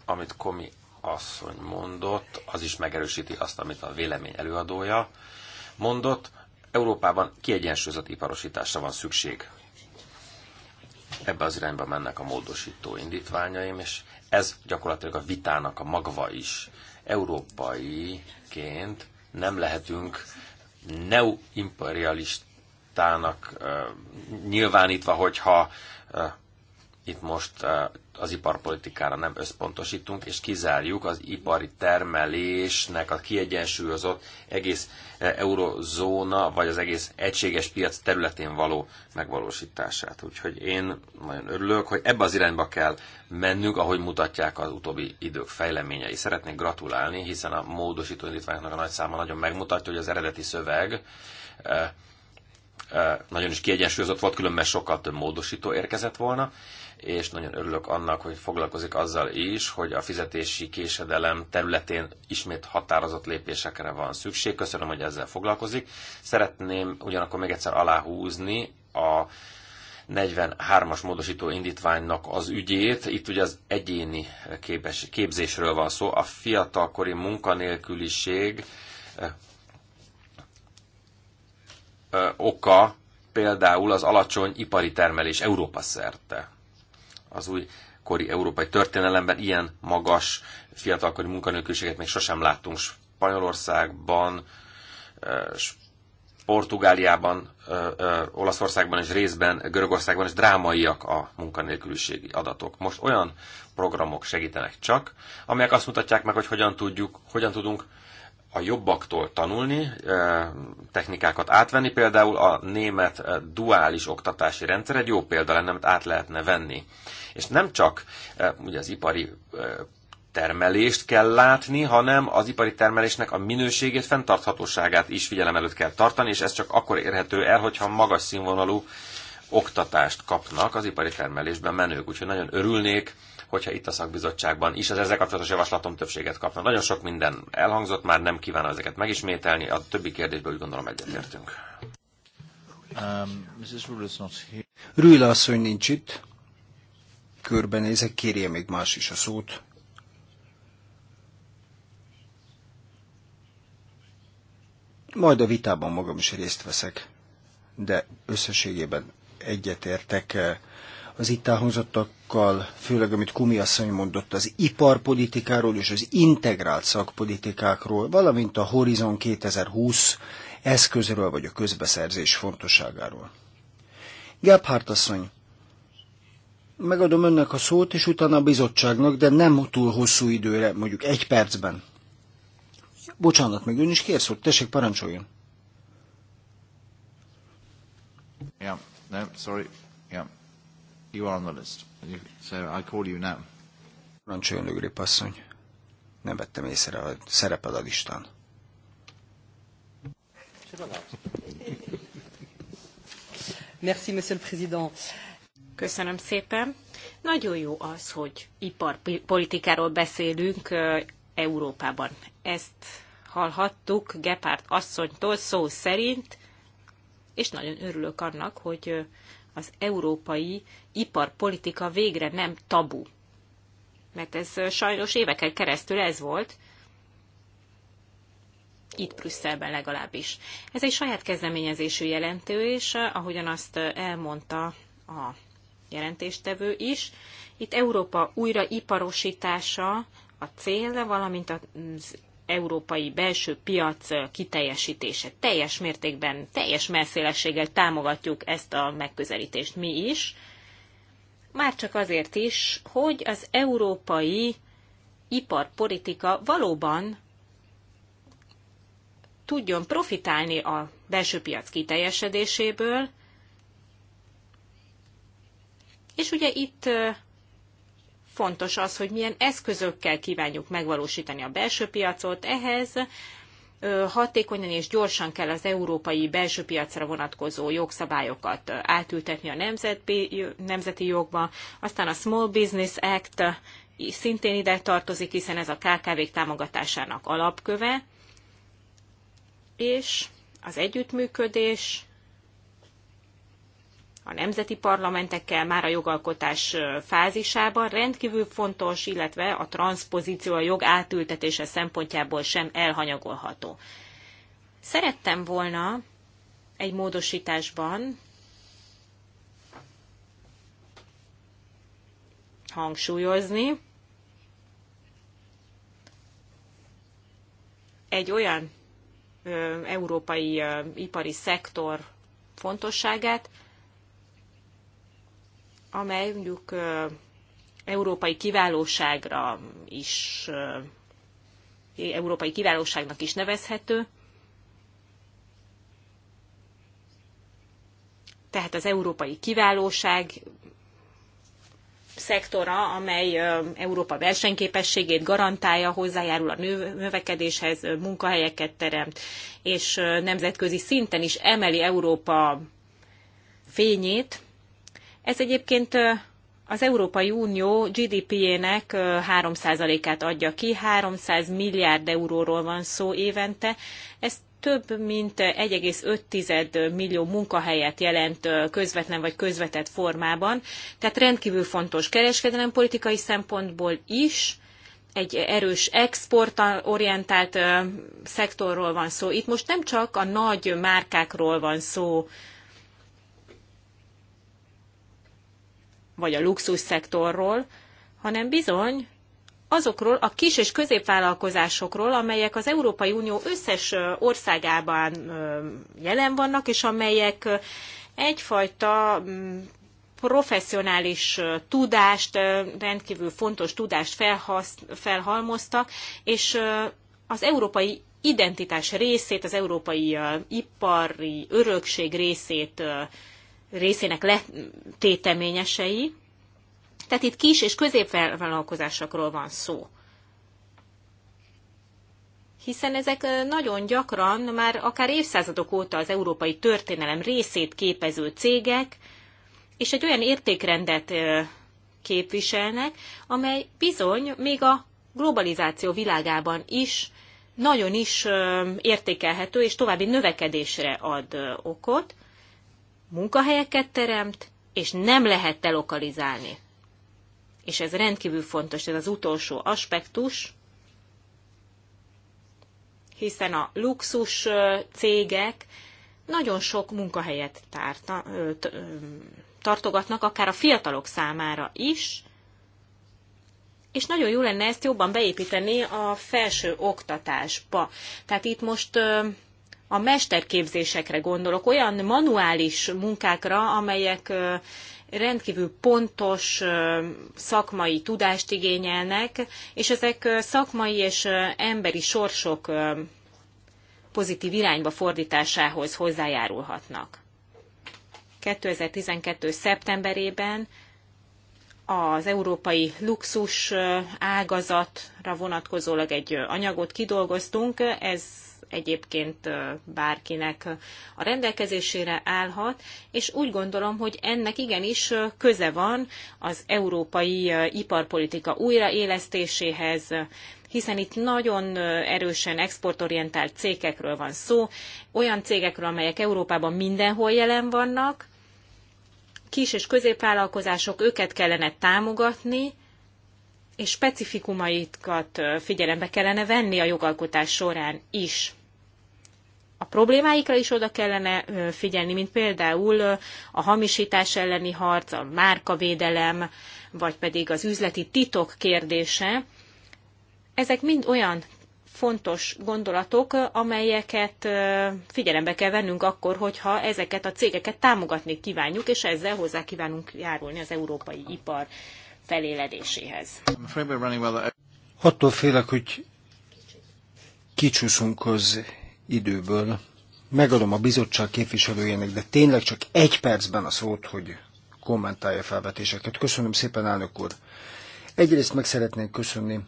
[SPEAKER 3] Amit Komi asszony mondott, az is megerősíti azt, amit a vélemény előadója mondott, Európában kiegyensúlyozott iparosításra van szükség. Ebbe az irányba mennek a módosító indítványaim, és ez gyakorlatilag a vitának a magva is. Európaiként nem lehetünk neoimperialistának nyilvánítva, hogyha itt most az iparpolitikára nem összpontosítunk, és kizárjuk az ipari termelésnek a kiegyensúlyozott egész eurozóna, vagy az egész egységes piac területén való megvalósítását. Úgyhogy én nagyon örülök, hogy ebbe az irányba kell mennünk, ahogy mutatják az utóbbi idők fejleményei. Szeretnék gratulálni, hiszen a módosító indítványoknak a nagy száma nagyon megmutatja, hogy az eredeti szöveg nagyon is kiegyensúlyozott volt, különben sokkal több módosító érkezett volna, és nagyon örülök annak, hogy foglalkozik azzal is, hogy a fizetési késedelem területén ismét határozott lépésekre van szükség. Köszönöm, hogy ezzel foglalkozik. Szeretném ugyanakkor még egyszer aláhúzni a 43-as módosító indítványnak az ügyét. Itt ugye az egyéni képes, képzésről van szó. A fiatalkori munkanélküliség oka például az alacsony ipari termelés Európa szerte az új kori európai történelemben ilyen magas fiatalkori munkanélküliséget még sosem láttunk Spanyolországban, Portugáliában, Olaszországban és részben Görögországban is drámaiak a munkanélküliségi adatok. Most olyan programok segítenek csak, amelyek azt mutatják meg, hogy hogyan, tudjuk, hogyan tudunk a jobbaktól tanulni, technikákat átvenni, például a német duális oktatási rendszer egy jó példa lenne, amit át lehetne venni. És nem csak e, ugye az ipari e, termelést kell látni, hanem az ipari termelésnek a minőségét, fenntarthatóságát is figyelem előtt kell tartani, és ez csak akkor érhető el, hogyha magas színvonalú oktatást kapnak az ipari termelésben menők. Úgyhogy nagyon örülnék, hogyha itt a szakbizottságban is az ezzel kapcsolatos javaslatom többséget kapna. Nagyon sok minden elhangzott, már nem kívánom ezeket megismételni, a többi kérdésből úgy gondolom egyetértünk.
[SPEAKER 2] Um, Rüla asszony nincs itt körbenézek, kérje még más is a szót. Majd a vitában magam is részt veszek, de összességében egyetértek eh, az itt elhangzottakkal, főleg amit Kumi asszony mondott, az iparpolitikáról és az integrált szakpolitikákról, valamint a Horizon 2020 eszközről vagy a közbeszerzés fontosságáról. Gebhardt asszony megadom önnek a szót, és utána a bizottságnak, de nem túl hosszú időre, mondjuk egy percben. Bocsánat, meg ön is kér szót, tessék, parancsoljon.
[SPEAKER 1] Yeah, no, sorry,
[SPEAKER 2] yeah. You are on the list, so I call you now. Parancsoljon, Lögrép passzony. Nem vettem észre, hogy szerepel a listán.
[SPEAKER 4] Merci, Monsieur le Président. Köszönöm szépen. Nagyon jó az, hogy iparpolitikáról beszélünk Európában. Ezt hallhattuk Gepárt asszonytól szó szerint, és nagyon örülök annak, hogy az európai iparpolitika végre nem tabu. Mert ez sajnos éveken keresztül ez volt, itt Brüsszelben legalábbis. Ez egy saját kezdeményezésű jelentő, és ahogyan azt elmondta a jelentéstevő is. Itt Európa újraiparosítása a cél, valamint az európai belső piac kiteljesítése. Teljes mértékben, teljes messzélességgel támogatjuk ezt a megközelítést mi is. Már csak azért is, hogy az európai iparpolitika valóban tudjon profitálni a belső piac kiteljesedéséből, és ugye itt fontos az, hogy milyen eszközökkel kívánjuk megvalósítani a belső piacot. Ehhez hatékonyan és gyorsan kell az európai belső piacra vonatkozó jogszabályokat átültetni a nemzeti jogba. Aztán a Small Business Act szintén ide tartozik, hiszen ez a KKV-k támogatásának alapköve. És az együttműködés a nemzeti parlamentekkel már a jogalkotás fázisában rendkívül fontos, illetve a transzpozíció a jog átültetése szempontjából sem elhanyagolható. Szerettem volna egy módosításban hangsúlyozni egy olyan ö, európai ö, ipari szektor fontosságát, amely mondjuk európai kiválóságra is, európai kiválóságnak is nevezhető. Tehát az európai kiválóság szektora, amely Európa versenyképességét garantálja, hozzájárul a növekedéshez, munkahelyeket teremt, és nemzetközi szinten is emeli Európa fényét, ez egyébként az Európai Unió GDP-jének 3%-át adja ki, 300 milliárd euróról van szó évente. Ez több mint 1,5 millió munkahelyet jelent közvetlen vagy közvetett formában, tehát rendkívül fontos kereskedelempolitikai szempontból is, egy erős exportorientált szektorról van szó. Itt most nem csak a nagy márkákról van szó, vagy a luxus szektorról, hanem bizony azokról a kis és középvállalkozásokról, amelyek az Európai Unió összes országában jelen vannak, és amelyek egyfajta professzionális tudást, rendkívül fontos tudást felhasz, felhalmoztak, és az európai identitás részét, az európai ipari örökség részét részének letéteményesei. Tehát itt kis és középvállalkozásokról van szó. Hiszen ezek nagyon gyakran már akár évszázadok óta az európai történelem részét képező cégek, és egy olyan értékrendet képviselnek, amely bizony még a globalizáció világában is nagyon is értékelhető és további növekedésre ad okot munkahelyeket teremt, és nem lehet telokalizálni. És ez rendkívül fontos, ez az utolsó aspektus, hiszen a luxus cégek nagyon sok munkahelyet tárta, tartogatnak, akár a fiatalok számára is, és nagyon jó lenne ezt jobban beépíteni a felső oktatásba. Tehát itt most a mesterképzésekre gondolok, olyan manuális munkákra, amelyek rendkívül pontos szakmai tudást igényelnek, és ezek szakmai és emberi sorsok pozitív irányba fordításához hozzájárulhatnak. 2012. szeptemberében az európai luxus ágazatra vonatkozólag egy anyagot kidolgoztunk, ez egyébként bárkinek a rendelkezésére állhat, és úgy gondolom, hogy ennek igenis köze van az európai iparpolitika újraélesztéséhez, hiszen itt nagyon erősen exportorientált cégekről van szó, olyan cégekről, amelyek Európában mindenhol jelen vannak, kis és középvállalkozások, őket kellene támogatni, és specifikumaikat figyelembe kellene venni a jogalkotás során is a problémáikra is oda kellene figyelni, mint például a hamisítás elleni harc, a márkavédelem, vagy pedig az üzleti titok kérdése. Ezek mind olyan fontos gondolatok, amelyeket figyelembe kell vennünk akkor, hogyha ezeket a cégeket támogatni kívánjuk, és ezzel hozzá kívánunk járulni az európai ipar feléledéséhez.
[SPEAKER 2] Attól félek, hogy kicsúszunk hozzá időből. Megadom a bizottság képviselőjének, de tényleg csak egy percben a szót, hogy kommentálja felvetéseket. Köszönöm szépen, elnök úr. Egyrészt meg szeretnénk köszönni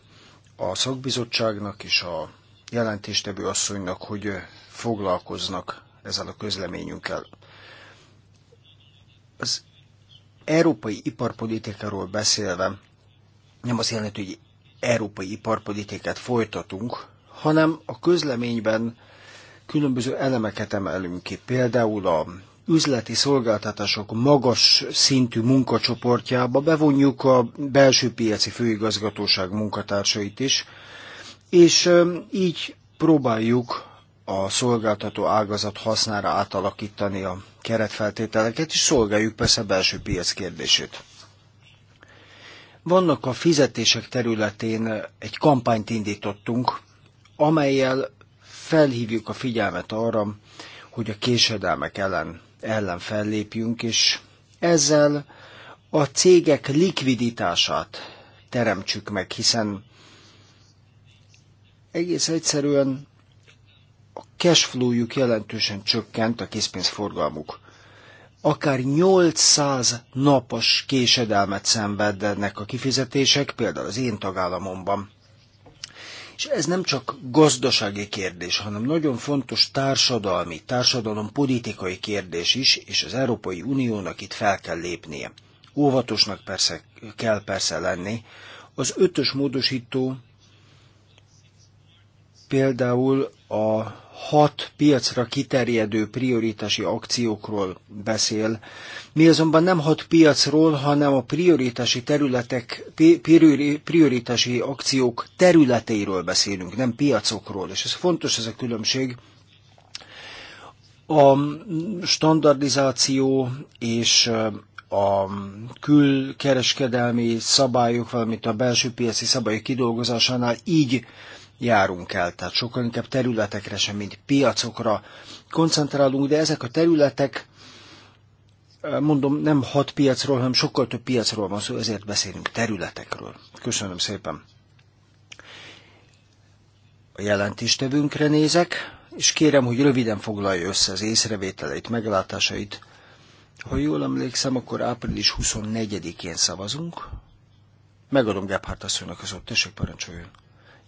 [SPEAKER 2] a szakbizottságnak és a jelentéstevő asszonynak, hogy foglalkoznak ezzel a közleményünkkel. Az európai iparpolitikáról beszélve nem azt jelenti, hogy európai iparpolitikát folytatunk, hanem a közleményben különböző elemeket emelünk ki, például a üzleti szolgáltatások magas szintű munkacsoportjába bevonjuk a belső piaci főigazgatóság munkatársait is, és így próbáljuk a szolgáltató ágazat hasznára átalakítani a keretfeltételeket, és szolgáljuk persze a belső piac kérdését. Vannak a fizetések területén egy kampányt indítottunk, amelyel felhívjuk a figyelmet arra, hogy a késedelmek ellen, ellen fellépjünk, és ezzel a cégek likviditását teremtsük meg, hiszen egész egyszerűen a flow-juk jelentősen csökkent, a készpénzforgalmuk. Akár 800 napos késedelmet szenvednek a kifizetések, például az én tagállamomban. És ez nem csak gazdasági kérdés, hanem nagyon fontos társadalmi, társadalom politikai kérdés is, és az Európai Uniónak itt fel kell lépnie. Óvatosnak persze, kell persze lenni. Az ötös módosító például a hat piacra kiterjedő prioritási akciókról beszél. Mi azonban nem hat piacról, hanem a prioritási területek, prioritási akciók területeiről beszélünk, nem piacokról, és ez fontos ez a különbség. A standardizáció és a külkereskedelmi szabályok, valamint a belső piaci szabályok kidolgozásánál így járunk el. Tehát sokkal inkább területekre sem, mint piacokra koncentrálunk, de ezek a területek, mondom, nem hat piacról, hanem sokkal több piacról van szó, ezért beszélünk területekről. Köszönöm szépen. A jelentéstevőnkre nézek, és kérem, hogy röviden foglalja össze az észrevételeit, meglátásait. Ha jól emlékszem, akkor április 24-én szavazunk. Megadom Gebhardt asszonynak az ott, tessék parancsoljon.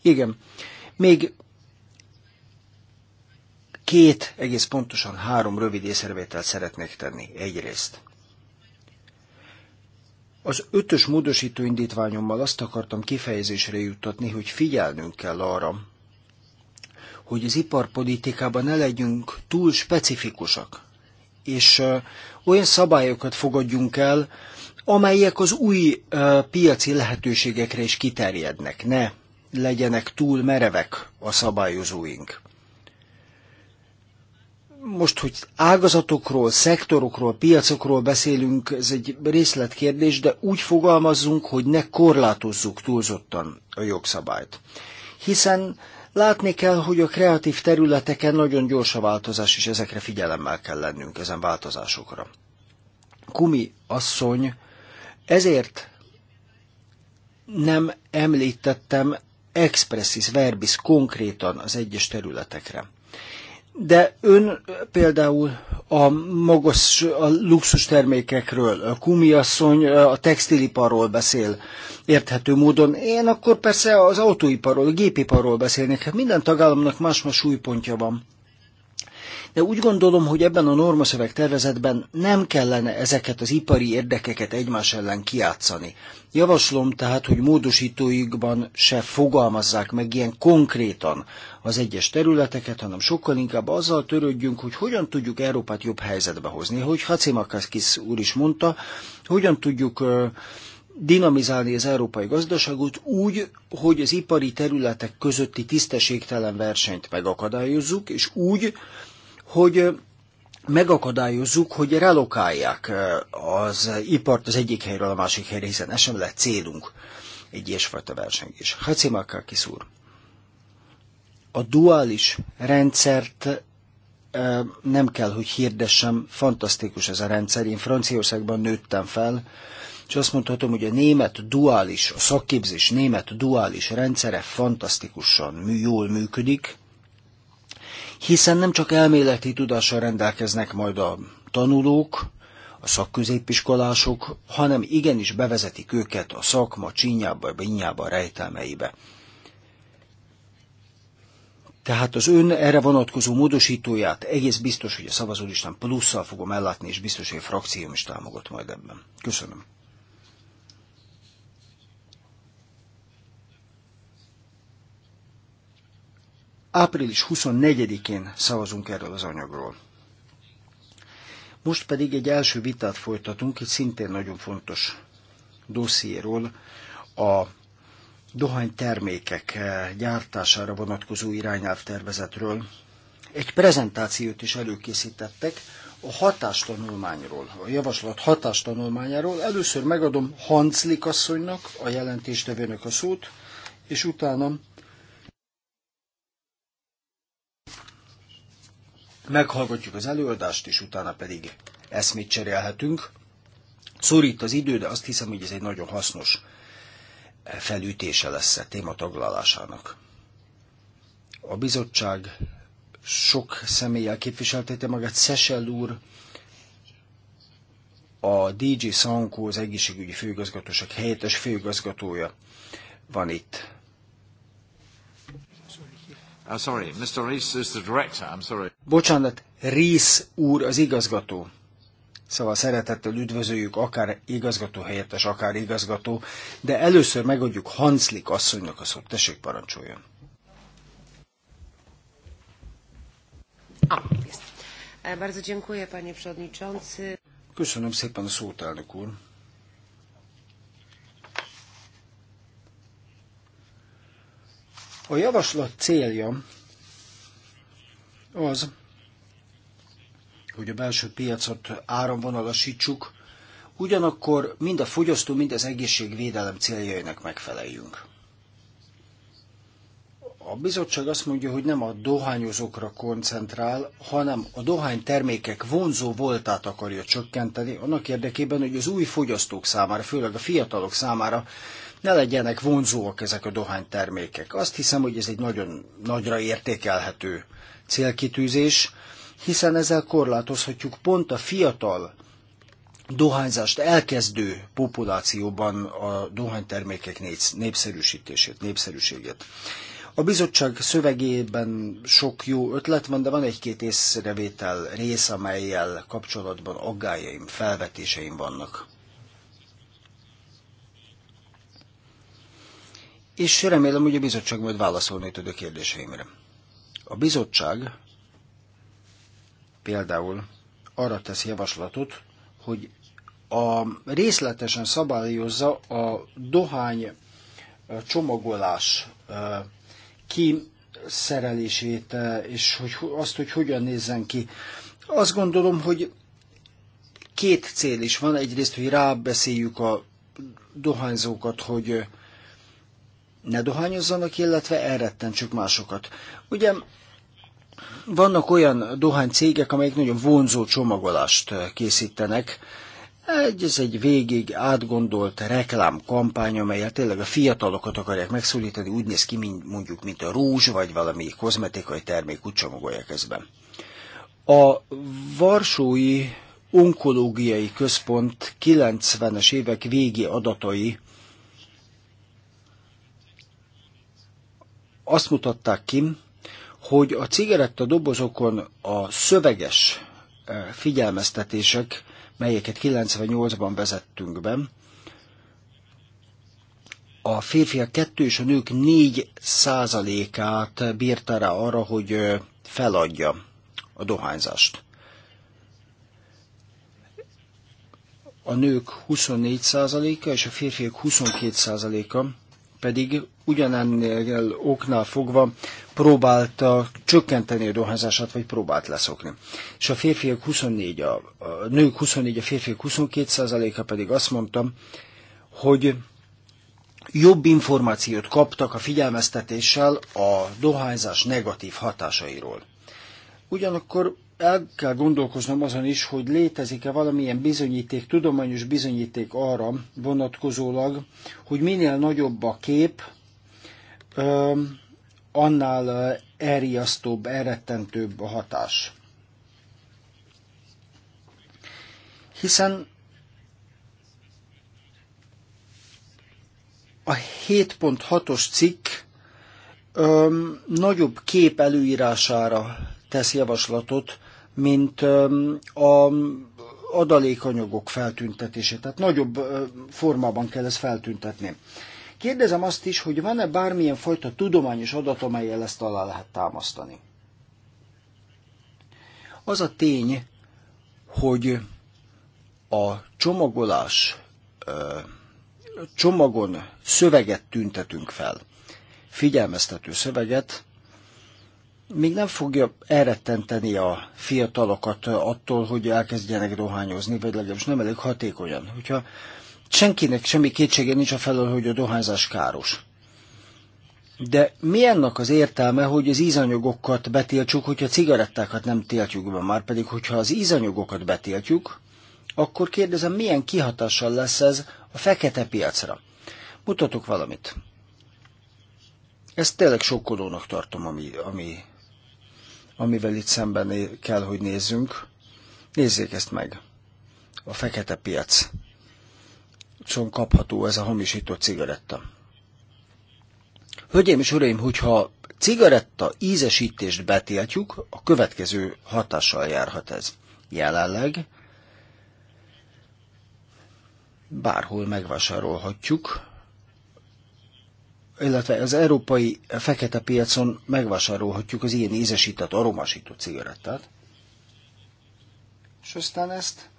[SPEAKER 2] Igen, még két, egész pontosan három rövid észrevételt szeretnék tenni. Egyrészt. Az ötös módosító indítványommal azt akartam kifejezésre juttatni, hogy figyelnünk kell arra, hogy az iparpolitikában ne legyünk túl specifikusak, és olyan szabályokat fogadjunk el, amelyek az új piaci lehetőségekre is kiterjednek. Ne legyenek túl merevek a szabályozóink. Most, hogy ágazatokról, szektorokról, piacokról beszélünk, ez egy részletkérdés, de úgy fogalmazzunk, hogy ne korlátozzuk túlzottan a jogszabályt. Hiszen látni kell, hogy a kreatív területeken nagyon gyors a változás, és ezekre figyelemmel kell lennünk ezen változásokra. Kumi asszony, ezért nem említettem expressis verbis konkrétan az egyes területekre. De ön például a magas, a luxus termékekről, a kumiasszony a textiliparról beszél érthető módon. Én akkor persze az autóiparról, a gépiparról beszélnék. Hát minden tagállamnak más-más súlypontja van de úgy gondolom, hogy ebben a normaszöveg tervezetben nem kellene ezeket az ipari érdekeket egymás ellen kiátszani. Javaslom tehát, hogy módosítóikban se fogalmazzák meg ilyen konkrétan az egyes területeket, hanem sokkal inkább azzal törődjünk, hogy hogyan tudjuk Európát jobb helyzetbe hozni. Hogy Hacimakakis úr is mondta, hogyan tudjuk dinamizálni az európai gazdaságot úgy, hogy az ipari területek közötti tisztességtelen versenyt megakadályozzuk, és úgy, hogy megakadályozzuk, hogy relokálják az ipart az egyik helyről a másik helyre, hiszen ez sem lehet célunk egy ilyesfajta versengés. Hacimakakis úr, a duális rendszert nem kell, hogy hirdessem, fantasztikus ez a rendszer. Én Franciaországban nőttem fel, és azt mondhatom, hogy a német duális, a szakképzés német duális rendszere fantasztikusan jól működik, hiszen nem csak elméleti tudással rendelkeznek majd a tanulók, a szakközépiskolások, hanem igenis bevezetik őket a szakma csínyába, binyába, rejtelmeibe. Tehát az ön erre vonatkozó módosítóját egész biztos, hogy a szavazólistán plusszal fogom ellátni, és biztos, hogy a frakcióm is támogat majd ebben. Köszönöm. április 24-én szavazunk erről az anyagról. Most pedig egy első vitát folytatunk, egy szintén nagyon fontos dossziéról, a dohánytermékek eh, gyártására vonatkozó irányelvtervezetről. Egy prezentációt is előkészítettek a hatástanulmányról, a javaslat hatástanulmányáról. Először megadom Hanclik asszonynak, a jelentéstevőnek a szót, és utána meghallgatjuk az előadást, és utána pedig eszmét cserélhetünk. Szorít az idő, de azt hiszem, hogy ez egy nagyon hasznos eh, felütése lesz a téma taglalásának. A bizottság sok személlyel képviseltette magát, Szesel úr, a DJ Sankó, az egészségügyi főigazgatóság helyettes főigazgatója van itt.
[SPEAKER 1] Oh, sorry, Mr. Rees is the director, I'm sorry.
[SPEAKER 2] Bocsánat, Rees úr az igazgató. Szóval szeretettel üdvözöljük akár igazgató helyettes, akár igazgató, de először megadjuk Hanslik asszonynak a szót. Tessék, parancsoljon. Köszönöm szépen a szót, elnök úr. A javaslat célja az, hogy a belső piacot áramvonalasítsuk, ugyanakkor mind a fogyasztó, mind az egészségvédelem céljainak megfeleljünk. A bizottság azt mondja, hogy nem a dohányozókra koncentrál, hanem a Dohány termékek vonzó voltát akarja csökkenteni, annak érdekében, hogy az új fogyasztók számára, főleg a fiatalok számára ne legyenek vonzóak ezek a dohánytermékek. Azt hiszem, hogy ez egy nagyon nagyra értékelhető célkitűzés, hiszen ezzel korlátozhatjuk pont a fiatal dohányzást elkezdő populációban a dohánytermékek népszerűsítését, népszerűségét. A bizottság szövegében sok jó ötlet van, de van egy-két észrevétel rész, amelyel kapcsolatban aggájaim, felvetéseim vannak. és remélem, hogy a bizottság majd válaszolni tud a kérdéseimre. A bizottság például arra tesz javaslatot, hogy a részletesen szabályozza a dohány csomagolás kiszerelését, és hogy azt, hogy hogyan nézzen ki. Azt gondolom, hogy két cél is van. Egyrészt, hogy rábeszéljük a dohányzókat, hogy ne dohányozzanak, illetve elrettentsük másokat. Ugye vannak olyan dohánycégek, amelyek nagyon vonzó csomagolást készítenek, egy, ez egy végig átgondolt reklámkampány, amelyet tényleg a fiatalokat akarják megszólítani, úgy néz ki, mint, mondjuk, mint a rúzs, vagy valami kozmetikai termék, úgy csomagolják ezben. A Varsói Onkológiai Központ 90-es évek végi adatai azt mutatták ki, hogy a cigaretta dobozokon a szöveges e, figyelmeztetések, melyeket 98-ban vezettünk be, a férfiak kettő és a nők 4 százalékát bírta rá arra, hogy e, feladja a dohányzást. A nők 24 százaléka és a férfiak 22 százaléka pedig ugyanennél oknál fogva próbálta csökkenteni a dohányzását, vagy próbált leszokni. És a férfiak 24, a, a nők 24, a férfiak 22 a pedig azt mondtam, hogy jobb információt kaptak a figyelmeztetéssel a dohányzás negatív hatásairól. Ugyanakkor el kell gondolkoznom azon is, hogy létezik-e valamilyen bizonyíték, tudományos bizonyíték arra vonatkozólag, hogy minél nagyobb a kép, annál elriasztóbb, elrettentőbb a hatás. Hiszen a 7.6-os cikk öm, nagyobb kép előírására tesz javaslatot, mint öm, a adalékanyagok feltüntetését, Tehát nagyobb formában kell ezt feltüntetni. Kérdezem azt is, hogy van-e bármilyen fajta tudományos adat, amelyel ezt alá lehet támasztani. Az a tény, hogy a csomagolás csomagon szöveget tüntetünk fel, figyelmeztető szöveget, még nem fogja elrettenteni a fiatalokat attól, hogy elkezdjenek dohányozni, vagy legalábbis nem elég hatékonyan. Hogyha senkinek semmi kétsége nincs a felől, hogy a dohányzás káros. De mi ennek az értelme, hogy az ízanyagokat betiltsuk, hogyha a cigarettákat nem tiltjuk be? Már pedig, hogyha az ízanyagokat betiltjuk, akkor kérdezem, milyen kihatással lesz ez a fekete piacra? Mutatok valamit. Ezt tényleg sokkolónak tartom, ami, ami, amivel itt szemben kell, hogy nézzünk. Nézzék ezt meg. A fekete piac piacon kapható ez a hamisított cigaretta. Hölgyeim és uraim, hogyha cigaretta ízesítést betiltjuk, a következő hatással járhat ez. Jelenleg bárhol megvásárolhatjuk, illetve az európai fekete piacon megvásárolhatjuk az ilyen ízesített, aromasított cigarettát, és aztán ezt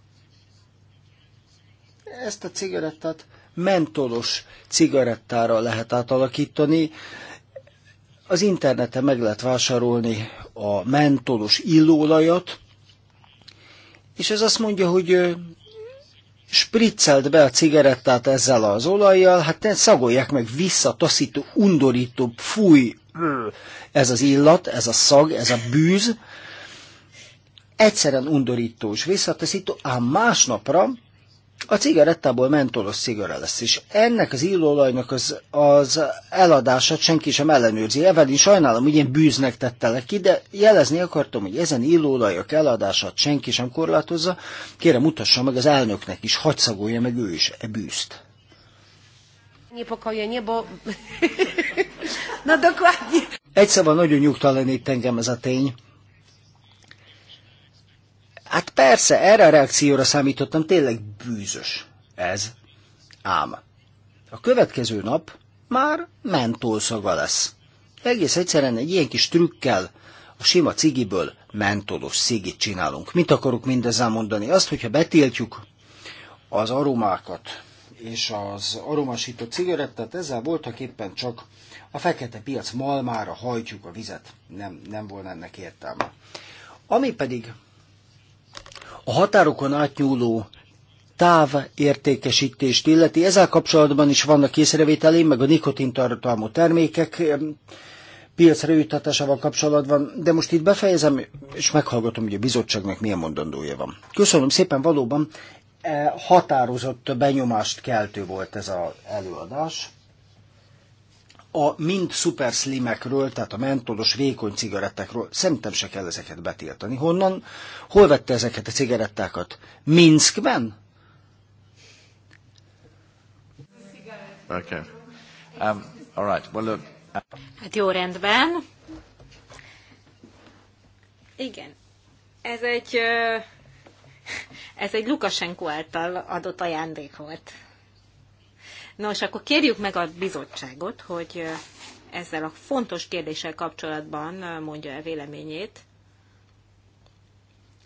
[SPEAKER 2] ezt a cigarettát mentolos cigarettára lehet átalakítani. Az interneten meg lehet vásárolni a mentolos illóolajat, és ez azt mondja, hogy spriccelt be a cigarettát ezzel az olajjal, hát ne szagolják meg vissza taszító, undorító, fúj, ez az illat, ez a szag, ez a bűz, egyszerűen undorító és visszataszító, ám másnapra a cigarettából mentolos cigara lesz, és ennek az illóolajnak az, az eladását senki sem ellenőrzi. Evelyn, sajnálom, hogy én bűznek tettelek ki, de jelezni akartam, hogy ezen illóolajok eladását senki sem korlátozza. Kérem, mutassa meg az elnöknek is, hagy szagolja meg ő is e bűzt.
[SPEAKER 4] Niepokojenie, bo... Na dokładnie.
[SPEAKER 2] Egy szóval nagyon nyugtalanít engem ez a tény. Hát persze, erre a reakcióra számítottam, tényleg bűzös ez. Ám a következő nap már mentolszaga lesz. Egész egyszerűen egy ilyen kis trükkel a sima cigiből mentolos szigit csinálunk. Mit akarok mindezzel mondani? Azt, hogyha betiltjuk az aromákat és az aromasított cigarettát, ezzel voltak éppen csak a fekete piac malmára hajtjuk a vizet. Nem, nem volna ennek értelme. Ami pedig a határokon átnyúló távértékesítést illeti. Ezzel kapcsolatban is vannak észrevételeim, meg a nikotintartalmú termékek piacra juttatásával kapcsolatban, de most itt befejezem, és meghallgatom, hogy a bizottságnak milyen mondandója van. Köszönöm szépen, valóban e, határozott benyomást keltő volt ez az előadás a mind szuper slimekről, tehát a mentolos vékony cigarettákról, szerintem se kell ezeket betiltani. Honnan? Hol vette ezeket a cigarettákat? Minskben?
[SPEAKER 1] Okay. Um, all right. well, look. Uh,
[SPEAKER 4] hát jó rendben. Igen. Ez egy, ez egy Lukasenko által adott ajándék volt. Nos, akkor kérjük meg a bizottságot, hogy ezzel a fontos kérdéssel kapcsolatban mondja el véleményét.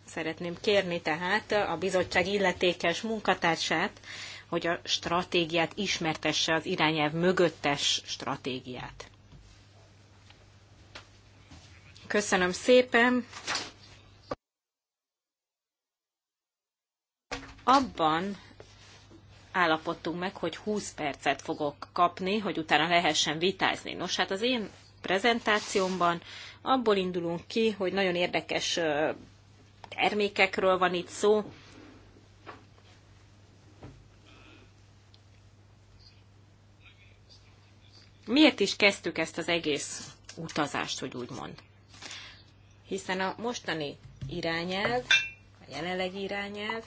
[SPEAKER 4] Szeretném kérni tehát a bizottság illetékes munkatársát, hogy a stratégiát ismertesse az irányelv mögöttes stratégiát. Köszönöm szépen! Abban állapodtunk meg, hogy 20 percet fogok kapni, hogy utána lehessen vitázni. Nos, hát az én prezentációmban abból indulunk ki, hogy nagyon érdekes termékekről van itt szó. Miért is kezdtük ezt az egész utazást, hogy úgy mond? Hiszen a mostani irányelv, a jelenlegi irányelv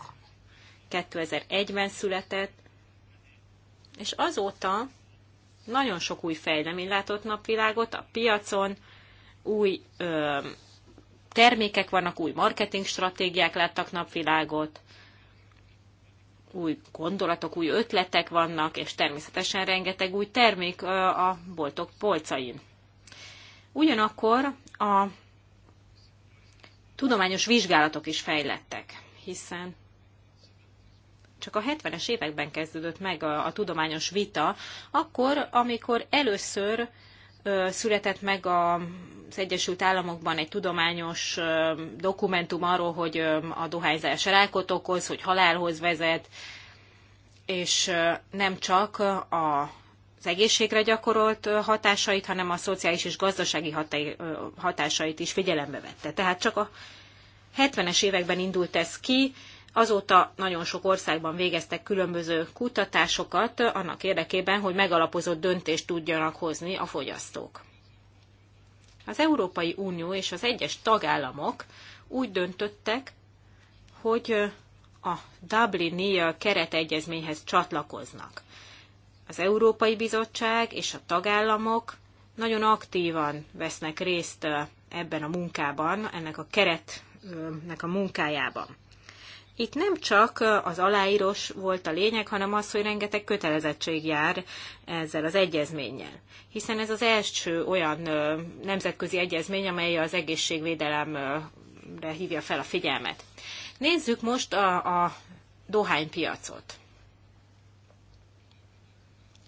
[SPEAKER 4] 2001-ben született, és azóta nagyon sok új fejlemény látott napvilágot a piacon, új ö, termékek vannak, új marketing stratégiák láttak napvilágot, új gondolatok, új ötletek vannak, és természetesen rengeteg új termék a boltok polcain. Ugyanakkor a tudományos vizsgálatok is fejlettek, hiszen csak a 70-es években kezdődött meg a, a tudományos vita, akkor, amikor először ö, született meg a, az Egyesült Államokban egy tudományos ö, dokumentum arról, hogy ö, a dohányzás rákot okoz, hogy halálhoz vezet, és ö, nem csak a az egészségre gyakorolt hatásait, hanem a szociális és gazdasági hatásait is figyelembe vette. Tehát csak a 70-es években indult ez ki, Azóta nagyon sok országban végeztek különböző kutatásokat annak érdekében, hogy megalapozott döntést tudjanak hozni a fogyasztók. Az Európai Unió és az egyes tagállamok úgy döntöttek, hogy a Dublini keretegyezményhez csatlakoznak. Az Európai Bizottság és a tagállamok nagyon aktívan vesznek részt ebben a munkában, ennek a keretnek a munkájában itt nem csak az aláírós volt a lényeg, hanem az, hogy rengeteg kötelezettség jár ezzel az egyezménnyel. Hiszen ez az első olyan nemzetközi egyezmény, amely az egészségvédelemre hívja fel a figyelmet. Nézzük most a, a dohánypiacot.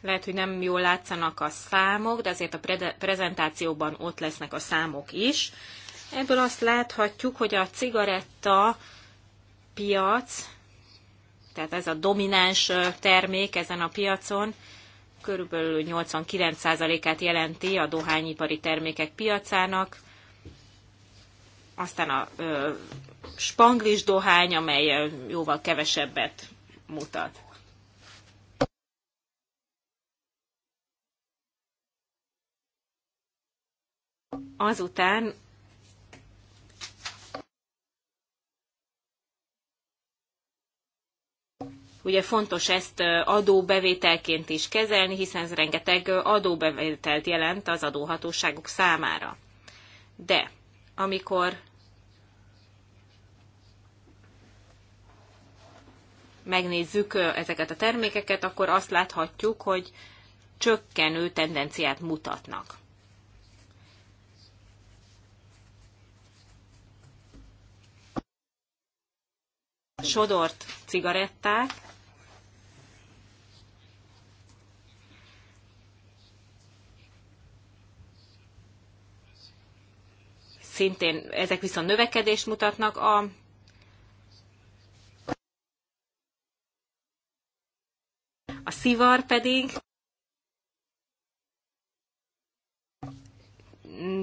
[SPEAKER 4] Lehet, hogy nem jól látszanak a számok, de azért a pre- prezentációban ott lesznek a számok is. Ebből azt láthatjuk, hogy a cigaretta piac, tehát ez a domináns termék ezen a piacon, körülbelül 89%-át jelenti a dohányipari termékek piacának. Aztán a ö, spanglis dohány, amely jóval kevesebbet mutat. Azután Ugye fontos ezt adóbevételként is kezelni, hiszen ez rengeteg adóbevételt jelent az adóhatóságok számára. De amikor megnézzük ezeket a termékeket, akkor azt láthatjuk, hogy csökkenő tendenciát mutatnak. sodort cigaretták, szintén ezek viszont növekedést mutatnak a a szivar pedig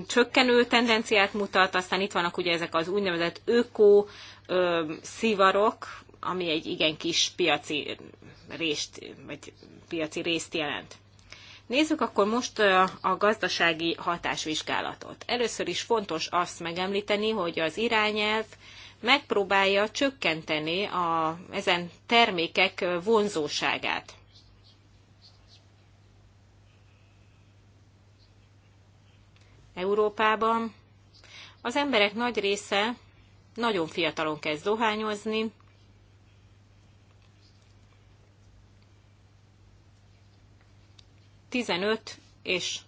[SPEAKER 4] csökkenő tendenciát mutat, aztán itt vannak ugye ezek az úgynevezett öko szivarok, ami egy igen kis piaci részt, vagy piaci részt jelent. Nézzük akkor most a gazdasági hatásvizsgálatot. Először is fontos azt megemlíteni, hogy az irányelv megpróbálja csökkenteni a, ezen termékek vonzóságát. Európában. Az emberek nagy része nagyon fiatalon kezd dohányozni, Tizenöt és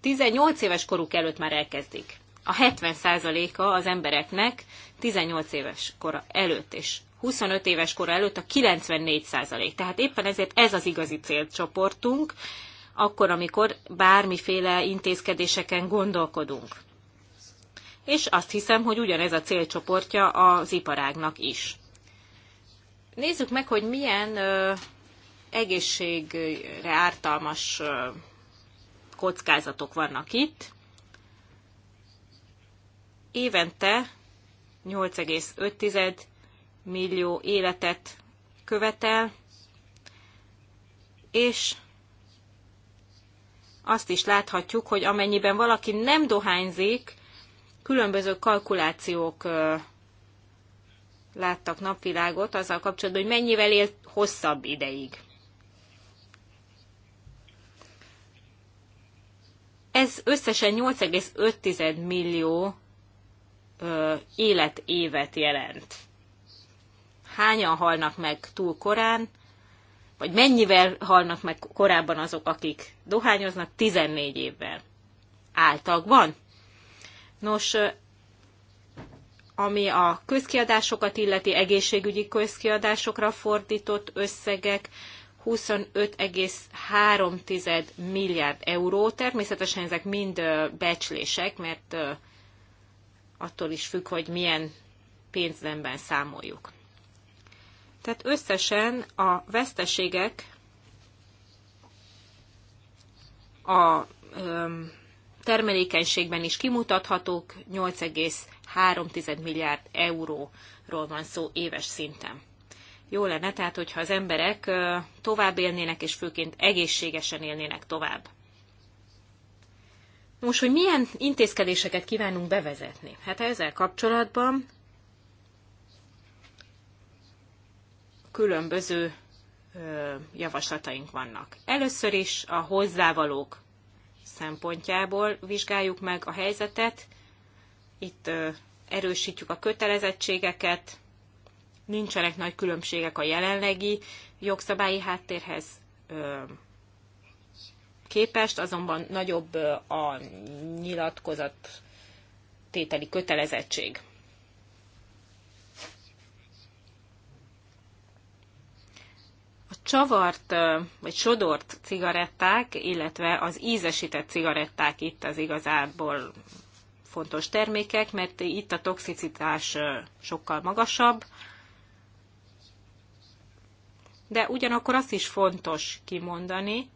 [SPEAKER 4] 18 éves koruk előtt már elkezdik. A 70%-a az embereknek 18 éves kora előtt, és 25 éves kora előtt a 94%. Tehát éppen ezért ez az igazi célcsoportunk, akkor, amikor bármiféle intézkedéseken gondolkodunk. És azt hiszem, hogy ugyanez a célcsoportja az iparágnak is. Nézzük meg, hogy milyen ö, egészségre ártalmas ö, kockázatok vannak itt. Évente 8,5 millió életet követel, és azt is láthatjuk, hogy amennyiben valaki nem dohányzik, különböző kalkulációk láttak napvilágot azzal kapcsolatban, hogy mennyivel él hosszabb ideig. Ez összesen 8,5 millió ö, életévet jelent. Hányan halnak meg túl korán, vagy mennyivel halnak meg korábban azok, akik dohányoznak, 14 évvel általakban. Nos, ami a közkiadásokat illeti egészségügyi közkiadásokra fordított összegek, 25,3 milliárd euró. Természetesen ezek mind becslések, mert attól is függ, hogy milyen pénznemben számoljuk. Tehát összesen a veszteségek a termelékenységben is kimutathatók, 8,3 milliárd euróról van szó éves szinten. Jó lenne tehát, hogyha az emberek tovább élnének, és főként egészségesen élnének tovább. Most, hogy milyen intézkedéseket kívánunk bevezetni? Hát ezzel kapcsolatban különböző javaslataink vannak. Először is a hozzávalók szempontjából vizsgáljuk meg a helyzetet. Itt erősítjük a kötelezettségeket, nincsenek nagy különbségek a jelenlegi jogszabályi háttérhez képest, azonban nagyobb a nyilatkozat tételi kötelezettség. csavart vagy sodort cigaretták, illetve az ízesített cigaretták itt az igazából fontos termékek, mert itt a toxicitás sokkal magasabb, de ugyanakkor azt is fontos kimondani,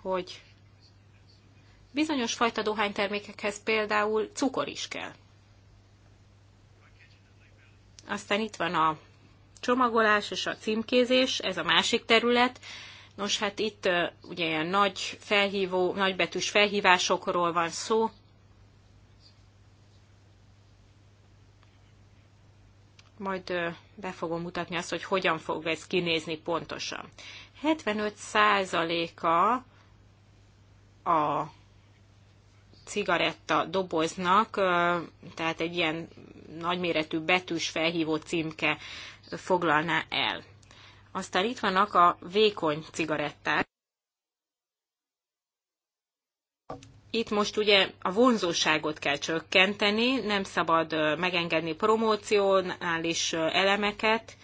[SPEAKER 4] hogy bizonyos fajta dohánytermékekhez például cukor is kell. Aztán itt van a csomagolás és a címkézés, ez a másik terület. Nos, hát itt ugye ilyen nagy felhívó, nagybetűs felhívásokról van szó. Majd be fogom mutatni azt, hogy hogyan fog ez kinézni pontosan. 75%-a a cigaretta doboznak, tehát egy ilyen nagyméretű betűs felhívó címke foglalná el. Aztán itt vannak a vékony cigaretták. Itt most ugye a vonzóságot kell csökkenteni, nem szabad megengedni promóciónális elemeket.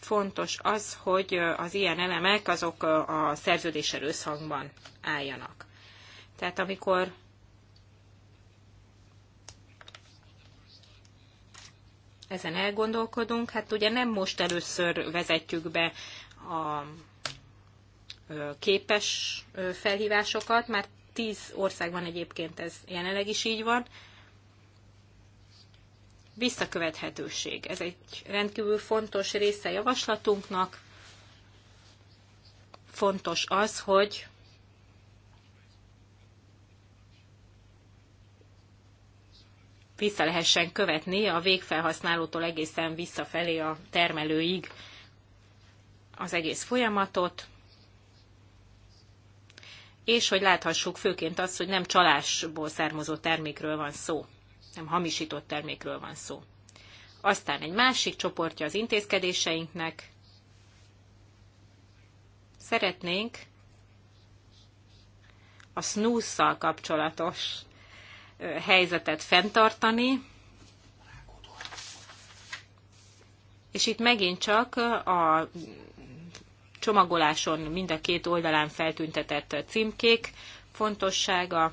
[SPEAKER 4] Fontos az, hogy az ilyen elemek azok a szerződéssel összhangban álljanak. Tehát amikor ezen elgondolkodunk. Hát ugye nem most először vezetjük be a képes felhívásokat, már tíz országban egyébként ez jelenleg is így van. Visszakövethetőség. Ez egy rendkívül fontos része javaslatunknak. Fontos az, hogy vissza lehessen követni a végfelhasználótól egészen visszafelé a termelőig az egész folyamatot, és hogy láthassuk főként azt, hogy nem csalásból származó termékről van szó, nem hamisított termékről van szó. Aztán egy másik csoportja az intézkedéseinknek. Szeretnénk a snooze kapcsolatos helyzetet fenntartani, és itt megint csak a csomagoláson mind a két oldalán feltüntetett címkék fontossága,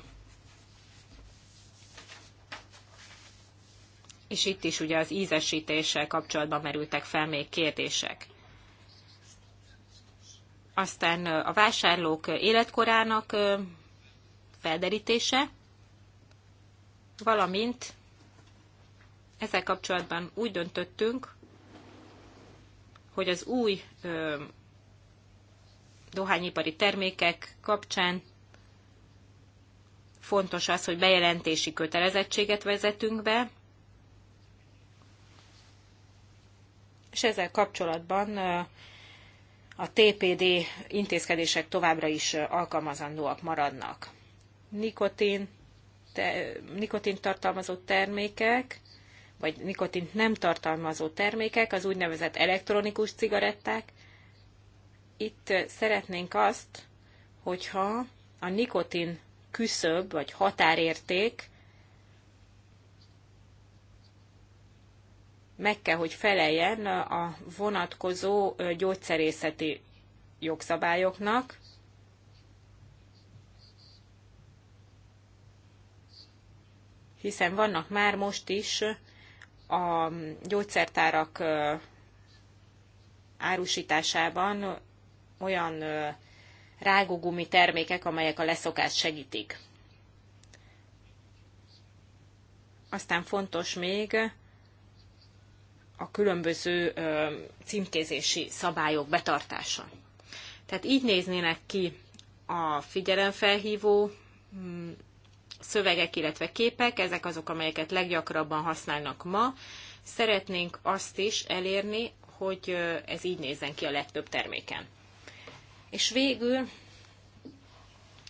[SPEAKER 4] és itt is ugye az ízesítéssel kapcsolatban merültek fel még kérdések. Aztán a vásárlók életkorának felderítése, valamint ezzel kapcsolatban úgy döntöttünk, hogy az új ö, dohányipari termékek kapcsán fontos az, hogy bejelentési kötelezettséget vezetünk be, és ezzel kapcsolatban a TPD intézkedések továbbra is alkalmazandóak maradnak. Nikotin, te, nikotint tartalmazó termékek, vagy nikotint nem tartalmazó termékek, az úgynevezett elektronikus cigaretták. Itt szeretnénk azt, hogyha a nikotin küszöb, vagy határérték meg kell, hogy feleljen a vonatkozó gyógyszerészeti jogszabályoknak, hiszen vannak már most is a gyógyszertárak árusításában olyan rágógumi termékek, amelyek a leszokást segítik. Aztán fontos még a különböző címkézési szabályok betartása. Tehát így néznének ki a figyelemfelhívó szövegek, illetve képek, ezek azok, amelyeket leggyakrabban használnak ma. Szeretnénk azt is elérni, hogy ez így nézzen ki a legtöbb terméken. És végül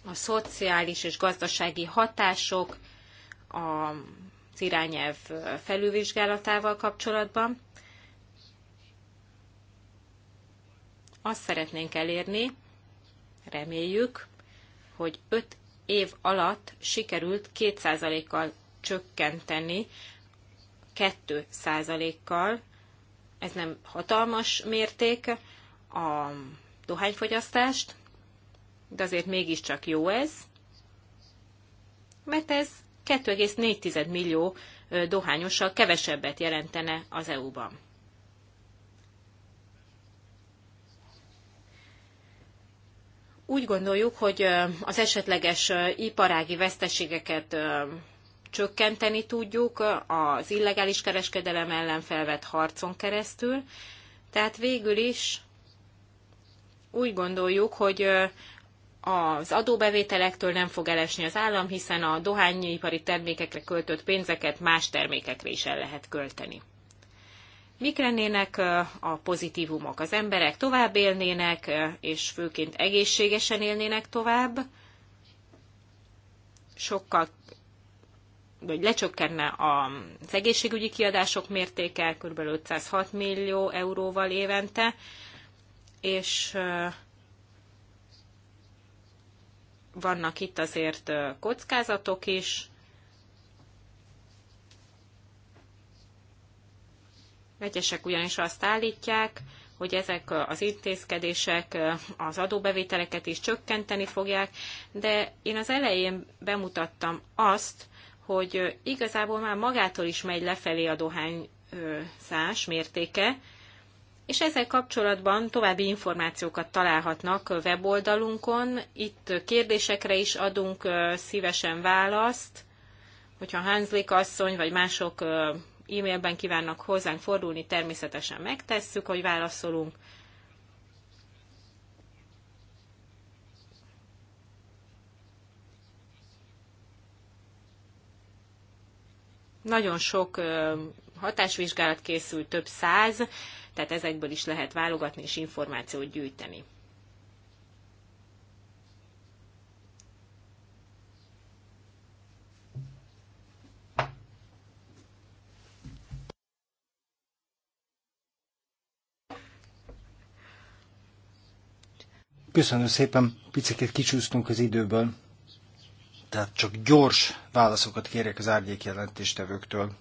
[SPEAKER 4] a szociális és gazdasági hatások az irányelv felülvizsgálatával kapcsolatban. Azt szeretnénk elérni, reméljük, hogy 5 év alatt sikerült 2%-kal csökkenteni, 2%-kal, ez nem hatalmas mérték, a dohányfogyasztást, de azért mégiscsak jó ez, mert ez 2,4 millió dohányossal kevesebbet jelentene az EU-ban. Úgy gondoljuk, hogy az esetleges iparági veszteségeket csökkenteni tudjuk az illegális kereskedelem ellen felvett harcon keresztül. Tehát végül is úgy gondoljuk, hogy az adóbevételektől nem fog elesni az állam, hiszen a dohányipari termékekre költött pénzeket más termékekre is el lehet költeni. Mik lennének a pozitívumok? Az emberek tovább élnének, és főként egészségesen élnének tovább, sokkal vagy lecsökkenne az egészségügyi kiadások mértéke kb. 506 millió euróval évente, és vannak itt azért kockázatok is, Egyesek ugyanis azt állítják, hogy ezek az intézkedések az adóbevételeket is csökkenteni fogják, de én az elején bemutattam azt, hogy igazából már magától is megy lefelé a dohányzás mértéke, és ezzel kapcsolatban további információkat találhatnak weboldalunkon. Itt kérdésekre is adunk szívesen választ, hogyha Hánzlik asszony vagy mások e-mailben kívánnak hozzánk fordulni, természetesen megtesszük, hogy válaszolunk. Nagyon sok hatásvizsgálat készült, több száz, tehát ezekből is lehet válogatni és információt gyűjteni.
[SPEAKER 2] Köszönöm szépen, picit kicsúsztunk az időből, tehát csak gyors válaszokat kérek az árnyék jelentéstevőktől.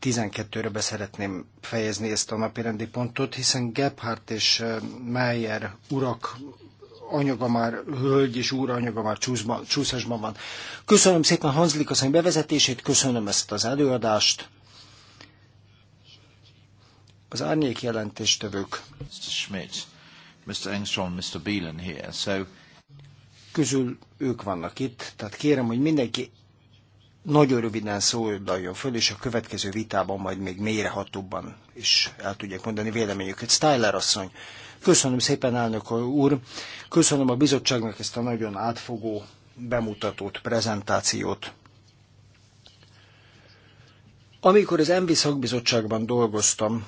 [SPEAKER 2] 12-re be szeretném fejezni ezt a napirendi pontot, hiszen Gebhardt és eh, Meyer urak anyaga már, hölgy és úr anyaga már csúszban, csúszásban van. Köszönöm szépen Hanzlik asszony bevezetését, köszönöm ezt az előadást. Az árnyék jelentéstevők. Schmidt. Mr. Mr. here. So... Közül ők vannak itt, tehát kérem, hogy mindenki nagyon röviden szólaljon föl, és a következő vitában majd még mélyrehatóbban is el tudják mondani véleményüket. Styler asszony, köszönöm szépen, elnök úr, köszönöm a bizottságnak ezt a nagyon átfogó bemutatót, prezentációt. Amikor az MV szakbizottságban dolgoztam,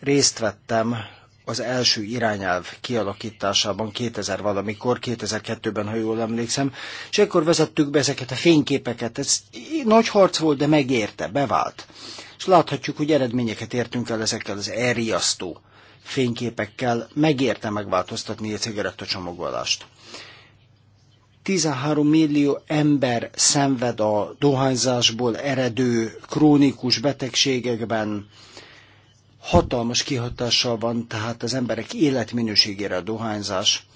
[SPEAKER 2] részt vettem az első irányelv kialakításában 2000 valamikor, 2002-ben, ha jól emlékszem, és ekkor vezettük be ezeket a fényképeket. Ez nagy harc volt, de megérte, bevált. És láthatjuk, hogy eredményeket értünk el ezekkel az elriasztó fényképekkel, megérte megváltoztatni a cigarettacsomagolást. 13 millió ember szenved a dohányzásból eredő krónikus betegségekben, hatalmas kihatással van tehát az emberek életminőségére a dohányzás.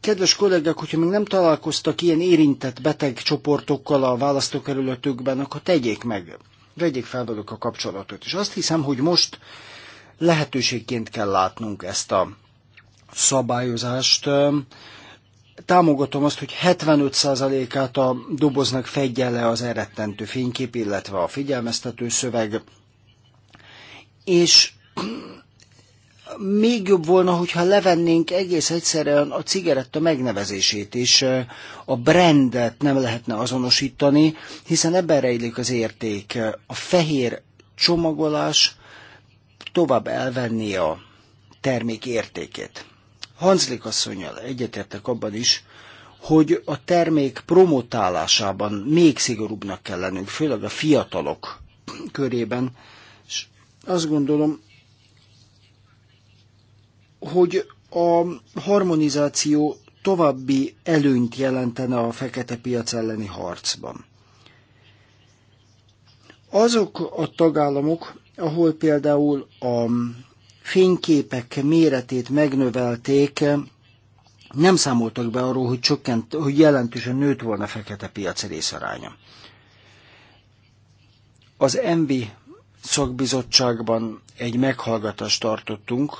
[SPEAKER 2] Kedves kollégák, hogyha még nem találkoztak ilyen érintett beteg csoportokkal a választókerületükben, akkor tegyék meg, vegyék fel velük a kapcsolatot. És azt hiszem, hogy most lehetőségként kell látnunk ezt a szabályozást, támogatom azt, hogy 75%-át a doboznak fedje le az elrettentő fénykép, illetve a figyelmeztető szöveg. És még jobb volna, hogyha levennénk egész egyszerűen a cigaretta megnevezését is, a brandet nem lehetne azonosítani, hiszen ebben rejlik az érték. A fehér csomagolás tovább elvenni a termék értékét. Hanzlik asszonyjal egyetértek abban is, hogy a termék promotálásában még szigorúbbnak kell lennünk, főleg a fiatalok körében. És azt gondolom, hogy a harmonizáció további előnyt jelentene a fekete piac elleni harcban. Azok a tagállamok, ahol például a fényképek méretét megnövelték, nem számoltak be arról, hogy, csökkent, hogy jelentősen nőtt volna a fekete piac részaránya. Az MV szakbizottságban egy meghallgatást tartottunk,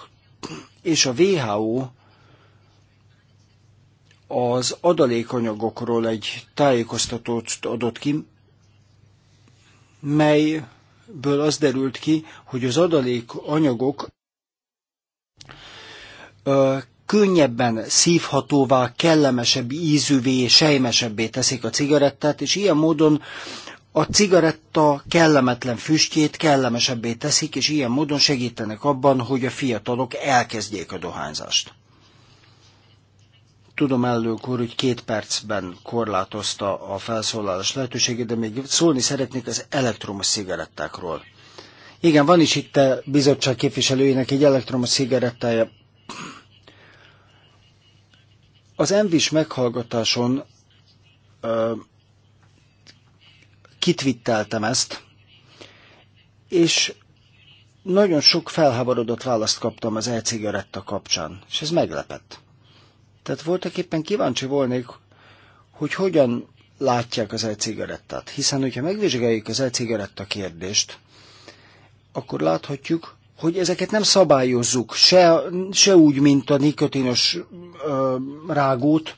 [SPEAKER 2] és a WHO az adalékanyagokról egy tájékoztatót adott ki, melyből az derült ki, hogy az adalékanyagok könnyebben szívhatóvá, kellemesebb ízűvé, sejmesebbé teszik a cigarettát, és ilyen módon a cigaretta kellemetlen füstjét kellemesebbé teszik, és ilyen módon segítenek abban, hogy a fiatalok elkezdjék a dohányzást. Tudom előkor, úr, hogy két percben korlátozta a felszólalás lehetőségét, de még szólni szeretnék az elektromos cigarettákról. Igen, van is itt a bizottság képviselőjének egy elektromos cigarettája. Az Envis meghallgatáson ö, kitvitteltem ezt, és nagyon sok felháborodott választ kaptam az e-cigaretta kapcsán, és ez meglepett. Tehát voltak éppen kíváncsi volnék, hogy hogyan látják az e-cigarettát. Hiszen, hogyha megvizsgáljuk az e-cigaretta kérdést, akkor láthatjuk, hogy ezeket nem szabályozzuk, se, se úgy, mint a nikotinos ö, rágót,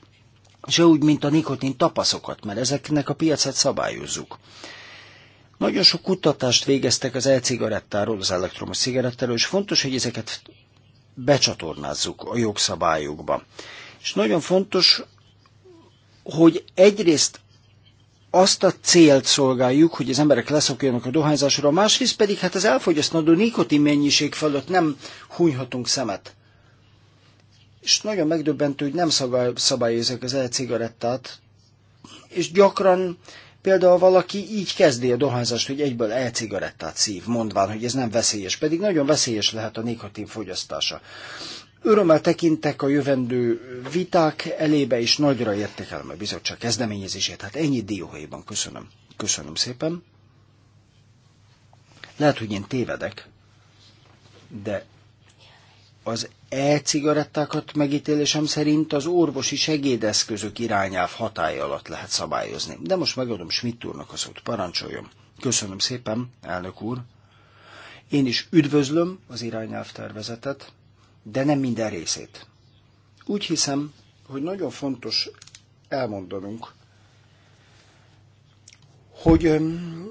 [SPEAKER 2] se úgy, mint a nikotin tapaszokat, mert ezeknek a piacát szabályozzuk. Nagyon sok kutatást végeztek az e-cigarettáról, az elektromos cigarettáról, és fontos, hogy ezeket becsatornázzuk a jogszabályokba. És nagyon fontos, hogy egyrészt azt a célt szolgáljuk, hogy az emberek leszokjanak a dohányzásról, másrészt pedig hát az elfogyasztandó nikotin mennyiség fölött nem hunyhatunk szemet. És nagyon megdöbbentő, hogy nem szabályozzák az e-cigarettát, és gyakran például valaki így kezdi a dohányzást, hogy egyből e-cigarettát szív, mondván, hogy ez nem veszélyes, pedig nagyon veszélyes lehet a nikotin fogyasztása. Örömmel tekintek a jövendő viták elébe, és nagyra értékelem a bizottság kezdeményezését. Hát ennyi dióhéjban köszönöm. Köszönöm szépen. Lehet, hogy én tévedek, de az e-cigarettákat megítélésem szerint az orvosi segédeszközök irányelv hatája alatt lehet szabályozni. De most megadom Schmidt úrnak a szót, parancsoljon. Köszönöm szépen, elnök úr. Én is üdvözlöm az irányelv tervezetet, de nem minden részét. Úgy hiszem, hogy nagyon fontos elmondanunk, hogy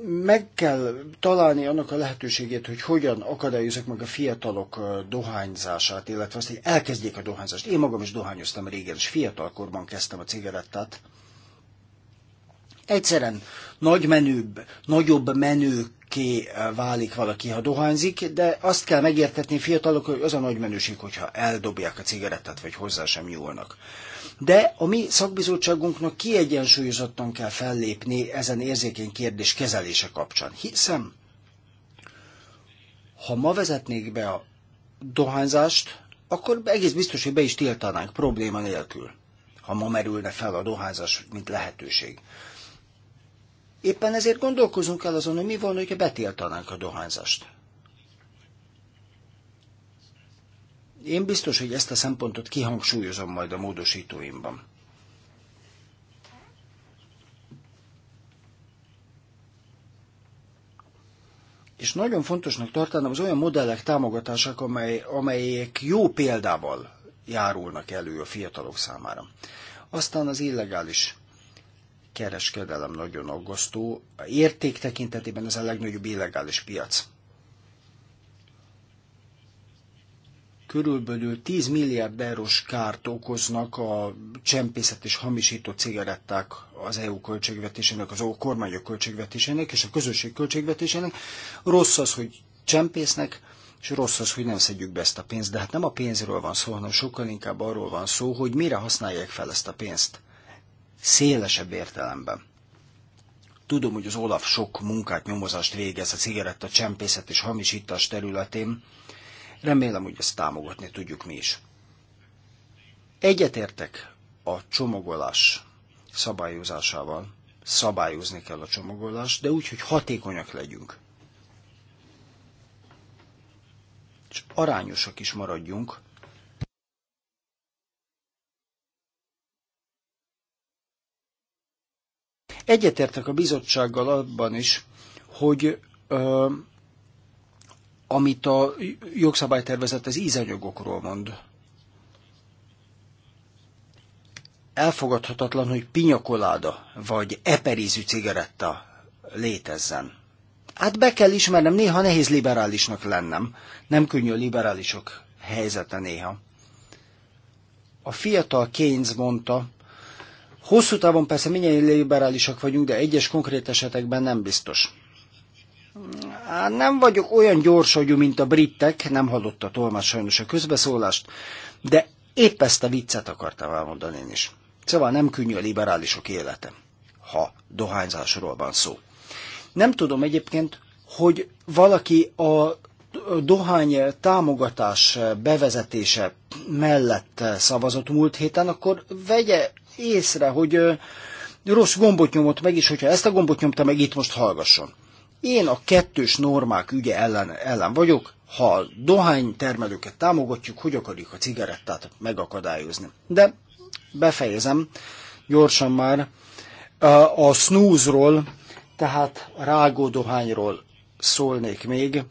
[SPEAKER 2] meg kell találni annak a lehetőségét, hogy hogyan akadályozzák meg a fiatalok dohányzását, illetve azt, hogy elkezdjék a dohányzást. Én magam is dohányoztam régen, és fiatalkorban kezdtem a cigarettát. Egyszerűen nagy menőbb, nagyobb menők ki válik valaki, ha dohányzik, de azt kell megértetni fiatalok, hogy az a nagy menőség, hogyha eldobják a cigarettát, vagy hozzá sem nyúlnak. De a mi szakbizottságunknak kiegyensúlyozottan kell fellépni ezen érzékeny kérdés kezelése kapcsán. Hiszen, ha ma vezetnék be a dohányzást, akkor egész biztos, hogy be is tiltanánk probléma nélkül, ha ma merülne fel a dohányzás, mint lehetőség. Éppen ezért gondolkozunk el azon, hogy mi volna, hogyha betiltanánk a dohányzást. Én biztos, hogy ezt a szempontot kihangsúlyozom majd a módosítóimban. És nagyon fontosnak tartanám az olyan modellek támogatását, amely, amelyek jó példával járulnak elő a fiatalok számára. Aztán az illegális kereskedelem nagyon aggasztó. A érték tekintetében ez a legnagyobb illegális piac. Körülbelül 10 milliárd eurós kárt okoznak a csempészet és hamisító cigaretták az EU költségvetésének, az EU kormányok költségvetésének és a közösség költségvetésének. Rossz az, hogy csempésznek, és rossz az, hogy nem szedjük be ezt a pénzt. De hát nem a pénzről van szó, hanem sokkal inkább arról van szó, hogy mire használják fel ezt a pénzt szélesebb értelemben. Tudom, hogy az Olaf sok munkát, nyomozást végez a cigaretta csempészet és hamisítás területén. Remélem, hogy ezt támogatni tudjuk mi is. Egyetértek a csomagolás szabályozásával. Szabályozni kell a csomagolást, de úgy, hogy hatékonyak legyünk. És arányosak is maradjunk, Egyetértek a bizottsággal abban is, hogy ö, amit a jogszabálytervezet az ízanyagokról mond. Elfogadhatatlan, hogy pinyakoláda vagy eperízű cigaretta létezzen. Hát be kell ismernem, néha nehéz liberálisnak lennem. Nem könnyű a liberálisok helyzete néha. A fiatal Keynes mondta, Hosszú távon persze minél liberálisak vagyunk, de egyes konkrét esetekben nem biztos. Hát nem vagyok olyan gyorsagyú, mint a britek, nem hallott a tolmács sajnos a közbeszólást, de épp ezt a viccet akartam elmondani én is. Szóval nem könnyű a liberálisok élete, ha dohányzásról van szó. Nem tudom egyébként, hogy valaki a dohány támogatás bevezetése mellett szavazott múlt héten, akkor vegye észre, hogy rossz gombot nyomott meg, és hogyha ezt a gombot nyomta meg, itt most hallgasson. Én a kettős normák ügye ellen, ellen vagyok, ha a termelőket támogatjuk, hogy akarjuk a cigarettát megakadályozni. De befejezem, gyorsan már, a snooze-ról, tehát a rágódohányról szólnék még.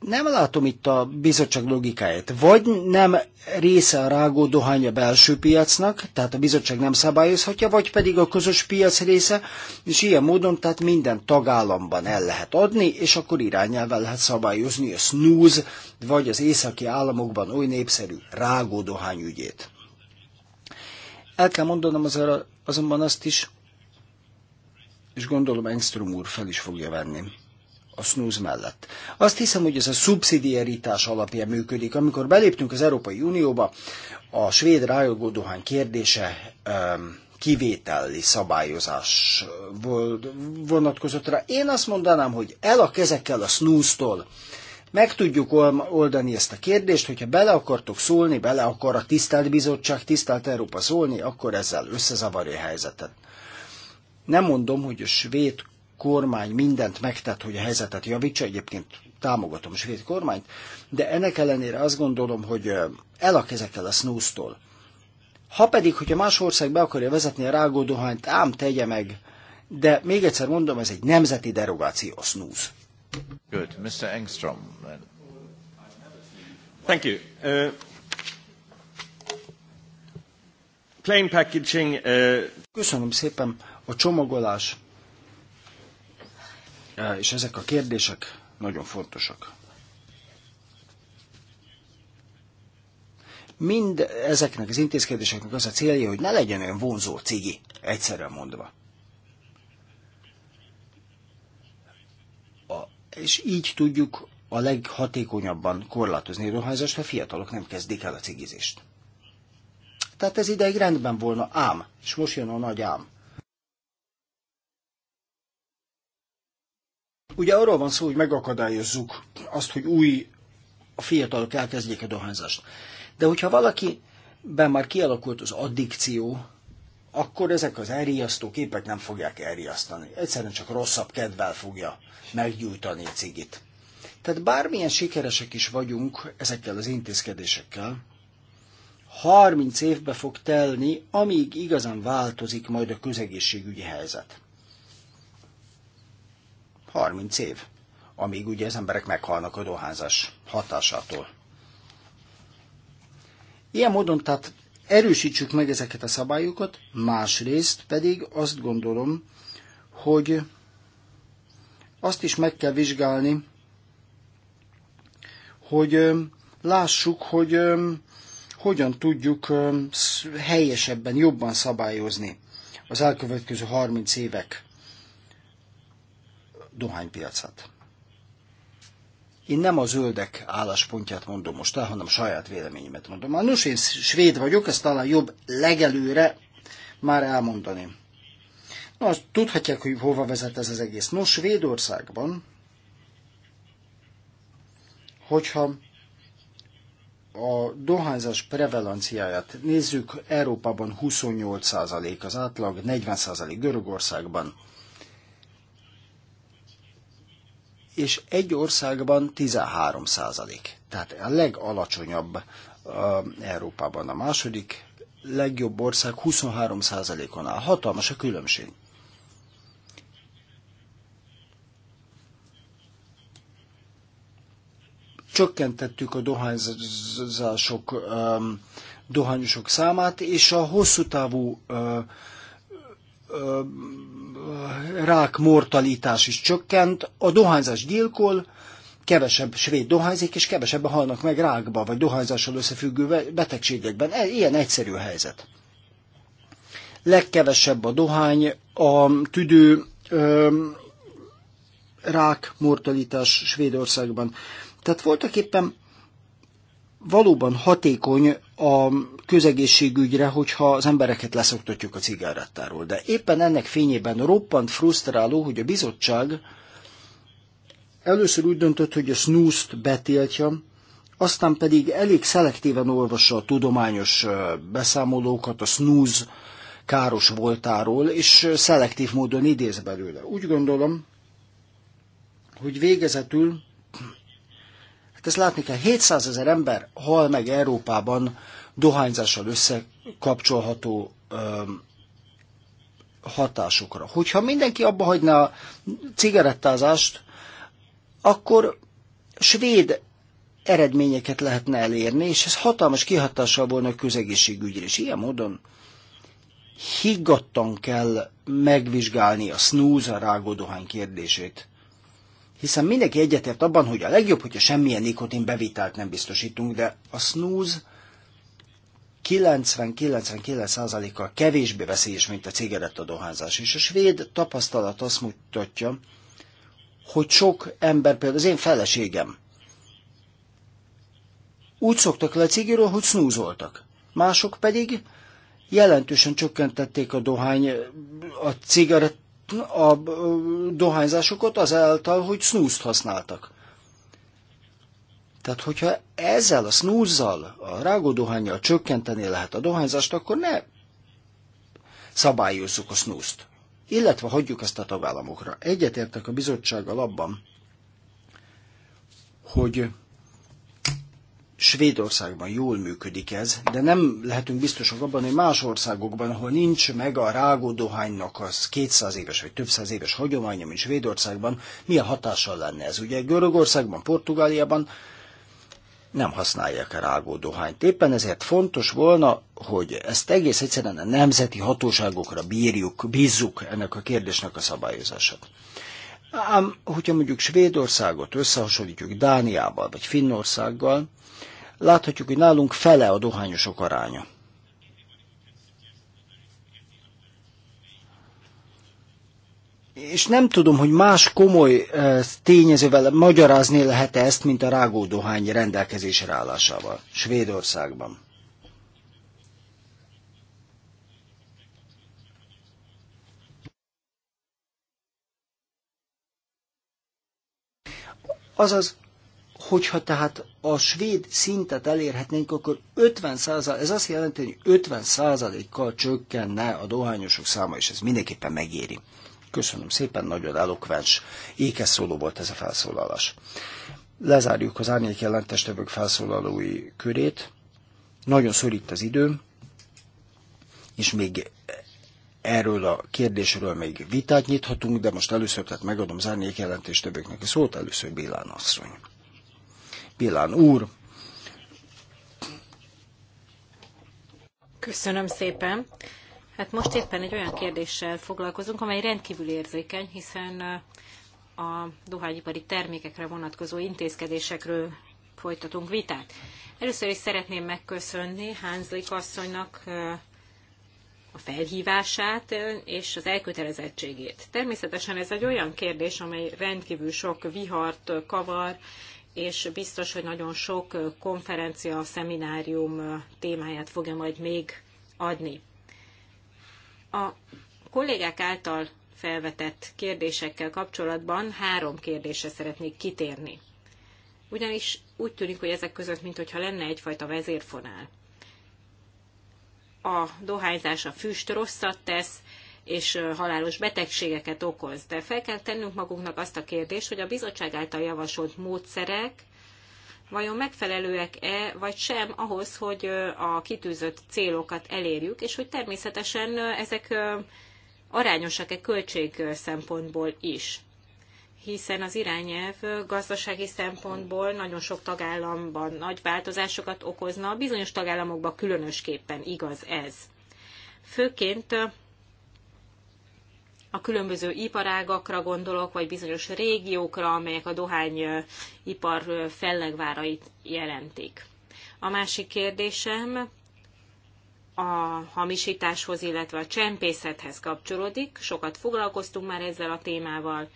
[SPEAKER 2] nem látom itt a bizottság logikáját. Vagy nem része a rágó dohány a belső piacnak, tehát a bizottság nem szabályozhatja, vagy pedig a közös piac része, és ilyen módon tehát minden tagállamban el lehet adni, és akkor irányelvel lehet szabályozni a snooze, vagy az északi államokban oly népszerű rágó dohány ügyét. El kell mondanom az azonban azt is, és gondolom Engström úr fel is fogja venni, a snooze mellett. Azt hiszem, hogy ez a szubszidiaritás alapján működik. Amikor beléptünk az Európai Unióba, a svéd rájogó dohány kérdése kivételi szabályozás vonatkozott rá. Én azt mondanám, hogy el a kezekkel a snooze-tól. Meg tudjuk oldani ezt a kérdést, hogyha bele akartok szólni, bele akar a tisztelt bizottság, tisztelt Európa szólni, akkor ezzel összezavarja a helyzetet. Nem mondom, hogy a svéd kormány mindent megtett, hogy a helyzetet javítsa, egyébként támogatom a svéd kormányt, de ennek ellenére azt gondolom, hogy el a kezekkel a snooze-tól. Ha pedig, hogyha más ország be akarja vezetni a rágódohányt, ám tegye meg, de még egyszer mondom, ez egy nemzeti derogáció a snooze.
[SPEAKER 1] Good. Mr. Engstrom. Then. Thank you.
[SPEAKER 2] Uh, plain packaging. Uh... Köszönöm szépen. A csomagolás és ezek a kérdések nagyon fontosak. Mind ezeknek az intézkedéseknek az a célja, hogy ne legyen olyan vonzó cigi, egyszerűen mondva. A, és így tudjuk a leghatékonyabban korlátozni a ruházást, ha fiatalok nem kezdik el a cigizést. Tehát ez ideig rendben volna, ám, és most jön a nagy ám. Ugye arról van szó, hogy megakadályozzuk azt, hogy új a fiatalok elkezdjék a dohányzást. De hogyha valaki ben már kialakult az addikció, akkor ezek az elriasztó képek nem fogják elriasztani. Egyszerűen csak rosszabb kedvel fogja meggyújtani a cigit. Tehát bármilyen sikeresek is vagyunk ezekkel az intézkedésekkel, 30 évbe fog telni, amíg igazán változik majd a közegészségügyi helyzet. 30 év, amíg ugye az emberek meghalnak a dohányzás hatásától. Ilyen módon tehát erősítsük meg ezeket a szabályokat, másrészt pedig azt gondolom, hogy azt is meg kell vizsgálni, hogy lássuk, hogy hogyan tudjuk helyesebben, jobban szabályozni az elkövetkező 30 évek dohánypiacát. Én nem a zöldek álláspontját mondom most el, hanem saját véleményemet mondom. Már nos, én svéd vagyok, ezt talán jobb legelőre már elmondani. Na, azt tudhatják, hogy hova vezet ez az egész. Nos, Svédországban, hogyha a dohányzás prevalenciáját nézzük, Európában 28% az átlag, 40% Görögországban, és egy országban 13 százalék. Tehát a legalacsonyabb a Európában a második, legjobb ország 23 százalékon áll. Hatalmas a különbség. Csökkentettük a dohányzások, dohányosok számát, és a hosszú távú rák mortalitás is csökkent, a dohányzás gyilkol, kevesebb svéd dohányzik, és kevesebben halnak meg rákba, vagy dohányzással összefüggő betegségekben. E, ilyen egyszerű a helyzet. Legkevesebb a dohány, a tüdő ö, rák mortalitás Svédországban. Tehát voltak éppen valóban hatékony a közegészségügyre, hogyha az embereket leszoktatjuk a cigarettáról. De éppen ennek fényében roppant frusztráló, hogy a bizottság először úgy döntött, hogy a snoozt betiltja, aztán pedig elég szelektíven olvassa a tudományos beszámolókat, a snooze káros voltáról, és szelektív módon idéz belőle. Úgy gondolom, hogy végezetül, hát ezt látni kell, 700 ezer ember hal meg Európában dohányzással összekapcsolható hatásokra. Hogyha mindenki abba hagyná a cigarettázást, akkor svéd eredményeket lehetne elérni, és ez hatalmas kihatással volna a közegészségügyre, és ilyen módon higgadtan kell megvizsgálni a snooze, a rágódohány kérdését. Hiszen mindenki egyetért abban, hogy a legjobb, hogyha semmilyen nikotin bevételt nem biztosítunk, de a snooze 90-99%-kal kevésbé veszélyes, mint a cigaretta dohányzás. És a svéd tapasztalat azt mutatja, hogy sok ember, például az én feleségem, úgy szoktak le a cigiről, hogy snúzoltak. Mások pedig jelentősen csökkentették a dohány, a cigarett, a dohányzásokat azáltal, hogy snúzt használtak. Tehát, hogyha ezzel a snúzzal, a rágódohányjal csökkenteni lehet a dohányzást, akkor ne szabályozzuk a snúzt. Illetve hagyjuk ezt a tagállamokra. Egyetértek a bizottsággal abban, hogy Svédországban jól működik ez, de nem lehetünk biztosak abban, hogy más országokban, ahol nincs meg a rágódohánynak az 200 éves vagy több száz éves hagyománya, mint Svédországban, milyen hatással lenne ez. Ugye Görögországban, Portugáliában nem használják a rágó dohányt. Éppen ezért fontos volna, hogy ezt egész egyszerűen a nemzeti hatóságokra bírjuk, bízzuk ennek a kérdésnek a szabályozását. Ám, hogyha mondjuk Svédországot összehasonlítjuk Dániával vagy Finnországgal, láthatjuk, hogy nálunk fele a dohányosok aránya. és nem tudom, hogy más komoly eh, tényezővel magyarázni lehet -e ezt, mint a rágódohány rendelkezésre állásával Svédországban. Azaz, hogyha tehát a svéd szintet elérhetnénk, akkor 50 ez azt jelenti, hogy 50 kal csökkenne a dohányosok száma, és ez mindenképpen megéri. Köszönöm szépen, nagyon elokvens, ékes szóló volt ez a felszólalás. Lezárjuk az árnyék jelentéstevők felszólalói körét. Nagyon szorít az idő, és még erről a kérdésről még vitát nyithatunk, de most először tehát megadom az árnyék jelentéstevőknek a szót, először Bélán asszony. Bélán úr,
[SPEAKER 4] Köszönöm szépen. Hát most éppen egy olyan kérdéssel foglalkozunk, amely rendkívül érzékeny, hiszen a dohányipari termékekre vonatkozó intézkedésekről folytatunk vitát. Először is szeretném megköszönni Hánzlik asszonynak a felhívását és az elkötelezettségét. Természetesen ez egy olyan kérdés, amely rendkívül sok vihart kavar, és biztos, hogy nagyon sok konferencia, szeminárium témáját fogja majd még adni. A kollégák által felvetett kérdésekkel kapcsolatban három kérdésre szeretnék kitérni. Ugyanis úgy tűnik, hogy ezek között, mintha lenne egyfajta vezérfonál. A dohányzás, a füst rosszat tesz, és halálos betegségeket okoz. De fel kell tennünk magunknak azt a kérdést, hogy a bizottság által javasolt módszerek vajon megfelelőek-e vagy sem ahhoz, hogy a kitűzött célokat elérjük, és hogy természetesen ezek arányosak-e költség szempontból is hiszen az irányelv gazdasági szempontból nagyon sok tagállamban nagy változásokat okozna, bizonyos tagállamokban különösképpen igaz ez. Főként a különböző iparágakra gondolok, vagy bizonyos régiókra, amelyek a dohányipar fellegvárait jelentik. A másik kérdésem a hamisításhoz, illetve a csempészethez kapcsolódik. Sokat foglalkoztunk már ezzel a témával,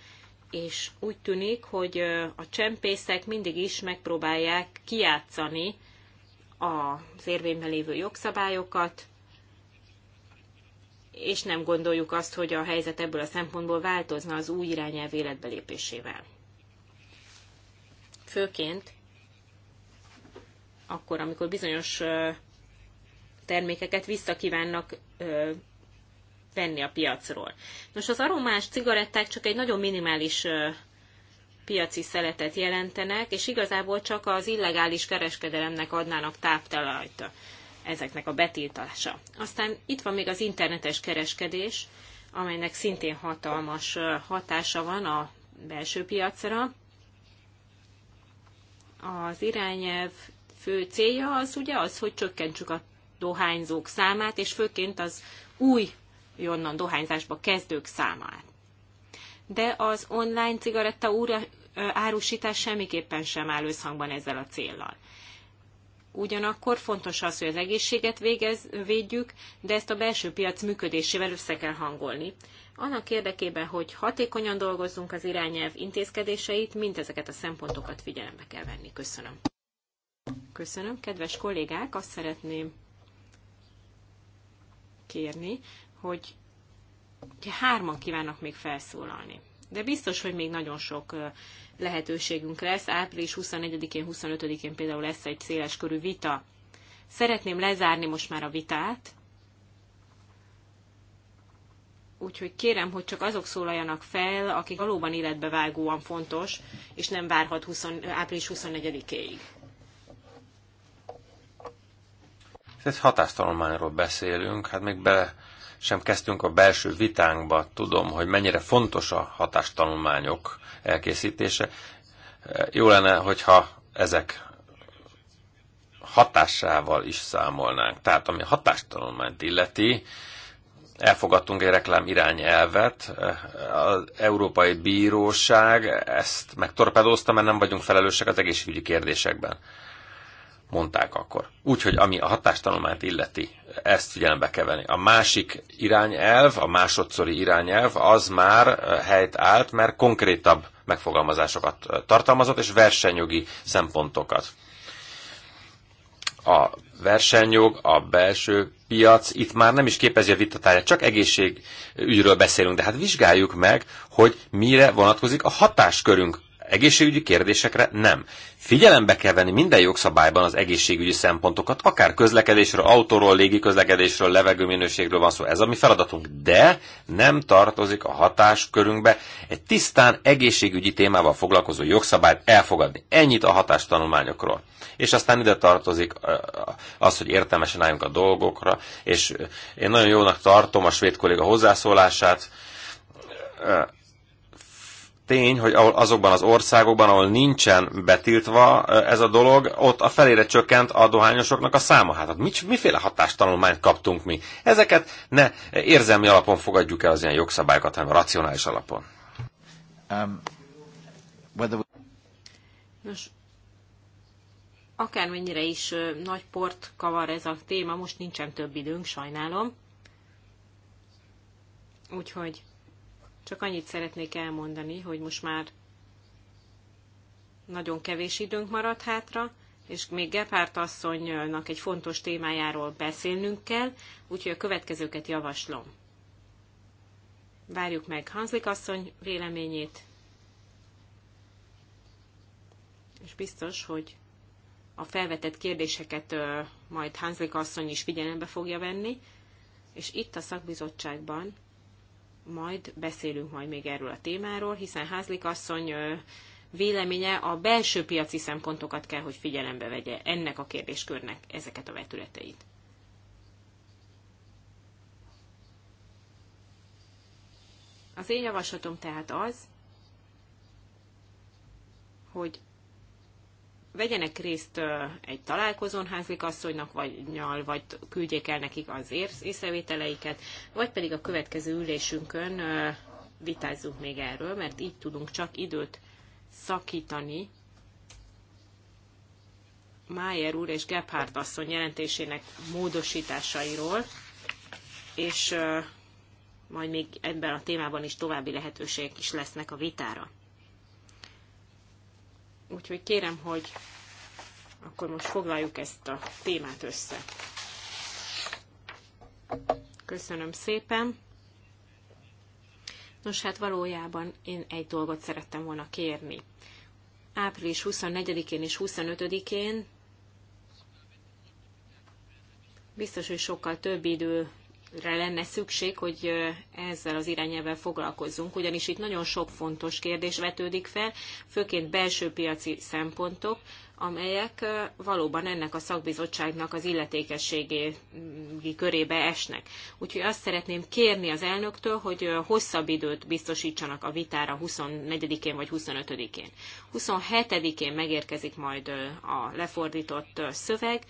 [SPEAKER 4] és úgy tűnik, hogy a csempészek mindig is megpróbálják kiátszani az érvényben lévő jogszabályokat, és nem gondoljuk azt, hogy a helyzet ebből a szempontból változna az új irányelv életbelépésével. Főként akkor, amikor bizonyos termékeket visszakívánnak venni a piacról. Nos, az aromás cigaretták csak egy nagyon minimális piaci szeletet jelentenek, és igazából csak az illegális kereskedelemnek adnának táptalajt ezeknek a betiltása. Aztán itt van még az internetes kereskedés, amelynek szintén hatalmas hatása van a belső piacra. Az irányelv fő célja az ugye az, hogy csökkentsük a dohányzók számát, és főként az új jonnan dohányzásba kezdők számát. De az online cigaretta úr árusítás semmiképpen sem áll összhangban ezzel a céllal. Ugyanakkor fontos az, hogy az egészséget végez, védjük, de ezt a belső piac működésével össze kell hangolni. Annak érdekében, hogy hatékonyan dolgozzunk az irányelv intézkedéseit, mindezeket a szempontokat figyelembe kell venni. Köszönöm. Köszönöm. Kedves kollégák, azt szeretném kérni, hogy hárman kívánnak még felszólalni. De biztos, hogy még nagyon sok lehetőségünk lesz. Április 24-én, 25-én például lesz egy széles körű vita. Szeretném lezárni most már a vitát, úgyhogy kérem, hogy csak azok szólaljanak fel, akik valóban életbevágóan fontos, és nem várhat 20, április 24-éig.
[SPEAKER 3] Ez hatástalományról beszélünk, hát még bele sem kezdtünk a belső vitánkba. Tudom, hogy mennyire fontos a hatástanulmányok elkészítése. Jó lenne, hogyha ezek hatásával is számolnánk. Tehát ami a hatástanulmányt illeti, elfogadtunk egy reklám irányelvet, az Európai Bíróság ezt megtorpedózta, mert nem vagyunk felelősek az egészségügyi kérdésekben mondták akkor. Úgyhogy ami a hatástanulmányt illeti, ezt figyelembe kell venni. A másik irányelv, a másodszori irányelv, az már helyt állt, mert konkrétabb megfogalmazásokat tartalmazott, és versenyjogi szempontokat. A versenyjog, a belső piac itt már nem is képezi a vitatáját, csak egészségügyről beszélünk, de hát vizsgáljuk meg, hogy mire vonatkozik a hatáskörünk egészségügyi kérdésekre nem. Figyelembe kell venni minden jogszabályban az egészségügyi szempontokat, akár közlekedésről, autóról, légiközlekedésről, levegőminőségről van szó, ez a mi feladatunk, de nem tartozik a hatáskörünkbe egy tisztán egészségügyi témával foglalkozó jogszabályt elfogadni. Ennyit a hatástanulmányokról. És aztán ide tartozik az, hogy értelmesen álljunk a dolgokra, és én nagyon jónak tartom a svéd kolléga hozzászólását, tény, hogy azokban az országokban, ahol nincsen betiltva ez a dolog, ott a felére csökkent a dohányosoknak a száma. Hát mit, miféle hatástanulmányt kaptunk mi? Ezeket ne érzelmi alapon fogadjuk el az ilyen jogszabályokat, hanem a racionális alapon. Um, whether...
[SPEAKER 4] Nos, akármennyire is nagy port kavar ez a téma, most nincsen több időnk, sajnálom. Úgyhogy csak annyit szeretnék elmondani, hogy most már nagyon kevés időnk maradt hátra, és még Gepárt asszonynak egy fontos témájáról beszélnünk kell, úgyhogy a következőket javaslom. Várjuk meg Hanzlik asszony véleményét, és biztos, hogy a felvetett kérdéseket majd Hanzlik asszony is figyelembe fogja venni, és itt a szakbizottságban majd beszélünk majd még erről a témáról, hiszen Házlik asszony véleménye a belső piaci szempontokat kell, hogy figyelembe vegye ennek a kérdéskörnek ezeket a vetületeit. Az én javaslatom tehát az, hogy vegyenek részt egy találkozón asszonynak vagy nyal, vagy küldjék el nekik az észrevételeiket, vagy pedig a következő ülésünkön vitázzunk még erről, mert így tudunk csak időt szakítani Májer úr és Gebhardt asszony jelentésének módosításairól, és majd még ebben a témában is további lehetőségek is lesznek a vitára. Úgyhogy kérem, hogy akkor most foglaljuk ezt a témát össze. Köszönöm szépen. Nos, hát valójában én egy dolgot szerettem volna kérni. Április 24-én és 25-én biztos, hogy sokkal több idő lenne szükség, hogy ezzel az irányelvel foglalkozzunk, ugyanis itt nagyon sok fontos kérdés vetődik fel, főként belső piaci szempontok, amelyek valóban ennek a szakbizottságnak az illetékességi mm, körébe esnek. Úgyhogy azt szeretném kérni az elnöktől, hogy hosszabb időt biztosítsanak a vitára 24-én vagy 25-én. 27-én megérkezik majd a lefordított szöveg,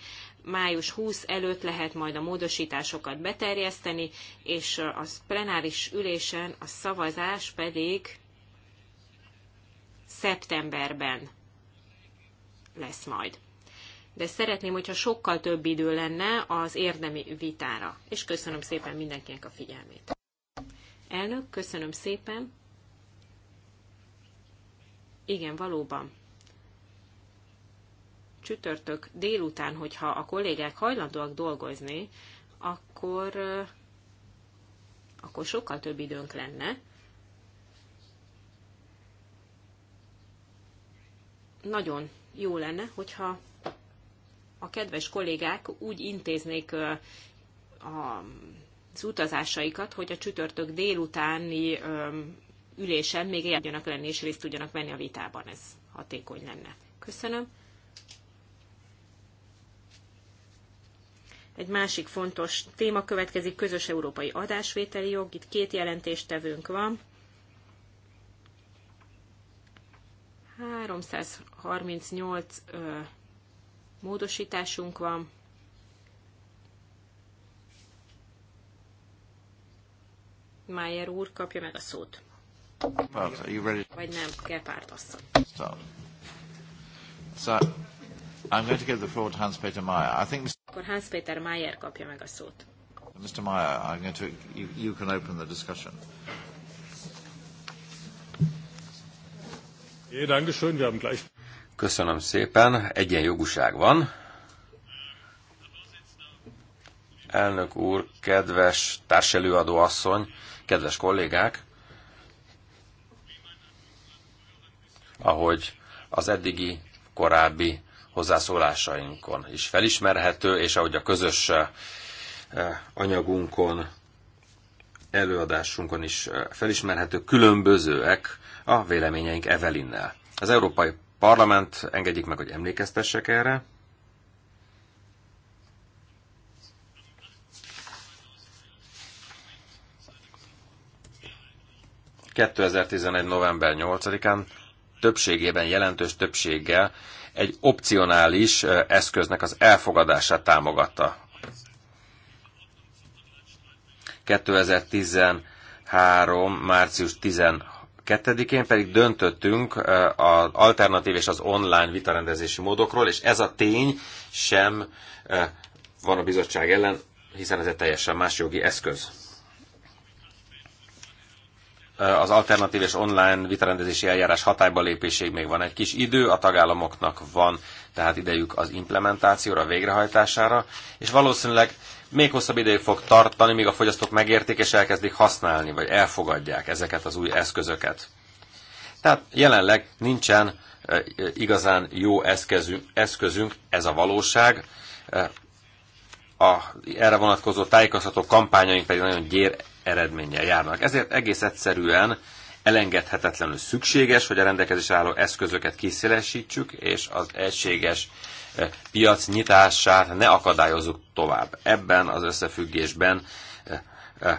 [SPEAKER 4] május 20 előtt lehet majd a módosításokat beterjeszteni, és a plenáris ülésen a szavazás pedig szeptemberben lesz majd. De szeretném, hogyha sokkal több idő lenne az érdemi vitára. És köszönöm szépen mindenkinek a figyelmét. Elnök, köszönöm szépen. Igen, valóban. Csütörtök délután, hogyha a kollégák hajlandóak dolgozni, akkor, akkor sokkal több időnk lenne. Nagyon jó lenne, hogyha a kedves kollégák úgy intéznék az utazásaikat, hogy a csütörtök délutáni ülésen még járjanak lenni és részt tudjanak venni a vitában. Ez hatékony lenne. Köszönöm. Egy másik fontos téma következik, közös európai adásvételi jog. Itt két jelentéstevőnk van. 360 38 ö, módosításunk van. Májer úr kapja meg a szót. are you ready? Vagy nem, Gepard asszony.
[SPEAKER 1] Start. So, I'm going to give the floor to Hans-Peter Meyer. I think...
[SPEAKER 4] Akkor Hans-Peter Meyer kapja meg a szót.
[SPEAKER 1] Mr. Meyer, I'm going to, you, you can open the
[SPEAKER 3] discussion.
[SPEAKER 4] Yeah, danke schön, wir haben gleich...
[SPEAKER 3] Köszönöm szépen, egyenjogúság van. Elnök úr, kedves társelőadó asszony, kedves kollégák, ahogy az eddigi korábbi hozzászólásainkon is felismerhető, és ahogy a közös eh, anyagunkon, előadásunkon is eh, felismerhető, különbözőek a véleményeink Evelinnel. Az Európai parlament, engedjék meg, hogy emlékeztessek erre. ...2011. november 8-án többségében, jelentős többséggel egy opcionális eszköznek az elfogadását támogatta. 2013. március 22-én pedig döntöttünk eh, az alternatív és az online vitarendezési módokról, és ez a tény sem eh, van a bizottság ellen, hiszen ez egy teljesen más jogi eszköz. Eh, az alternatív és online vitarendezési eljárás hatályba lépéséig még van egy kis idő, a tagállamoknak van tehát idejük az implementációra, a végrehajtására, és valószínűleg még hosszabb ideig fog tartani, míg a fogyasztók megértik és elkezdik használni, vagy elfogadják ezeket az új eszközöket. Tehát jelenleg nincsen e, igazán jó eszközünk, eszközünk ez a valóság. E, a erre vonatkozó tájékoztató kampányaink pedig nagyon gyér eredménnyel járnak. Ezért egész egyszerűen elengedhetetlenül szükséges, hogy a rendelkezésre álló eszközöket kiszélesítsük, és az egységes piac nyitását ne akadályozzuk tovább. Ebben az összefüggésben eh, eh,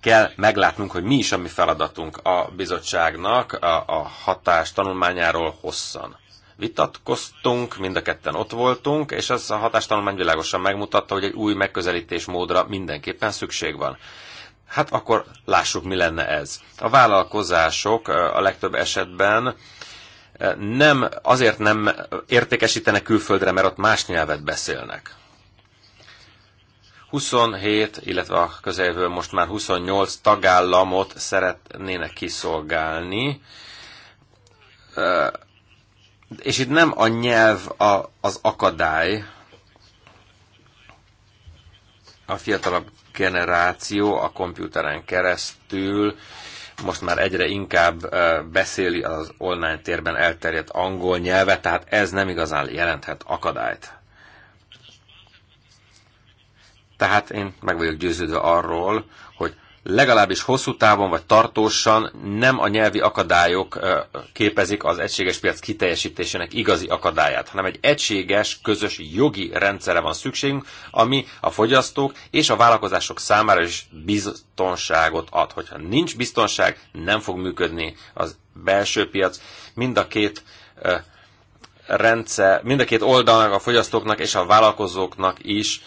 [SPEAKER 3] kell meglátnunk, hogy mi is a mi feladatunk a bizottságnak a, hatás tanulmányáról hosszan vitatkoztunk, mind a ketten ott voltunk, és ez a hatástanulmány világosan megmutatta, hogy egy új megközelítés módra mindenképpen szükség van. Hát akkor lássuk, mi lenne ez. A vállalkozások eh, a legtöbb esetben nem, azért nem értékesítenek külföldre, mert ott más nyelvet beszélnek. 27, illetve a közeljövő most már 28 tagállamot szeretnének kiszolgálni. És itt nem a nyelv a, az akadály, a fiatalabb generáció a komputeren keresztül most már egyre inkább beszéli az online térben elterjedt angol nyelvet, tehát ez nem igazán jelenthet akadályt. Tehát én meg vagyok győződve arról, hogy legalábbis hosszú távon vagy tartósan nem a nyelvi akadályok képezik az egységes piac kiteljesítésének igazi akadályát, hanem egy egységes, közös jogi rendszerre van szükségünk, ami a fogyasztók és a vállalkozások számára is biztonságot ad. Hogyha nincs biztonság, nem fog működni az belső piac. Mind a két rendszer, mind a két oldalnak, a fogyasztóknak és a vállalkozóknak is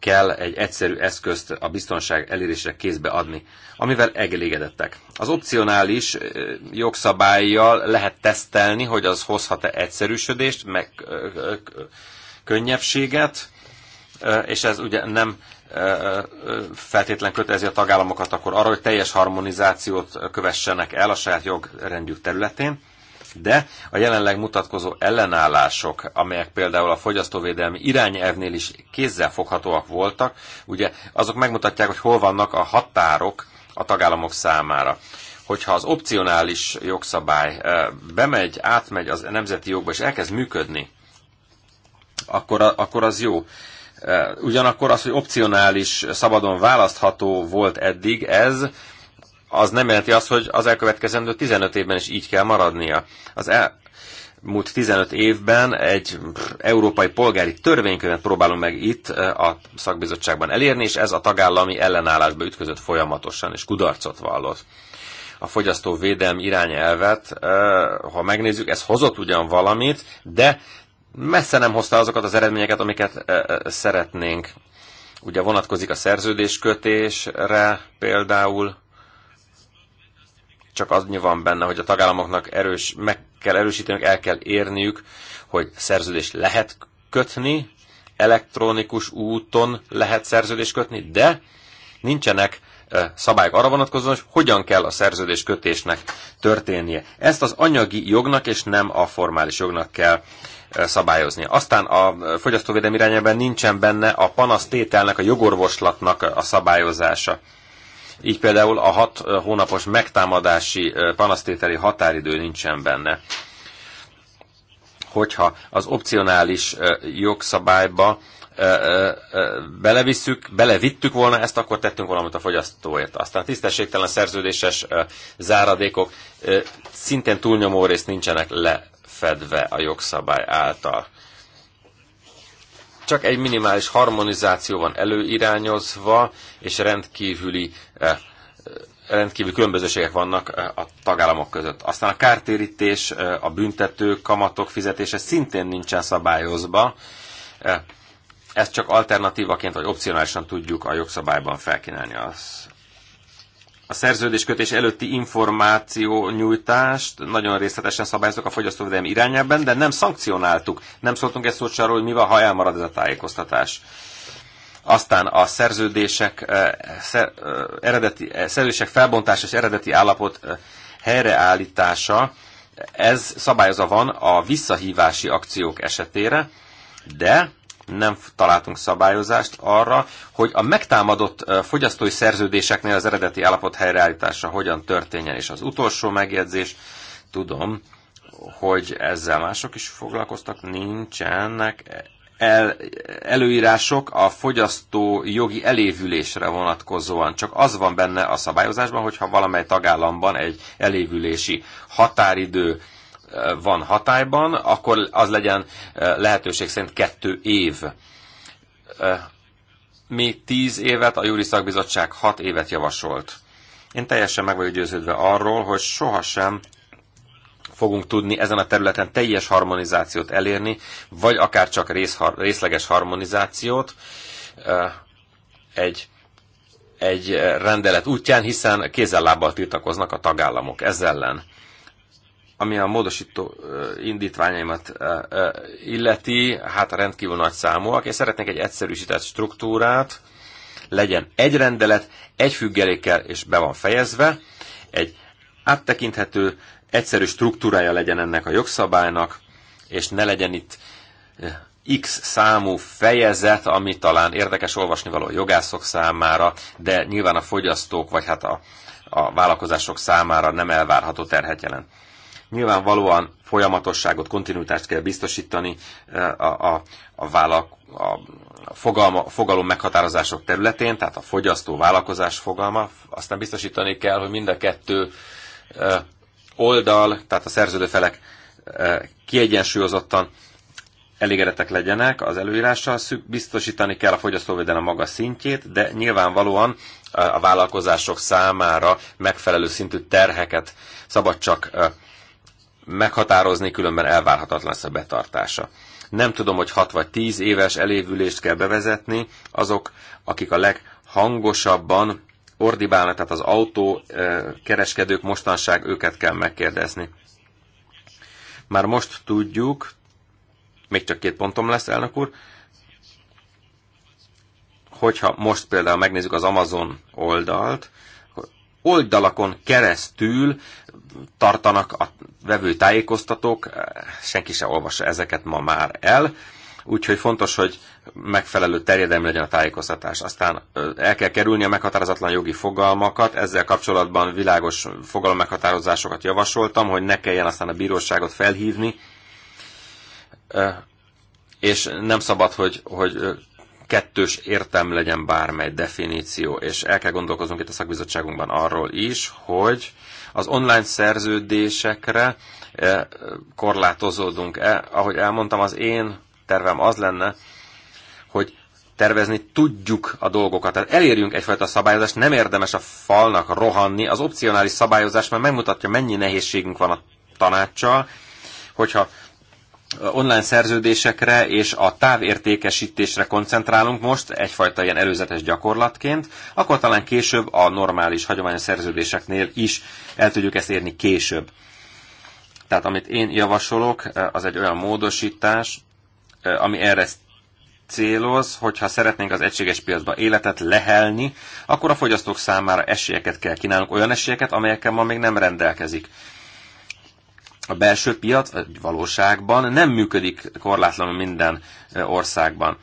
[SPEAKER 3] kell egy egyszerű eszközt a biztonság elérésre kézbe adni, amivel elégedettek. Az opcionális jogszabályjal lehet tesztelni, hogy az hozhat-e egyszerűsödést, meg könnyebbséget, és ez ugye nem feltétlen kötelezi a tagállamokat akkor arra, hogy teljes harmonizációt kövessenek el a saját jogrendjük területén de a jelenleg mutatkozó ellenállások, amelyek például a fogyasztóvédelmi irányelvnél is kézzelfoghatóak voltak, ugye azok megmutatják, hogy hol vannak a határok a tagállamok számára hogyha az opcionális jogszabály eh, bemegy, átmegy az nemzeti jogba, és elkezd működni, akkor, akkor az jó. Eh, ugyanakkor az, hogy opcionális, szabadon választható volt eddig, ez az nem jelenti azt, hogy az elkövetkezendő 15 évben is így kell maradnia. Az el, múlt 15 évben egy európai polgári törvénykönyvet próbálunk meg itt a szakbizottságban elérni, és ez a tagállami ellenállásba ütközött folyamatosan, és kudarcot vallott. A fogyasztóvédelmi irányelvet, ha megnézzük, ez hozott ugyan valamit, de messze nem hozta azokat az eredményeket, amiket szeretnénk. Ugye vonatkozik a szerződéskötésre például, csak az van benne, hogy a tagállamoknak erős, meg kell erősítenünk, el kell érniük, hogy szerződést lehet kötni, elektronikus úton lehet szerződést kötni, de nincsenek szabályok arra vonatkozóan, hogy hogyan kell a szerződés kötésnek történnie. Ezt az anyagi jognak és nem a formális jognak kell szabályozni. Aztán a fogyasztóvédelmi irányában nincsen benne a panasztételnek, a jogorvoslatnak a szabályozása. Így például a hat hónapos megtámadási panasztételi határidő nincsen benne. Hogyha az opcionális jogszabályba belevisszük, belevittük volna ezt, akkor tettünk valamit a fogyasztóért. Aztán tisztességtelen szerződéses záradékok szintén túlnyomó részt nincsenek lefedve a jogszabály által. Csak egy minimális harmonizáció van előirányozva, és rendkívüli eh, eh, rendkívül különbözőségek vannak eh, a tagállamok között. Aztán a kártérítés, a büntető, kamatok fizetése szintén nincsen szabályozva. Ezt csak alternatívaként vagy opcionálisan tudjuk a jogszabályban felkínálni. Az a szerződéskötés előtti információ nyújtást nagyon részletesen szabályozok a fogyasztóvédelmi irányában, de nem szankcionáltuk. Nem szóltunk egy szót arról, hogy mi van, ha elmarad ez a tájékoztatás. Aztán a szerződések, eh, szer, eh, eredeti, eh, szerződések felbontása és eredeti állapot helyreállítása, ez szabályozva van a visszahívási akciók esetére, de nem találtunk szabályozást arra, hogy a megtámadott fogyasztói szerződéseknél az eredeti állapot helyreállítása hogyan történjen. És az utolsó megjegyzés, tudom, hogy ezzel mások is foglalkoztak, nincsenek el, előírások a fogyasztó jogi elévülésre vonatkozóan. Csak az van benne a szabályozásban, hogyha valamely tagállamban egy elévülési határidő van hatályban, akkor az legyen eh, lehetőség szerint kettő év. Eh, mi tíz évet, a júri szakbizottság hat évet javasolt. Én teljesen meg vagyok győződve arról, hogy sohasem fogunk tudni ezen a területen teljes harmonizációt elérni, vagy akár csak részleges harmonizációt eh, egy, egy rendelet útján, hiszen kézzel-lábbal tiltakoznak a tagállamok ez ellen. Ami a módosító indítványaimat illeti, hát rendkívül nagy számúak. Én szeretnék egy egyszerűsített struktúrát, legyen egy rendelet, egy függelékkel, és be van fejezve, egy áttekinthető, egyszerű struktúrája legyen ennek a jogszabálynak, és ne legyen itt X számú fejezet, ami talán érdekes olvasni való jogászok számára, de nyilván a fogyasztók, vagy hát a, a vállalkozások számára nem elvárható terhet jelent. Nyilvánvalóan folyamatosságot, kontinuitást kell biztosítani eh, a, a, a, vállal, a fogalma, fogalom meghatározások területén, tehát a fogyasztó-vállalkozás fogalma. Aztán biztosítani kell, hogy mind a kettő eh, oldal, tehát a szerződő felek eh, kiegyensúlyozottan elégedetek legyenek az előírással, biztosítani kell a fogyasztóvédelem magas szintjét, de nyilvánvalóan a vállalkozások számára megfelelő szintű terheket szabad csak meghatározni, különben elvárhatatlan lesz a betartása. Nem tudom, hogy 6 vagy 10 éves elévülést kell bevezetni, azok, akik a leghangosabban ordibálnak, tehát az autó eh, kereskedők mostanság őket kell megkérdezni. Már most tudjuk, még csak két pontom lesz, elnök úr, hogyha most például megnézzük az Amazon oldalt, oldalakon keresztül tartanak a vevő tájékoztatók, eh, senki se olvassa ezeket ma már el, úgyhogy fontos, hogy megfelelő terjedelmi legyen a tájékoztatás. Aztán el kell kerülni a meghatározatlan jogi fogalmakat, ezzel kapcsolatban világos fogalommeghatározásokat javasoltam, hogy ne kelljen aztán a bíróságot felhívni, és nem szabad, hogy, hogy kettős értem legyen bármely definíció, és el kell gondolkozunk itt a szakbizottságunkban arról is, hogy az online szerződésekre eh, korlátozódunk-e? Eh, ahogy elmondtam, az én tervem az lenne, hogy tervezni tudjuk a dolgokat. Tehát elérjünk egyfajta szabályozást, nem érdemes a falnak rohanni. Az opcionális szabályozás már megmutatja, mennyi nehézségünk van a tanácssal, hogyha online szerződésekre és a távértékesítésre koncentrálunk most egyfajta ilyen előzetes gyakorlatként, akkor talán később a normális hagyományos szerződéseknél is el tudjuk ezt érni később. Tehát amit én javasolok, eh, az egy olyan módosítás, eh, ami erre céloz, hogyha szeretnénk az egységes piacba életet lehelni, akkor a fogyasztók számára esélyeket kell kínálnunk, olyan esélyeket, amelyekkel ma még nem rendelkezik a belső piac valóságban nem működik korlátlanul minden országban.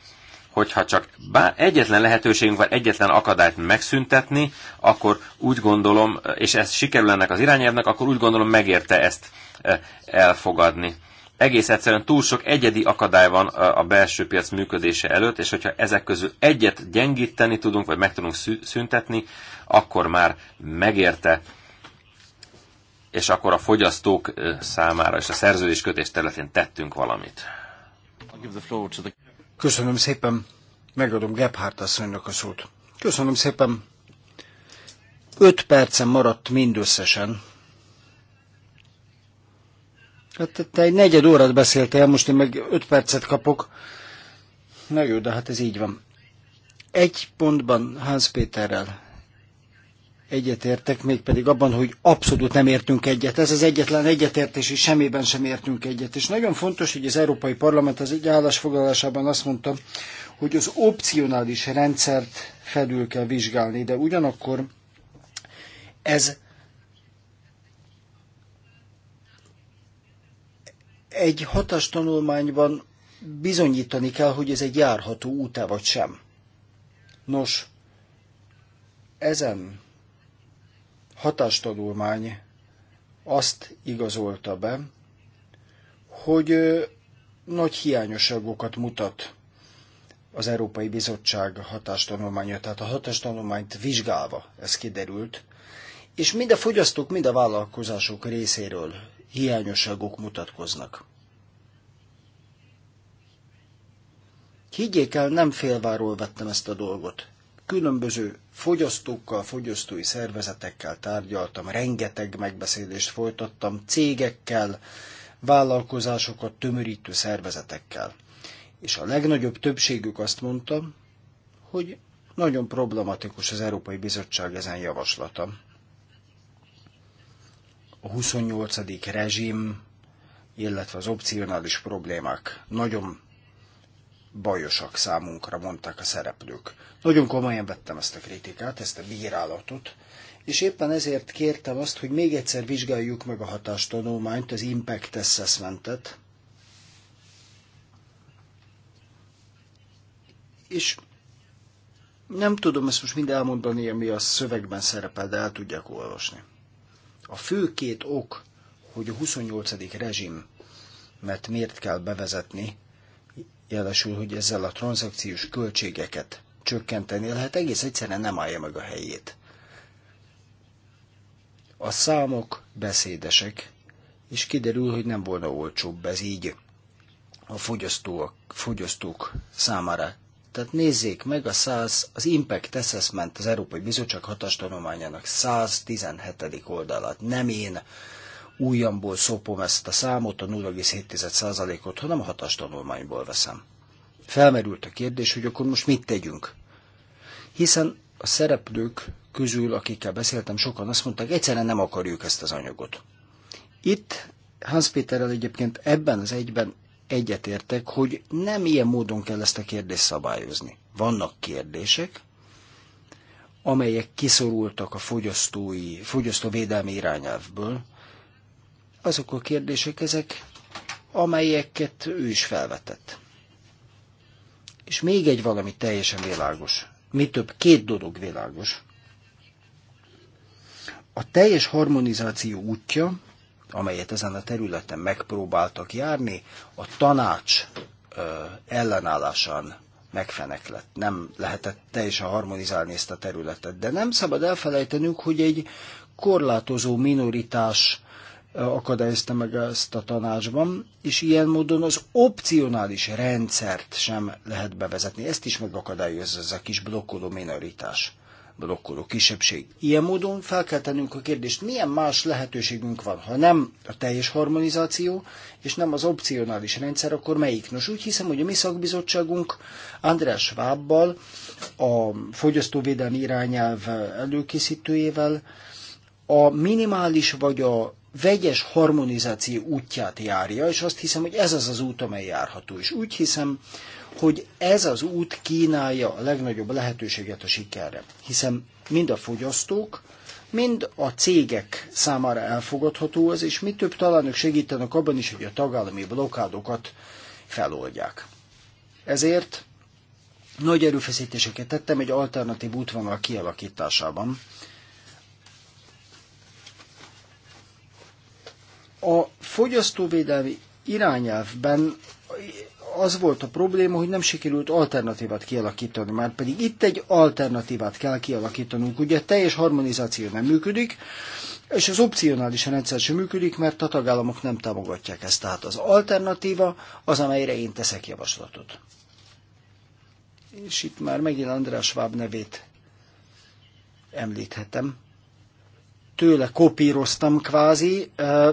[SPEAKER 3] Hogyha csak bár egyetlen lehetőségünk van egyetlen akadályt megszüntetni, akkor úgy gondolom, és ez sikerül ennek az irányelvnek, akkor úgy gondolom megérte ezt elfogadni. Egész egyszerűen túl sok egyedi akadály van a belső piac működése előtt, és hogyha ezek közül egyet gyengíteni tudunk, vagy meg tudunk szüntetni, akkor már megérte és akkor a fogyasztók számára és a szerződéskötés területén tettünk valamit.
[SPEAKER 2] Köszönöm szépen. Megadom Gebhardt asszonynak a szót. Köszönöm szépen. Öt percen maradt mindösszesen. Hát te egy negyed órát beszéltél, most én meg öt percet kapok. Na jó, de hát ez így van. Egy pontban Hans Péterrel egyetértek, mégpedig abban, hogy abszolút nem értünk egyet. Ez az egyetlen egyetértés, és semmiben sem értünk egyet. És nagyon fontos, hogy az Európai Parlament az egy állásfoglalásában azt mondta, hogy az opcionális rendszert felül kell vizsgálni, de ugyanakkor ez egy tanulmányban bizonyítani kell, hogy ez egy járható út vagy sem. Nos, ezen hatástanulmány azt igazolta be, hogy nagy hiányosságokat mutat az Európai Bizottság hatástanulmánya, tehát a hatástanulmányt vizsgálva ez kiderült, és mind a fogyasztók, mind a vállalkozások részéről hiányosságok mutatkoznak. Higgyék el, nem félváról vettem ezt a dolgot különböző fogyasztókkal, fogyasztói szervezetekkel tárgyaltam, rengeteg megbeszélést folytattam cégekkel, vállalkozásokat tömörítő szervezetekkel. És a legnagyobb többségük azt mondta, hogy nagyon problematikus az Európai Bizottság ezen javaslata. A 28. rezsim, illetve az opcionális problémák nagyon bajosak számunkra, mondták a szereplők. Nagyon komolyan vettem ezt a kritikát, ezt a bírálatot, és éppen ezért kértem azt, hogy még egyszer vizsgáljuk meg a hatástanulmányt, az Impact Assessmentet, és nem tudom ezt most mind elmondani, ami a szövegben szerepel, de el tudják olvasni. A fő két ok, hogy a 28. rezsim mert miért kell bevezetni, jelesül, hogy ezzel a tranzakciós költségeket csökkenteni lehet, egész egyszerűen nem állja meg a helyét. A számok beszédesek, és kiderül, hogy nem volna olcsóbb ez így a fogyasztók, fogyasztók számára. Tehát nézzék meg a 100, az Impact Assessment az Európai Bizottság hatástanulmányának 117. oldalát. Nem én újamból szopom ezt a számot, a 0,7%-ot, hanem a tanulmányból veszem. Felmerült a kérdés, hogy akkor most mit tegyünk? Hiszen a szereplők közül, akikkel beszéltem, sokan azt mondták, egyszerűen nem akarjuk ezt az anyagot. Itt Hans Péterrel egyébként ebben az egyben egyetértek, hogy nem ilyen módon kell ezt a kérdést szabályozni. Vannak kérdések, amelyek kiszorultak a fogyasztói, fogyasztóvédelmi irányelvből, azok a kérdések ezek, amelyeket ő is felvetett. És még egy valami teljesen világos. Mi több, két dolog világos. A teljes harmonizáció útja, amelyet ezen a területen megpróbáltak járni, a tanács ö, ellenállásán lett. Nem lehetett teljesen harmonizálni ezt a területet. De nem szabad elfelejtenünk, hogy egy korlátozó minoritás akadályozta meg ezt a tanácsban, és ilyen módon az opcionális rendszert sem lehet bevezetni. Ezt is megakadályozza ez a kis blokkoló minoritás, blokkoló kisebbség. Ilyen módon fel kell tennünk a kérdést, milyen más lehetőségünk van, ha nem a teljes harmonizáció, és nem az opcionális rendszer, akkor melyik? Nos, úgy hiszem, hogy a mi szakbizottságunk András Schwabbal, a fogyasztóvédelmi irányelv előkészítőjével, a minimális vagy a vegyes harmonizáció útját járja, és azt hiszem, hogy ez az az út, amely járható. És úgy hiszem, hogy ez az út kínálja a legnagyobb lehetőséget a sikerre. Hiszen mind a fogyasztók, mind a cégek számára elfogadható az, és mi több talán ők segítenek abban is, hogy a tagállami blokkádokat feloldják. Ezért nagy erőfeszítéseket tettem egy alternatív útvonal kialakításában, A fogyasztóvédelmi irányelvben az volt a probléma, hogy nem sikerült alternatívát kialakítani, már pedig itt egy alternatívát kell kialakítanunk. Ugye a teljes harmonizáció nem működik, és az opcionális rendszer sem működik, mert a tagállamok nem támogatják ezt. Tehát az alternatíva az, amelyre én teszek javaslatot. És itt már megint András Schwab nevét említhetem. Tőle kopíroztam kvázi, eh,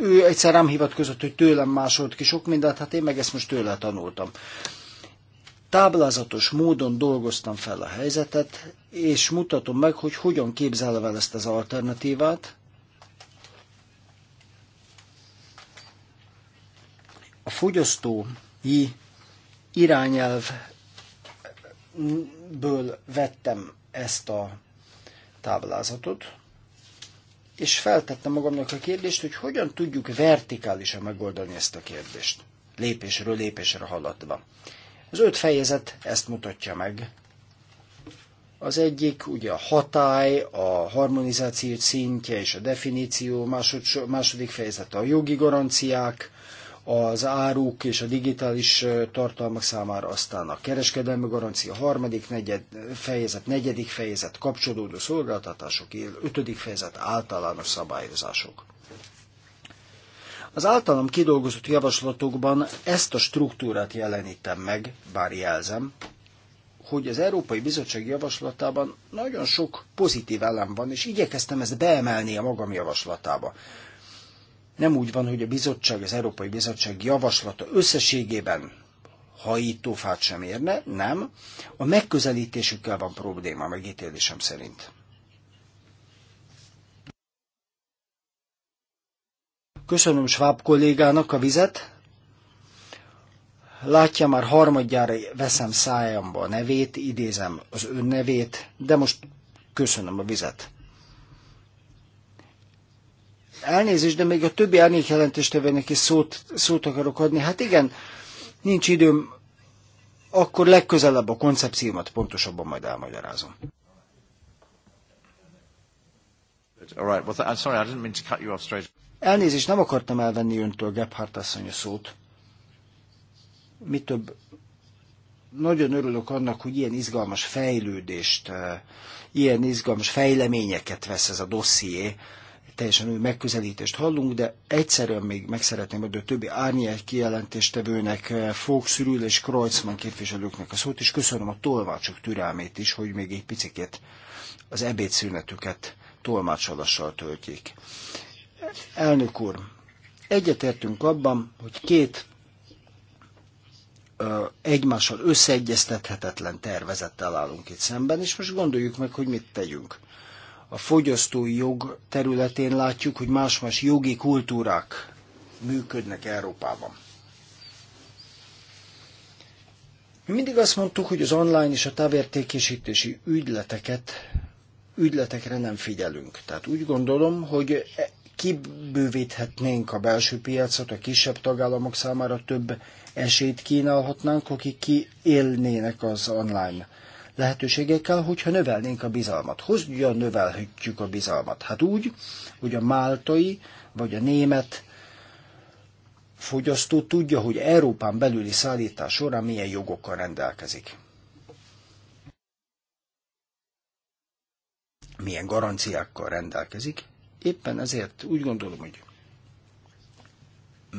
[SPEAKER 2] ő egyszer rám hivatkozott, hogy tőlem másolt ki sok mindent, hát én meg ezt most tőle tanultam. Táblázatos módon dolgoztam fel a helyzetet, és mutatom meg, hogy hogyan képzelve el ezt az alternatívát. A fogyasztói irányelvből vettem ezt a táblázatot, és feltettem magamnak a kérdést, hogy hogyan tudjuk vertikálisan megoldani ezt a kérdést, lépésről lépésre haladva. Az öt fejezet ezt mutatja meg. Az egyik ugye a hatály, a harmonizáció szintje és a definíció, másod, második fejezet a jogi garanciák, az áruk és a digitális tartalmak számára, aztán a kereskedelmi garancia harmadik negyed, fejezet, negyedik fejezet, kapcsolódó szolgáltatások, ötödik fejezet, általános szabályozások. Az általam kidolgozott javaslatokban ezt a struktúrát jelenítem meg, bár jelzem, hogy az Európai Bizottság javaslatában nagyon sok pozitív elem van, és igyekeztem ezt beemelni a magam javaslatába nem úgy van, hogy a bizottság, az Európai Bizottság javaslata összességében hajítófát sem érne, nem. A megközelítésükkel van probléma, megítélésem szerint. Köszönöm Schwab kollégának a vizet. Látja, már harmadjára veszem szájamba a nevét, idézem az ön nevét, de most köszönöm a vizet. Elnézést, de még a többi árnyékjelentéstevőnek is szót, szót akarok adni. Hát igen, nincs időm, akkor legközelebb a koncepciómat pontosabban majd elmagyarázom. Elnézést, nem akartam elvenni öntől Gebhardt asszony a szót. Mi több, nagyon örülök annak, hogy ilyen izgalmas fejlődést, eh, ilyen izgalmas fejleményeket vesz ez a dosszié teljesen új megközelítést hallunk, de egyszerűen még meg szeretném adni a többi árnyék kijelentéstevőnek, eh, Fox, Rül és Kreuzmann képviselőknek a szót, és köszönöm a tolmácsok türelmét is, hogy még egy picit az ebédszünetüket tolmácsolással töltjék. Elnök úr, egyetértünk abban, hogy két egymással összeegyeztethetetlen tervezettel állunk itt szemben, és most gondoljuk meg, hogy mit tegyünk a fogyasztói jog területén látjuk, hogy más-más jogi kultúrák működnek Európában. Mindig azt mondtuk, hogy az online és a távértékesítési ügyleteket, ügyletekre nem figyelünk. Tehát úgy gondolom, hogy e- kibővíthetnénk a belső piacot, a kisebb tagállamok számára több esélyt kínálhatnánk, akik kiélnének az online lehetőségekkel, hogyha növelnénk a bizalmat. Hogyan növelhetjük a bizalmat? Hát úgy, hogy a máltai vagy a német fogyasztó tudja, hogy Európán belüli szállítás során milyen jogokkal rendelkezik. Milyen garanciákkal rendelkezik. Éppen ezért úgy gondolom, hogy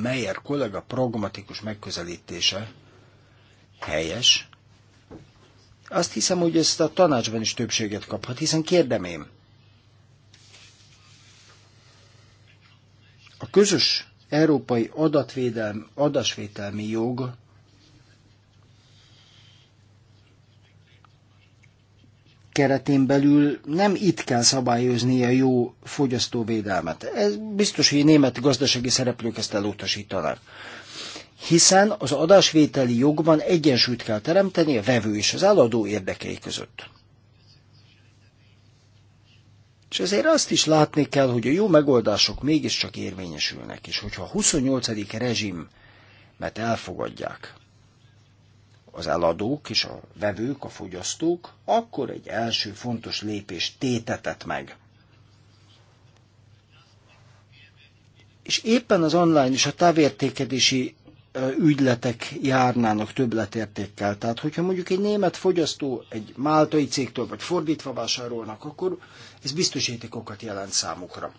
[SPEAKER 2] Meyer kollega pragmatikus megközelítése helyes, azt hiszem, hogy ezt a tanácsban is többséget kaphat, hiszen kérdem én. A közös európai adatvédelmi, adasvételmi jog keretén belül nem itt kell szabályozni a jó fogyasztóvédelmet. Ez biztos, hogy a német gazdasági szereplők ezt elutasítanak hiszen az adásvételi jogban egyensúlyt kell teremteni a vevő és az eladó érdekei között. És ezért azt is látni kell, hogy a jó megoldások mégiscsak érvényesülnek, és hogyha a 28. mert elfogadják az eladók és a vevők, a fogyasztók, akkor egy első fontos lépés tétetett meg. És éppen az online és a távértékedési ügyletek járnának többletértékkel. Tehát, hogyha mondjuk egy német fogyasztó egy máltai cégtől vagy fordítva vásárolnak, akkor ez biztosítékokat jelent számukra.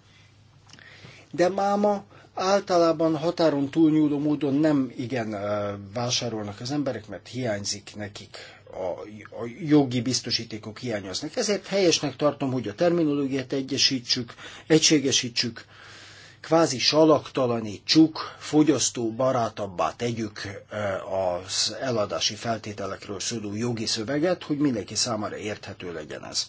[SPEAKER 2] De máma általában határon túlnyúló módon nem igen vásárolnak az emberek, mert hiányzik nekik a, a jogi biztosítékok hiányoznak. Ezért helyesnek tartom, hogy a terminológiát egyesítsük, egységesítsük, kvázi csuk fogyasztó barátabbá tegyük e, az eladási feltételekről szóló jogi szöveget, hogy mindenki számára érthető legyen ez.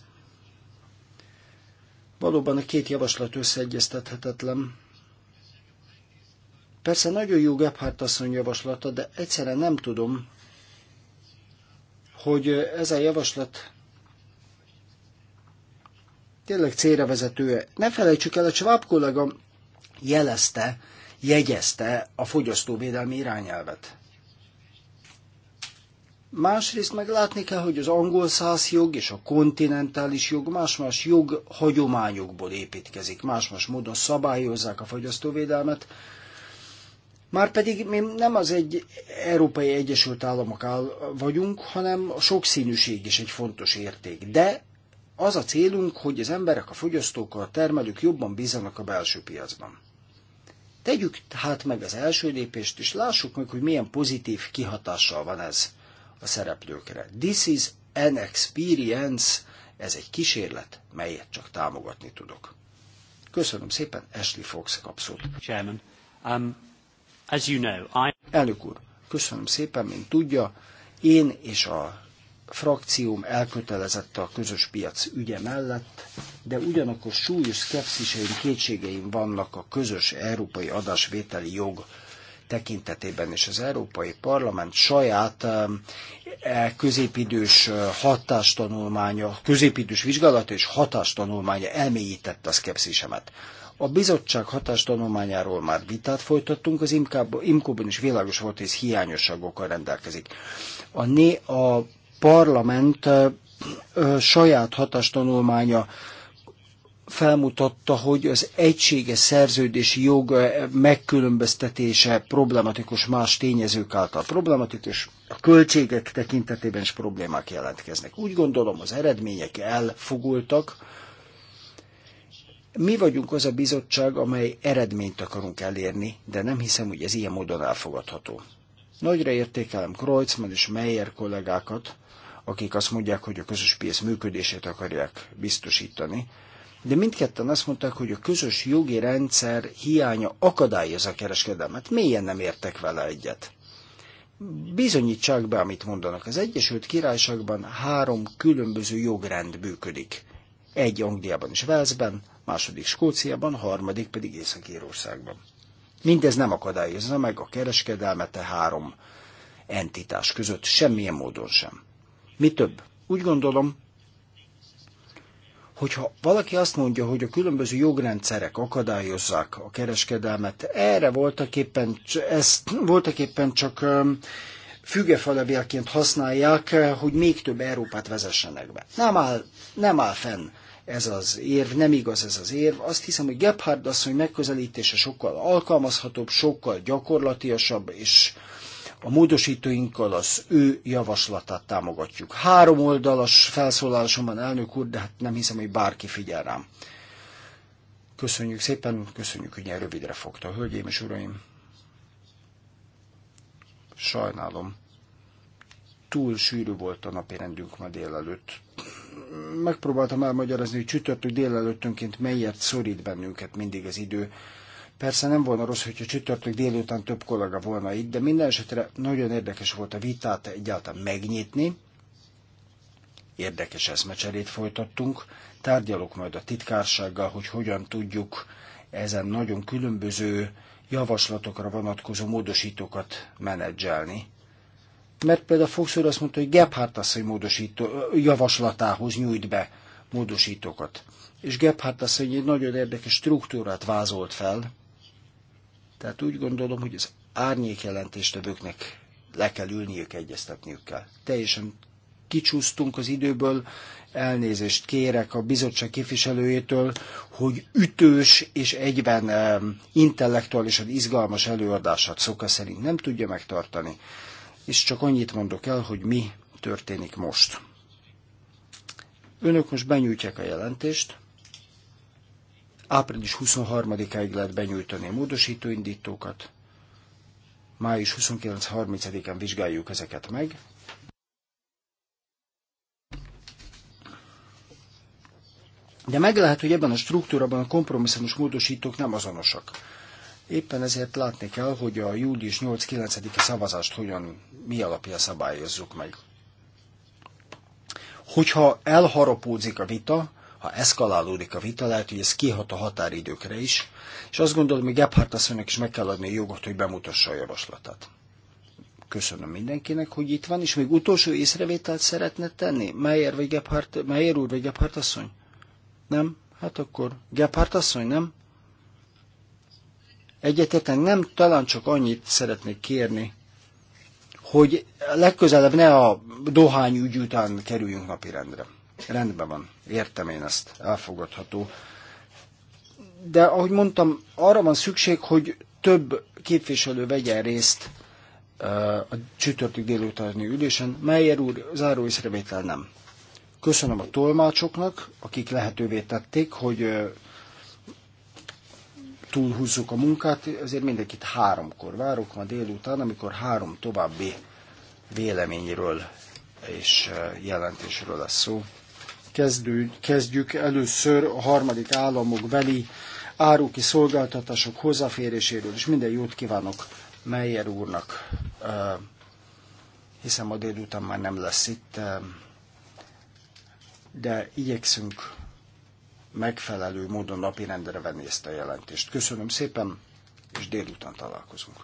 [SPEAKER 2] Valóban a két javaslat összeegyeztethetetlen. Persze nagyon jó Gebhardt asszony javaslata, de egyszerűen nem tudom, hogy ez a javaslat tényleg célra vezetője. Ne felejtsük el, a Schwab kollega jelezte, jegyezte a fogyasztóvédelmi irányelvet. Másrészt meg látni kell, hogy az angol száz jog és a kontinentális jog más-más jog hagyományokból építkezik, más-más módon szabályozzák a fogyasztóvédelmet, Márpedig mi nem az egy Európai Egyesült Államok áll vagyunk, hanem a sokszínűség is egy fontos érték. De az a célunk, hogy az emberek, a fogyasztók, a termelők jobban bízanak a belső piacban. Tegyük hát meg az első lépést, és lássuk meg, hogy milyen pozitív kihatással van ez a szereplőkre. This is an experience, ez egy kísérlet, melyet csak támogatni tudok. Köszönöm szépen, Ashley Fox kapszót. Chairman, um, as you know, I... Elnök úr, köszönöm szépen, mint tudja, én és a frakcióm elkötelezett a közös piac ügye mellett, de ugyanakkor súlyos szkepsziseim, kétségeim vannak a közös európai adásvételi jog tekintetében, és az Európai Parlament saját e, középidős hatástanulmánya, középidős vizsgálata és hatástanulmánya elmélyítette a szkepszisemet. A bizottság hatástanulmányáról már vitát folytattunk, az IMCO-ban is világos volt, hogy ez hiányosságokkal rendelkezik. A, né, a parlament saját hatástanulmánya felmutatta, hogy az egységes szerződési jog megkülönböztetése problematikus más tényezők által problematikus, a költségek tekintetében is problémák jelentkeznek. Úgy gondolom, az eredmények elfogultak. Mi vagyunk az a bizottság, amely eredményt akarunk elérni, de nem hiszem, hogy ez ilyen módon elfogadható. Nagyra értékelem Kreuzmann és Meyer kollégákat, akik azt mondják, hogy a közös piac működését akarják biztosítani. De mindketten azt mondták, hogy a közös jogi rendszer hiánya akadályozza a kereskedelmet. Mélyen nem értek vele egyet. Bizonyítsák be, amit mondanak. Az Egyesült Királyságban három különböző jogrend működik. Egy Angliában és Velszben, második Skóciában, harmadik pedig Észak-Írországban. Mindez nem akadályozza meg a kereskedelmet a e három entitás között semmilyen módon sem. Mi több? Úgy gondolom, hogyha valaki azt mondja, hogy a különböző jogrendszerek akadályozzák a kereskedelmet, erre voltak éppen, ezt voltak éppen csak fügefalevélként használják, hogy még több Európát vezessenek be. Nem áll, nem áll fenn ez az érv, nem igaz ez az érv. Azt hiszem, hogy Gebhard asszony megközelítése sokkal alkalmazhatóbb, sokkal gyakorlatiasabb, és a módosítóinkkal az ő javaslatát támogatjuk. Három oldalas felszólalásom van, elnök úr, de hát nem hiszem, hogy bárki figyel rám. Köszönjük szépen, köszönjük, hogy ilyen rövidre fogta, hölgyeim és uraim. Sajnálom. Túl sűrű volt a napi rendünk ma délelőtt. Megpróbáltam elmagyarázni, hogy csütörtök délelőttönként melyet szorít bennünket mindig az idő Persze nem volna rossz, hogyha csütörtök délután több kollega volna itt, de minden esetre nagyon érdekes volt a vitát egyáltalán megnyitni. Érdekes eszmecserét folytattunk. Tárgyalok majd a titkársággal, hogy hogyan tudjuk ezen nagyon különböző javaslatokra vonatkozó módosítókat menedzselni. Mert például Fox azt mondta, hogy Gebhardt asszony módosító, javaslatához nyújt be módosítókat. És Gebhardt asszony egy nagyon érdekes struktúrát vázolt fel, tehát úgy gondolom, hogy az árnyék jelentéstevőknek le kell ülniük, egyeztetniük kell. Teljesen kicsúsztunk az időből, elnézést kérek a bizottság képviselőjétől, hogy ütős és egyben um, intellektuálisan izgalmas előadását szoka szerint nem tudja megtartani. És csak annyit mondok el, hogy mi történik most. Önök most benyújtják a jelentést, április 23-áig lehet benyújtani a módosító indítókat, május 29-30-án vizsgáljuk ezeket meg. De meg lehet, hogy ebben a struktúrában a kompromisszumos módosítók nem azonosak. Éppen ezért látni kell, hogy a július 8 9 e szavazást hogyan, mi alapján szabályozzuk meg. Hogyha elharapódzik a vita, ha eszkalálódik a vita, lehet, hogy ez kihat a határidőkre is, és azt gondolom, hogy Gebhardt asszonynak is meg kell adni a jogot, hogy bemutassa a javaslatát. Köszönöm mindenkinek, hogy itt van, és még utolsó észrevételt szeretne tenni? Meyer, vagy Gebhardt, Meyer úr, vagy Gebhardt asszony? Nem? Hát akkor Gebhardt asszony, nem? Egyetetlen nem, talán csak annyit szeretnék kérni, hogy legközelebb ne a dohány ügy után kerüljünk napirendre. Rendben van, értem én ezt, elfogadható. De ahogy mondtam, arra van szükség, hogy több képviselő vegyen részt a csütörtök délutáni ülésen. melyer úr, záró észrevétel nem. Köszönöm a tolmácsoknak, akik lehetővé tették, hogy túlhúzzuk a munkát, ezért mindenkit háromkor várok ma délután, amikor három további véleményről és jelentésről lesz szó kezdő, kezdjük először a harmadik államok beli áruki szolgáltatások hozzáféréséről, és minden jót kívánok Meyer úrnak, hiszen ma délután már nem lesz itt, de igyekszünk megfelelő módon napirendre venni ezt a jelentést. Köszönöm szépen, és délután találkozunk.